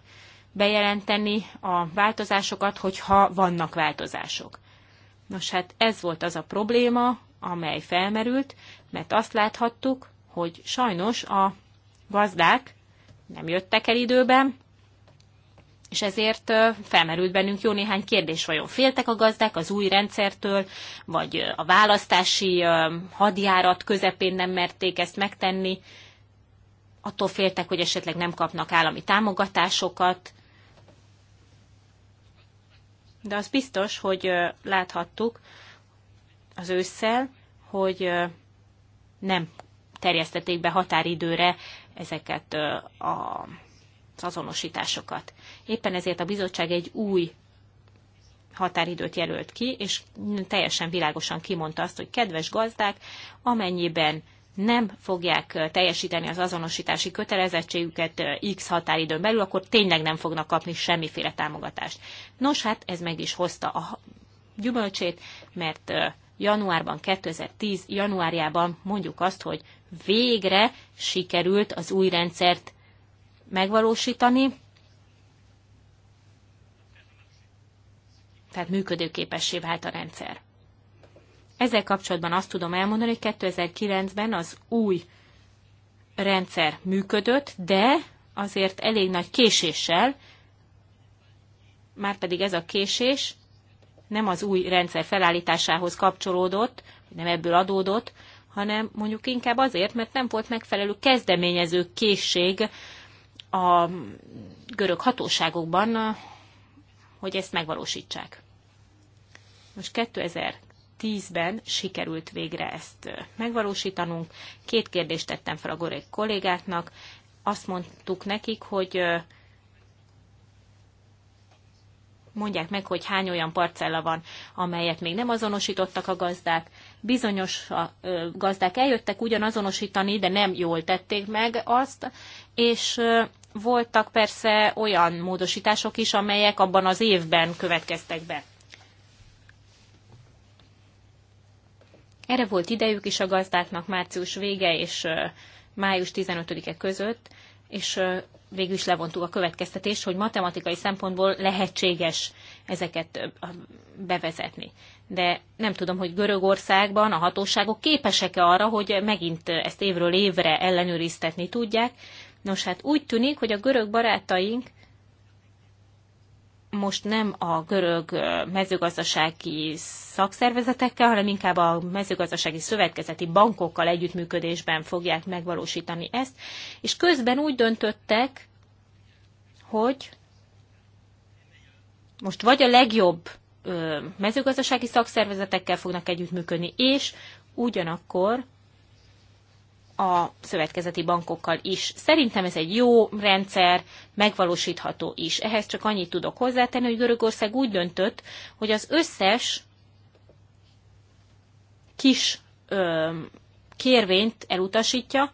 bejelenteni a változásokat, hogyha vannak változások. Nos hát ez volt az a probléma, amely felmerült, mert azt láthattuk, hogy sajnos a gazdák nem jöttek el időben, és ezért felmerült bennünk jó néhány kérdés, vajon féltek a gazdák az új rendszertől, vagy a választási hadjárat közepén nem merték ezt megtenni, attól féltek, hogy esetleg nem kapnak állami támogatásokat, de az biztos, hogy láthattuk az ősszel, hogy nem terjesztették be határidőre ezeket az azonosításokat. Éppen ezért a bizottság egy új határidőt jelölt ki, és teljesen világosan kimondta azt, hogy kedves gazdák, amennyiben nem fogják teljesíteni az azonosítási kötelezettségüket X határidőn belül, akkor tényleg nem fognak kapni semmiféle támogatást. Nos, hát ez meg is hozta a gyümölcsét, mert januárban, 2010 januárjában mondjuk azt, hogy végre sikerült az új rendszert megvalósítani, tehát működőképessé vált a rendszer. Ezzel kapcsolatban azt tudom elmondani, hogy 2009-ben az új rendszer működött, de azért elég nagy késéssel, már pedig ez a késés nem az új rendszer felállításához kapcsolódott, nem ebből adódott, hanem mondjuk inkább azért, mert nem volt megfelelő kezdeményező készség a görög hatóságokban, hogy ezt megvalósítsák. Most 2010-ben sikerült végre ezt megvalósítanunk. Két kérdést tettem fel a gorék kollégáknak. Azt mondtuk nekik, hogy mondják meg, hogy hány olyan parcella van, amelyet még nem azonosítottak a gazdák. Bizonyos a gazdák eljöttek ugyan azonosítani, de nem jól tették meg azt, és voltak persze olyan módosítások is, amelyek abban az évben következtek be. Erre volt idejük is a gazdáknak március vége és május 15-e között, és végül is levontuk a következtetést, hogy matematikai szempontból lehetséges ezeket bevezetni. De nem tudom, hogy Görögországban a hatóságok képesek-e arra, hogy megint ezt évről évre ellenőriztetni tudják. Nos, hát úgy tűnik, hogy a görög barátaink most nem a görög mezőgazdasági szakszervezetekkel, hanem inkább a mezőgazdasági szövetkezeti bankokkal együttműködésben fogják megvalósítani ezt, és közben úgy döntöttek, hogy most vagy a legjobb mezőgazdasági szakszervezetekkel fognak együttműködni, és ugyanakkor a szövetkezeti bankokkal is. Szerintem ez egy jó rendszer, megvalósítható is. Ehhez csak annyit tudok hozzátenni, hogy Görögország úgy döntött, hogy az összes kis ö, kérvényt elutasítja,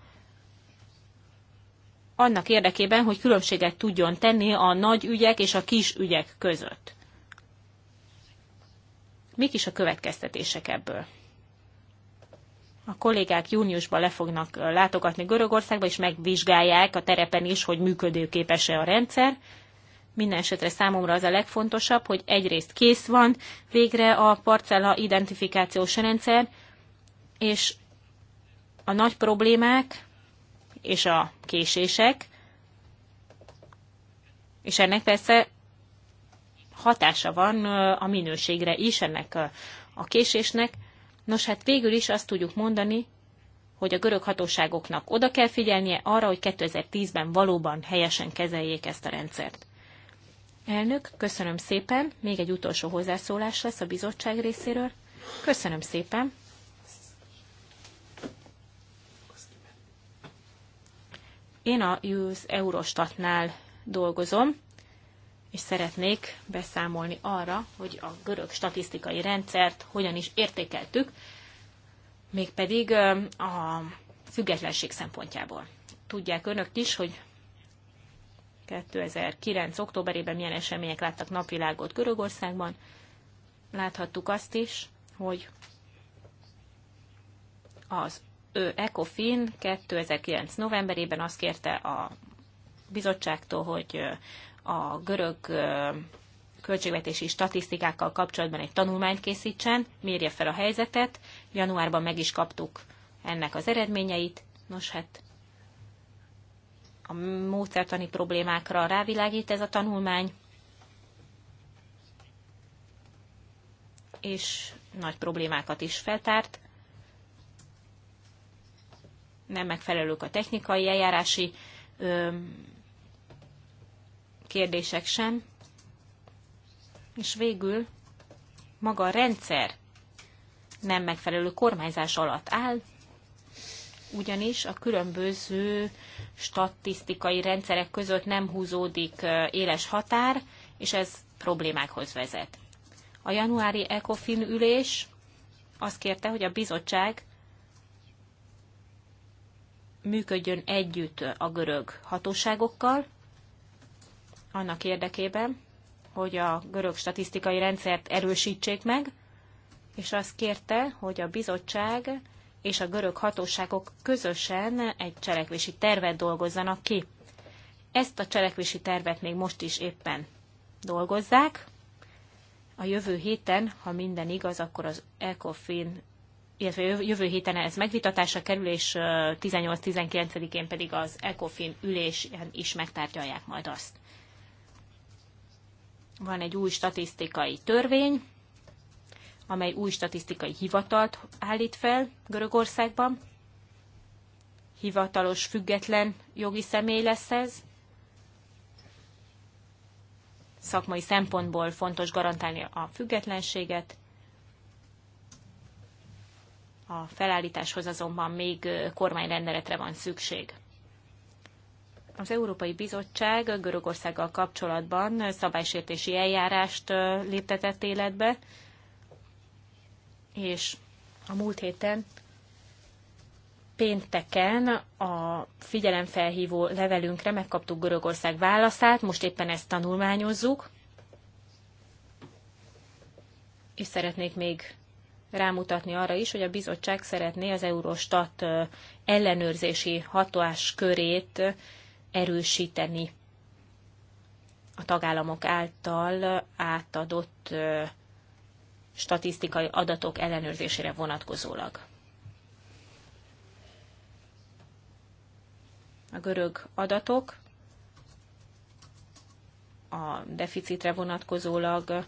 annak érdekében, hogy különbséget tudjon tenni a nagy ügyek és a kis ügyek között. Mik is a következtetések ebből? a kollégák júniusban le fognak látogatni Görögországba, és megvizsgálják a terepen is, hogy működőképes-e a rendszer. Minden esetre számomra az a legfontosabb, hogy egyrészt kész van végre a parcella identifikációs rendszer, és a nagy problémák és a késések, és ennek persze hatása van a minőségre is, ennek a késésnek, Nos, hát végül is azt tudjuk mondani, hogy a görög hatóságoknak oda kell figyelnie arra, hogy 2010-ben valóban helyesen kezeljék ezt a rendszert. Elnök, köszönöm szépen. Még egy utolsó hozzászólás lesz a bizottság részéről. Köszönöm szépen. Én a Use Eurostatnál dolgozom, és szeretnék beszámolni arra, hogy a görög statisztikai rendszert hogyan is értékeltük, mégpedig a függetlenség szempontjából. Tudják önök is, hogy 2009. októberében milyen események láttak napvilágot Görögországban. Láthattuk azt is, hogy az ECOFIN 2009. novemberében azt kérte a bizottságtól, hogy a görög költségvetési statisztikákkal kapcsolatban egy tanulmányt készítsen, mérje fel a helyzetet. Januárban meg is kaptuk ennek az eredményeit. Nos, hát a módszertani problémákra rávilágít ez a tanulmány, és nagy problémákat is feltárt. Nem megfelelők a technikai eljárási kérdések sem. És végül maga a rendszer nem megfelelő kormányzás alatt áll, ugyanis a különböző statisztikai rendszerek között nem húzódik éles határ, és ez problémákhoz vezet. A januári ECOFIN ülés azt kérte, hogy a bizottság működjön együtt a görög hatóságokkal, annak érdekében, hogy a görög statisztikai rendszert erősítsék meg, és azt kérte, hogy a bizottság és a görög hatóságok közösen egy cselekvési tervet dolgozzanak ki. Ezt a cselekvési tervet még most is éppen dolgozzák. A jövő héten, ha minden igaz, akkor az ECOFIN, illetve jövő héten ez megvitatásra kerül, és 18-19-én pedig az ECOFIN ülésen is megtárgyalják majd azt van egy új statisztikai törvény, amely új statisztikai hivatalt állít fel Görögországban. Hivatalos, független jogi személy lesz ez. Szakmai szempontból fontos garantálni a függetlenséget. A felállításhoz azonban még kormányrendeletre van szükség az Európai Bizottság Görögországgal kapcsolatban szabálysértési eljárást léptetett életbe, és a múlt héten pénteken a figyelemfelhívó levelünkre megkaptuk Görögország válaszát, most éppen ezt tanulmányozzuk, és szeretnék még rámutatni arra is, hogy a bizottság szeretné az Eurostat ellenőrzési körét erősíteni a tagállamok által átadott statisztikai adatok ellenőrzésére vonatkozólag. A görög adatok a deficitre vonatkozólag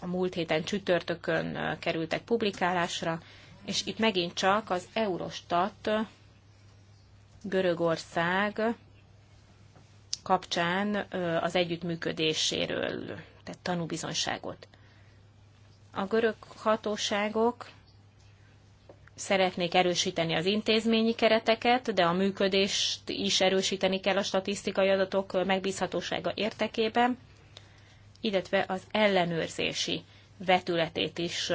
a múlt héten csütörtökön kerültek publikálásra, és itt megint csak az Eurostat Görögország kapcsán az együttműködéséről, tehát tanúbizonságot. A görög hatóságok szeretnék erősíteni az intézményi kereteket, de a működést is erősíteni kell a statisztikai adatok megbízhatósága értekében, illetve az ellenőrzési vetületét is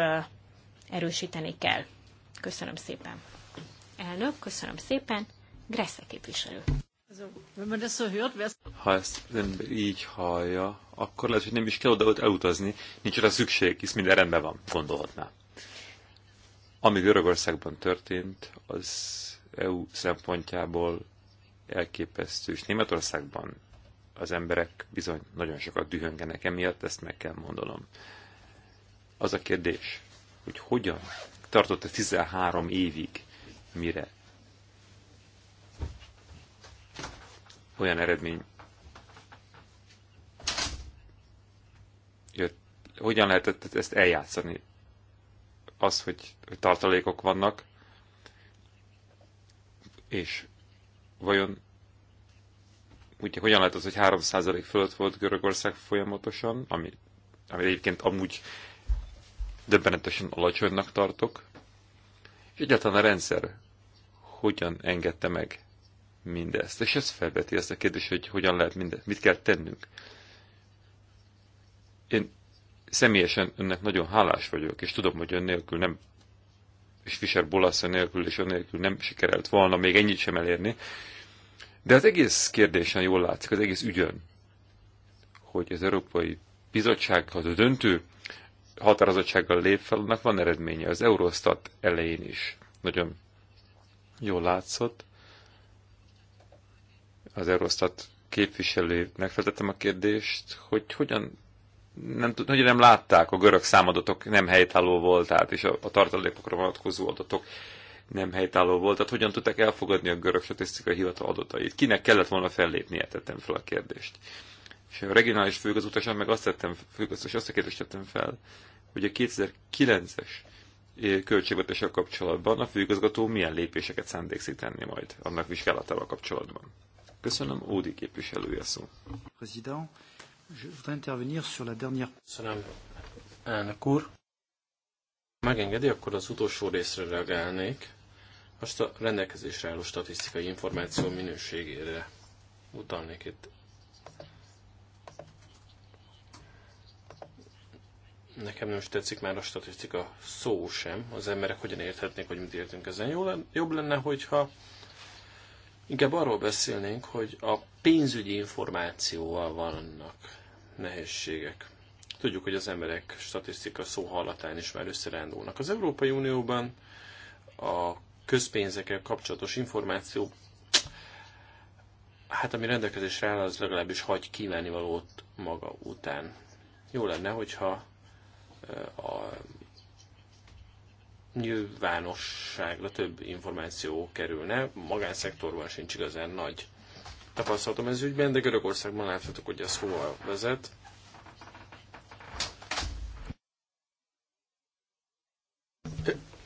erősíteni kell. Köszönöm szépen. Elnök, köszönöm szépen. Gresse képviselő. Ha ezt így hallja, akkor lehet, hogy nem is kell oda ott elutazni, nincs rá szükség, hisz minden rendben van, gondolhatná. Ami Görögországban történt, az EU szempontjából elképesztő, és Németországban az emberek bizony nagyon sokat dühöngenek emiatt, ezt meg kell mondanom. Az a kérdés, hogy hogyan tartott a 13 évig, mire olyan eredmény jött, hogyan lehetett ezt eljátszani? Az, hogy tartalékok vannak, és vajon ugye hogyan lehet az, hogy 3% fölött volt Görögország folyamatosan, ami, ami egyébként amúgy döbbenetesen alacsonynak tartok, és egyáltalán a rendszer hogyan engedte meg mindezt. És ez felveti ezt a kérdést, hogy hogyan lehet mindezt, mit kell tennünk. Én személyesen önnek nagyon hálás vagyok, és tudom, hogy ön nélkül nem, és Fischer Bolasza nélkül, és ön nélkül nem sikerült volna még ennyit sem elérni. De az egész kérdésen jól látszik, az egész ügyön, hogy az Európai Bizottság, az a döntő határozottsággal lép fel, annak van eredménye. Az Eurostat elején is nagyon jól látszott, az Eurostat képviselőnek feltettem a kérdést, hogy hogyan nem, tud, hogy nem látták, a görög számadatok nem helytálló volt, tehát és a, a tartalékokra vonatkozó adatok nem helytálló volt, tehát hogyan tudták elfogadni a görög statisztikai hivatal adatait. Kinek kellett volna fellépnie, tettem fel a kérdést. És a regionális főgazdaság meg azt tettem, főgazdaság azt a kérdést tettem fel, hogy a 2009-es eh, költségvetéssel kapcsolatban a főigazgató milyen lépéseket szándékszik tenni majd annak vizsgálatával kapcsolatban. Köszönöm, Ódi képviselője szó. je voudrais intervenir sur la dernière... Köszönöm, elnök úr. Megengedi, akkor az utolsó részre reagálnék. Most a rendelkezésre álló statisztikai információ minőségére utalnék itt. Nekem nem is tetszik már a statisztika szó sem. Az emberek hogyan érthetnék, hogy mit értünk ezen. Jó, jobb lenne, hogyha Inkább arról beszélnénk, hogy a pénzügyi információval vannak nehézségek. Tudjuk, hogy az emberek statisztika szó hallatán is már összerándulnak. Az Európai Unióban a közpénzekkel kapcsolatos információ, hát ami rendelkezésre áll, az legalábbis hagy kívánivalót maga után. Jó lenne, hogyha a nyilvánosságra több információ kerülne. Magánszektorban sincs igazán nagy tapasztalatom ez ügyben, de Görögországban láthatok, hogy ez hova vezet.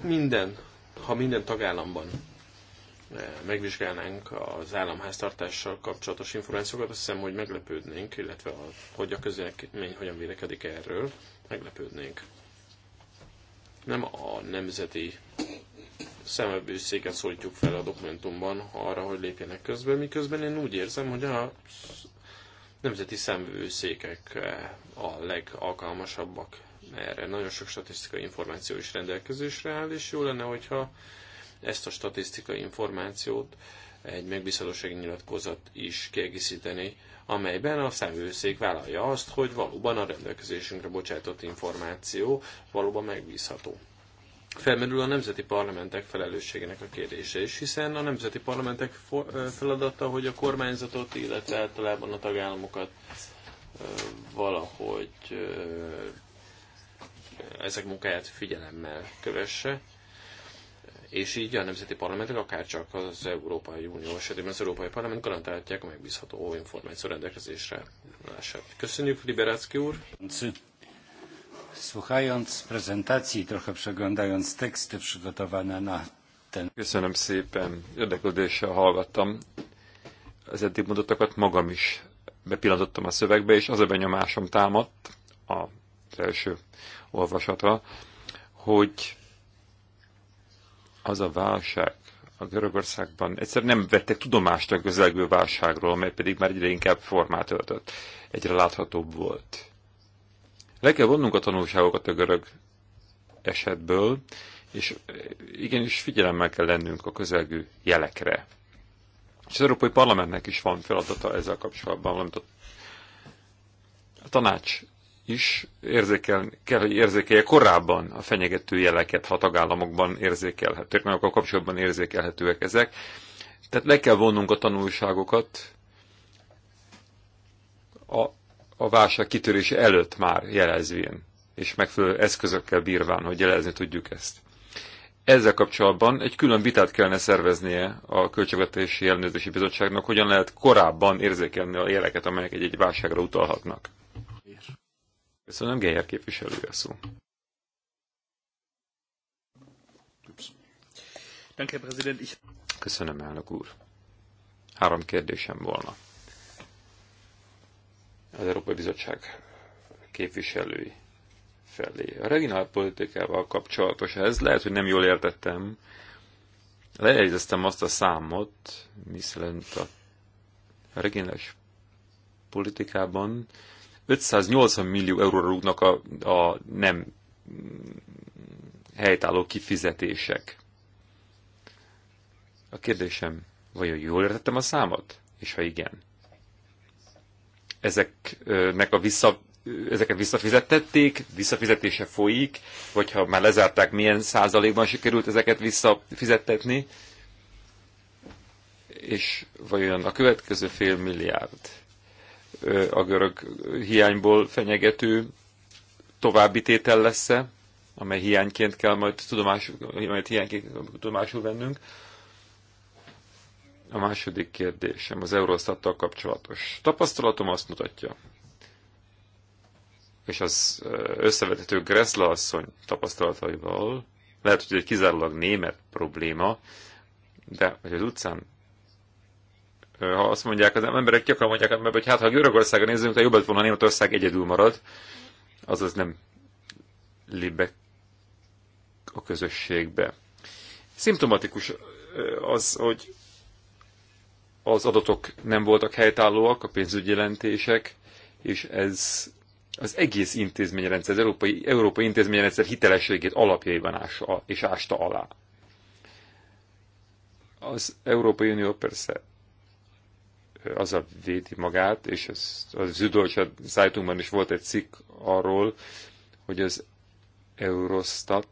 Minden, ha minden tagállamban eh, megvizsgálnánk az államháztartással kapcsolatos információkat, azt hiszem, hogy meglepődnénk, illetve a, hogy a közvélemény hogyan vélekedik erről, meglepődnénk nem a nemzeti szemebőszéket szólítjuk fel a dokumentumban arra, hogy lépjenek közben, miközben én úgy érzem, hogy a nemzeti szemvőszékek a legalkalmasabbak erre. Nagyon sok statisztikai információ is rendelkezésre áll, és jó lenne, hogyha ezt a statisztikai információt egy megbízhatósági nyilatkozat is kiegészíteni amelyben a számvőszék vállalja azt, hogy valóban a rendelkezésünkre bocsátott információ valóban megbízható. Felmerül a nemzeti parlamentek felelősségének a kérdése is, hiszen a nemzeti parlamentek feladata, hogy a kormányzatot, illetve általában a tagállamokat valahogy ezek munkáját figyelemmel kövesse és így a nemzeti parlamentek, akár csak az Európai Unió esetében az Európai Parlament garantálhatják a megbízható információ rendelkezésre állását. Köszönjük, Liberácki úr! Słuchając prezentacji, trochę przeglądając teksty przygotowane na ten... Köszönöm szépen, érdeklődéssel hallgattam az eddig mondottakat, magam is bepillantottam a szövegbe, és az a benyomásom támadt az első olvasatra, hogy az a válság a Görögországban egyszer nem vettek tudomást a közelgő válságról, amely pedig már egyre inkább formát öltött, egyre láthatóbb volt. Le kell vonnunk a tanulságokat a görög esetből, és igenis figyelemmel kell lennünk a közelgő jelekre. És az Európai Parlamentnek is van feladata ezzel kapcsolatban, valamint a tanács is érzékel, kell, hogy érzékelje korábban a fenyegető jeleket, ha tagállamokban érzékelhetők, mert akkor kapcsolatban érzékelhetőek ezek. Tehát le kell vonnunk a tanulságokat a, a válság kitörése előtt már jelezvén, és megfelelő eszközökkel bírván, hogy jelezni tudjuk ezt. Ezzel kapcsolatban egy külön vitát kellene szerveznie a Költségvetési Ellenőrzési Bizottságnak, hogyan lehet korábban érzékelni a jeleket, amelyek egy-egy válságra utalhatnak. Köszönöm, Geyer képviselő a szó. Köszönöm, elnök úr. Három kérdésem volna. Az Európai Bizottság képviselői felé. A regionálpolitikával kapcsolatos ez, lehet, hogy nem jól értettem. Lejegyeztem azt a számot, miszerint a regionális politikában 580 millió euróra rúgnak a, a nem helytálló kifizetések. A kérdésem, vajon jól értettem a számot? És ha igen, ezeknek a vissza, ezeket visszafizettették, visszafizetése folyik, vagy ha már lezárták, milyen százalékban sikerült ezeket visszafizettetni, és vajon a következő fél milliárd a görög hiányból fenyegető további tétel lesz-e, amely hiányként kell majd tudomásul, amelyet hiányként tudomásul vennünk. A második kérdésem az Eurostattal kapcsolatos. Tapasztalatom azt mutatja, és az összevetető Gressla asszony tapasztalataival, lehet, hogy egy kizárólag német probléma, de hogy az utcán ha azt mondják, az emberek gyakran mondják, hogy hát ha Görögországra nézzünk, a jobb lett volna Németország egyedül marad, azaz nem libe a közösségbe. Szimptomatikus az, hogy az adatok nem voltak helytállóak, a pénzügyi jelentések, és ez az egész intézményrendszer, az európai, európai intézményrendszer hitelességét alapjaiban ásta, és ásta alá. Az Európai Unió persze azzal védi magát, és ez, az Züdolcsa szájtunkban is volt egy cikk arról, hogy az Eurostat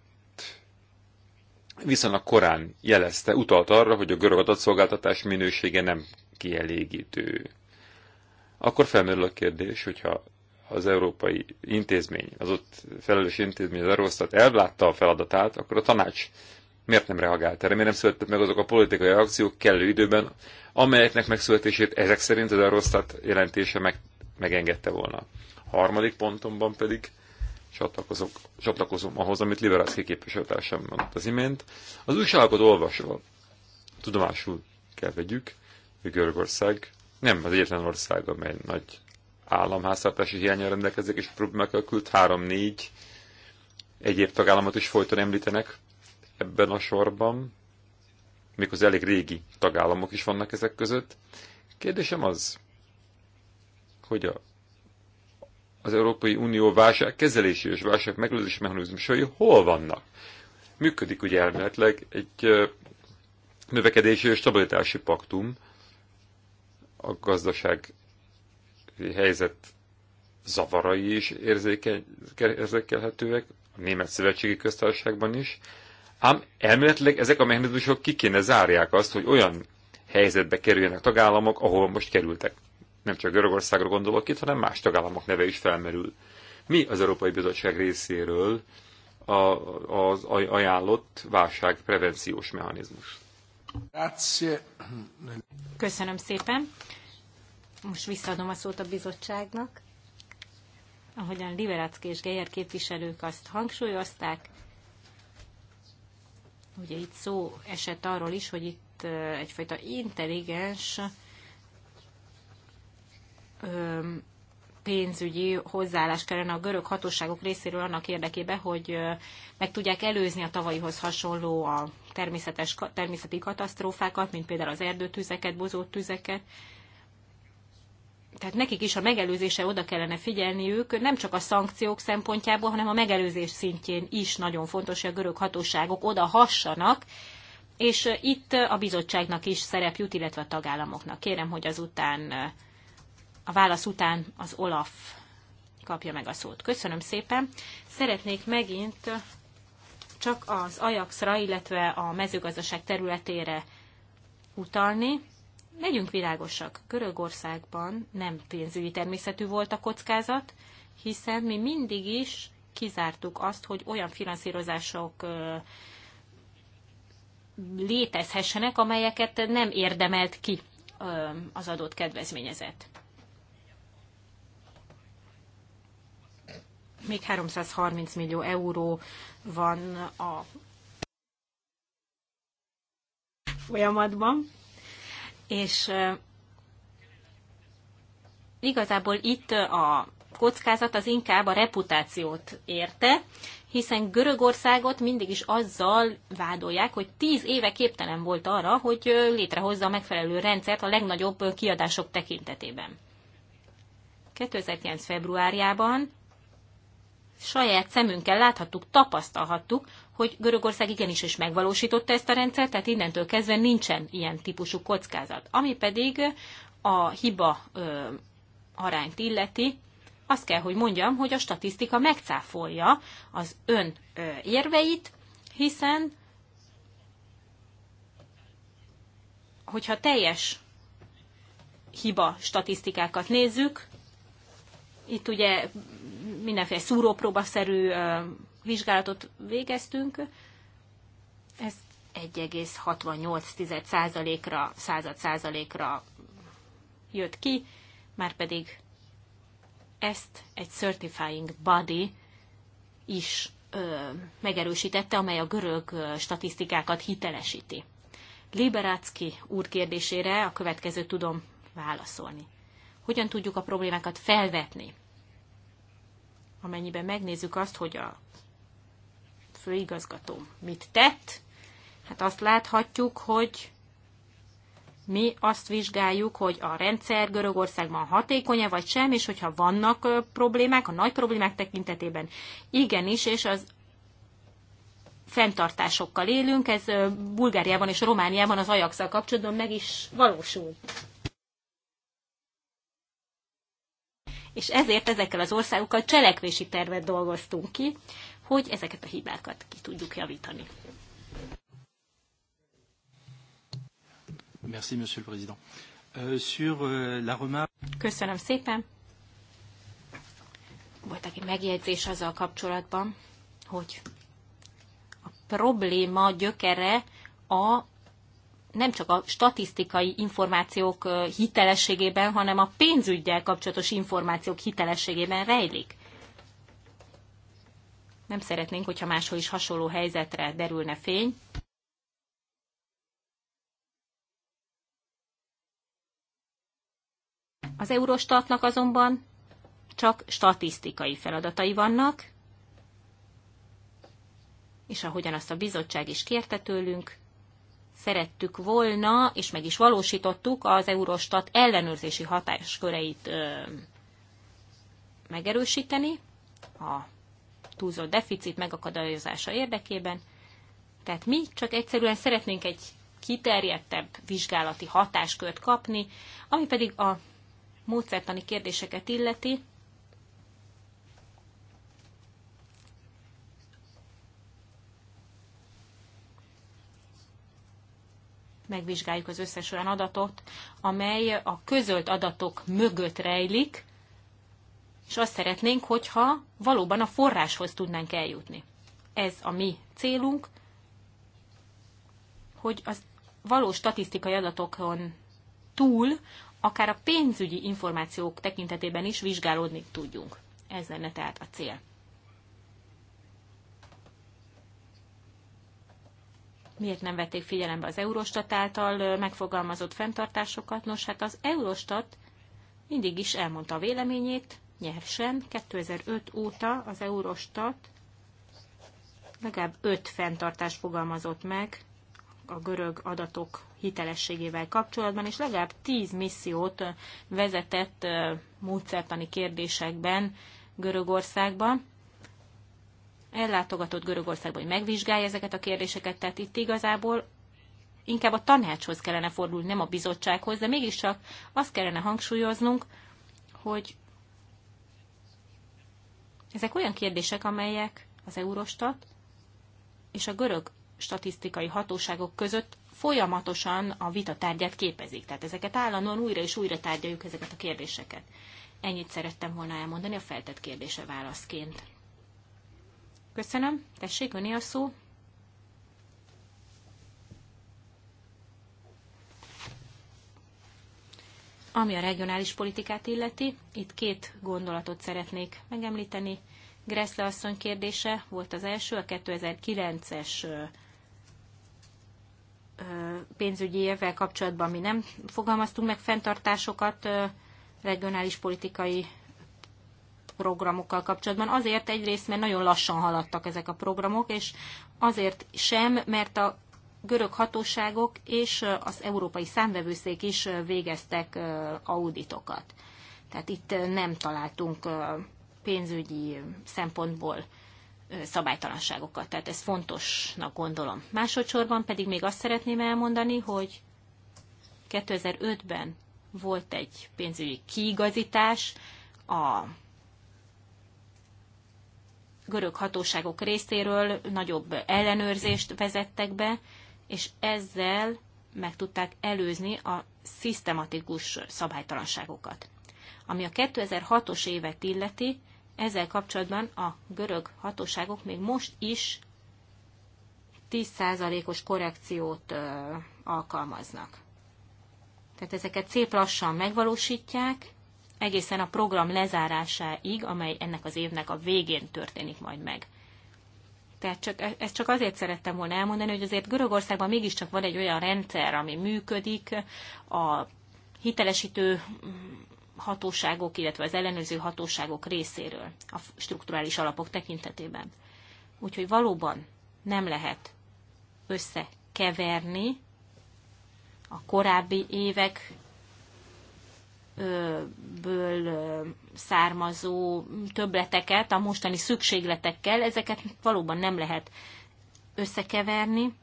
viszonylag korán jelezte, utalt arra, hogy a görög adatszolgáltatás minősége nem kielégítő. Akkor felmerül a kérdés, hogyha az európai intézmény, az ott felelős intézmény, az Eurostat ellátta a feladatát, akkor a tanács miért nem reagált erre, miért nem születtek meg azok a politikai akciók kellő időben, amelyeknek megszületését ezek szerint az Eurostat jelentése meg, megengedte volna. Harmadik pontomban pedig csatlakozok, csatlakozom ahhoz, amit Liberászki képviselőtársam mondott az imént. Az újságokat olvasva tudomásul kell vegyük, hogy Görögország nem az egyetlen ország, amely nagy államháztartási hiánya rendelkezik, és problémákkal küld három-négy egyéb tagállamot is folyton említenek ebben a sorban, az elég régi tagállamok is vannak ezek között. Kérdésem az, hogy a, az Európai Unió kezelési és válság megelőzési mechanizmusai hol vannak? Működik ugye elméletleg egy növekedési és stabilitási paktum, a gazdaság helyzet zavarai is érzékelhetőek, a Német Szövetségi Köztársaságban is, Ám elméletileg ezek a mechanizmusok ki kéne zárják azt, hogy olyan helyzetbe kerüljenek tagállamok, ahol most kerültek. Nem csak Görögországra gondolok itt, hanem más tagállamok neve is felmerül. Mi az Európai Bizottság részéről a, az ajánlott válságprevenciós mechanizmus? Köszönöm szépen. Most visszaadom a szót a bizottságnak. Ahogyan Liberacki és Geyer képviselők azt hangsúlyozták, Ugye itt szó esett arról is, hogy itt egyfajta intelligens pénzügyi hozzáállás kellene a görög hatóságok részéről annak érdekében, hogy meg tudják előzni a tavalyihoz hasonló a természetes, természeti katasztrófákat, mint például az erdőtüzeket, bozótüzeket, tehát nekik is a megelőzése oda kellene figyelniük, nem csak a szankciók szempontjából, hanem a megelőzés szintjén is nagyon fontos, hogy a görög hatóságok oda hassanak, és itt a bizottságnak is szerep jut, illetve a tagállamoknak. Kérem, hogy azután, a válasz után az Olaf kapja meg a szót. Köszönöm szépen. Szeretnék megint csak az Ajaxra, illetve a mezőgazdaság területére utalni legyünk világosak, Görögországban nem pénzügyi természetű volt a kockázat, hiszen mi mindig is kizártuk azt, hogy olyan finanszírozások létezhessenek, amelyeket nem érdemelt ki az adott kedvezményezett. Még 330 millió euró van a folyamatban és igazából itt a kockázat az inkább a reputációt érte, hiszen Görögországot mindig is azzal vádolják, hogy tíz éve képtelen volt arra, hogy létrehozza a megfelelő rendszert a legnagyobb kiadások tekintetében. 2009. februárjában saját szemünkkel láthattuk, tapasztalhattuk, hogy Görögország igenis is megvalósította ezt a rendszert, tehát innentől kezdve nincsen ilyen típusú kockázat. Ami pedig a hiba ö, arányt illeti, azt kell, hogy mondjam, hogy a statisztika megcáfolja az ön ö, érveit, hiszen hogyha teljes hiba statisztikákat nézzük, itt ugye mindenféle szúrópróbaszerű vizsgálatot végeztünk, ez 1,68%-ra, század százalékra jött ki, már pedig ezt egy certifying body is ö, megerősítette, amely a görög statisztikákat hitelesíti. Liberácki úr kérdésére a következőt tudom válaszolni. Hogyan tudjuk a problémákat felvetni? Amennyiben megnézzük azt, hogy a főigazgató mit tett, hát azt láthatjuk, hogy mi azt vizsgáljuk, hogy a rendszer Görögországban hatékonya vagy sem, és hogyha vannak problémák, a nagy problémák tekintetében igenis, és az fenntartásokkal élünk, ez Bulgáriában és Romániában az ajax kapcsolatban meg is valósul. És ezért ezekkel az országokkal cselekvési tervet dolgoztunk ki, hogy ezeket a hibákat ki tudjuk javítani. Merci, Monsieur le Président. Euh, sur euh, la remarque... Köszönöm szépen. Volt egy megjegyzés azzal kapcsolatban, hogy a probléma gyökere a nem csak a statisztikai információk hitelességében, hanem a pénzügyel kapcsolatos információk hitelességében rejlik. Nem szeretnénk, hogyha máshol is hasonló helyzetre derülne fény. Az Eurostatnak azonban csak statisztikai feladatai vannak, és ahogyan azt a bizottság is kérte tőlünk, szerettük volna, és meg is valósítottuk az Eurostat ellenőrzési hatásköreit ö, megerősíteni a túlzott deficit megakadályozása érdekében. Tehát mi csak egyszerűen szeretnénk egy kiterjedtebb vizsgálati hatáskört kapni, ami pedig a módszertani kérdéseket illeti. Megvizsgáljuk az összes olyan adatot, amely a közölt adatok mögött rejlik, és azt szeretnénk, hogyha valóban a forráshoz tudnánk eljutni. Ez a mi célunk, hogy az valós statisztikai adatokon túl akár a pénzügyi információk tekintetében is vizsgálódni tudjunk. Ez lenne tehát a cél. Miért nem vették figyelembe az Eurostat által megfogalmazott fenntartásokat? Nos, hát az Eurostat mindig is elmondta a véleményét, nyersen. 2005 óta az Eurostat legalább öt fenntartás fogalmazott meg a görög adatok hitelességével kapcsolatban, és legalább tíz missziót vezetett módszertani kérdésekben Görögországban. Ellátogatott Görögországban hogy megvizsgálja ezeket a kérdéseket, tehát itt igazából inkább a tanácshoz kellene fordulni, nem a bizottsághoz, de mégiscsak azt kellene hangsúlyoznunk, hogy ezek olyan kérdések, amelyek az Eurostat és a görög statisztikai hatóságok között folyamatosan a vita tárgyát képezik. Tehát ezeket állandóan újra és újra tárgyaljuk ezeket a kérdéseket. Ennyit szerettem volna elmondani a feltett kérdése válaszként. Köszönöm. Tessék, öné a szó. Ami a regionális politikát illeti, itt két gondolatot szeretnék megemlíteni. Gressle asszony kérdése volt az első, a 2009-es pénzügyi évvel kapcsolatban mi nem fogalmaztunk meg fenntartásokat regionális politikai programokkal kapcsolatban. Azért egyrészt, mert nagyon lassan haladtak ezek a programok, és azért sem, mert a görög hatóságok és az Európai Számvevőszék is végeztek auditokat. Tehát itt nem találtunk pénzügyi szempontból szabálytalanságokat. Tehát ez fontosnak gondolom. Másodszorban pedig még azt szeretném elmondani, hogy 2005-ben volt egy pénzügyi kiigazítás a görög hatóságok részéről nagyobb ellenőrzést vezettek be, és ezzel meg tudták előzni a szisztematikus szabálytalanságokat. Ami a 2006-os évet illeti, ezzel kapcsolatban a görög hatóságok még most is 10%-os korrekciót ö, alkalmaznak. Tehát ezeket szép lassan megvalósítják, egészen a program lezárásáig, amely ennek az évnek a végén történik majd meg. Tehát csak, e- ezt csak azért szerettem volna elmondani, hogy azért Görögországban mégiscsak van egy olyan rendszer, ami működik, a hitelesítő hatóságok, illetve az ellenőrző hatóságok részéről a strukturális alapok tekintetében. Úgyhogy valóban nem lehet összekeverni a korábbi évekből származó töbleteket a mostani szükségletekkel, ezeket valóban nem lehet összekeverni,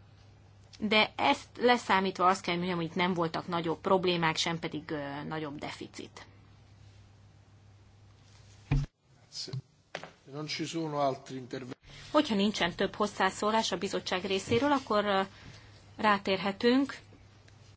de ezt leszámítva azt kell mondjam, hogy nem voltak nagyobb problémák, sem pedig nagyobb deficit. Hogyha nincsen több hozzászólás a bizottság részéről, akkor rátérhetünk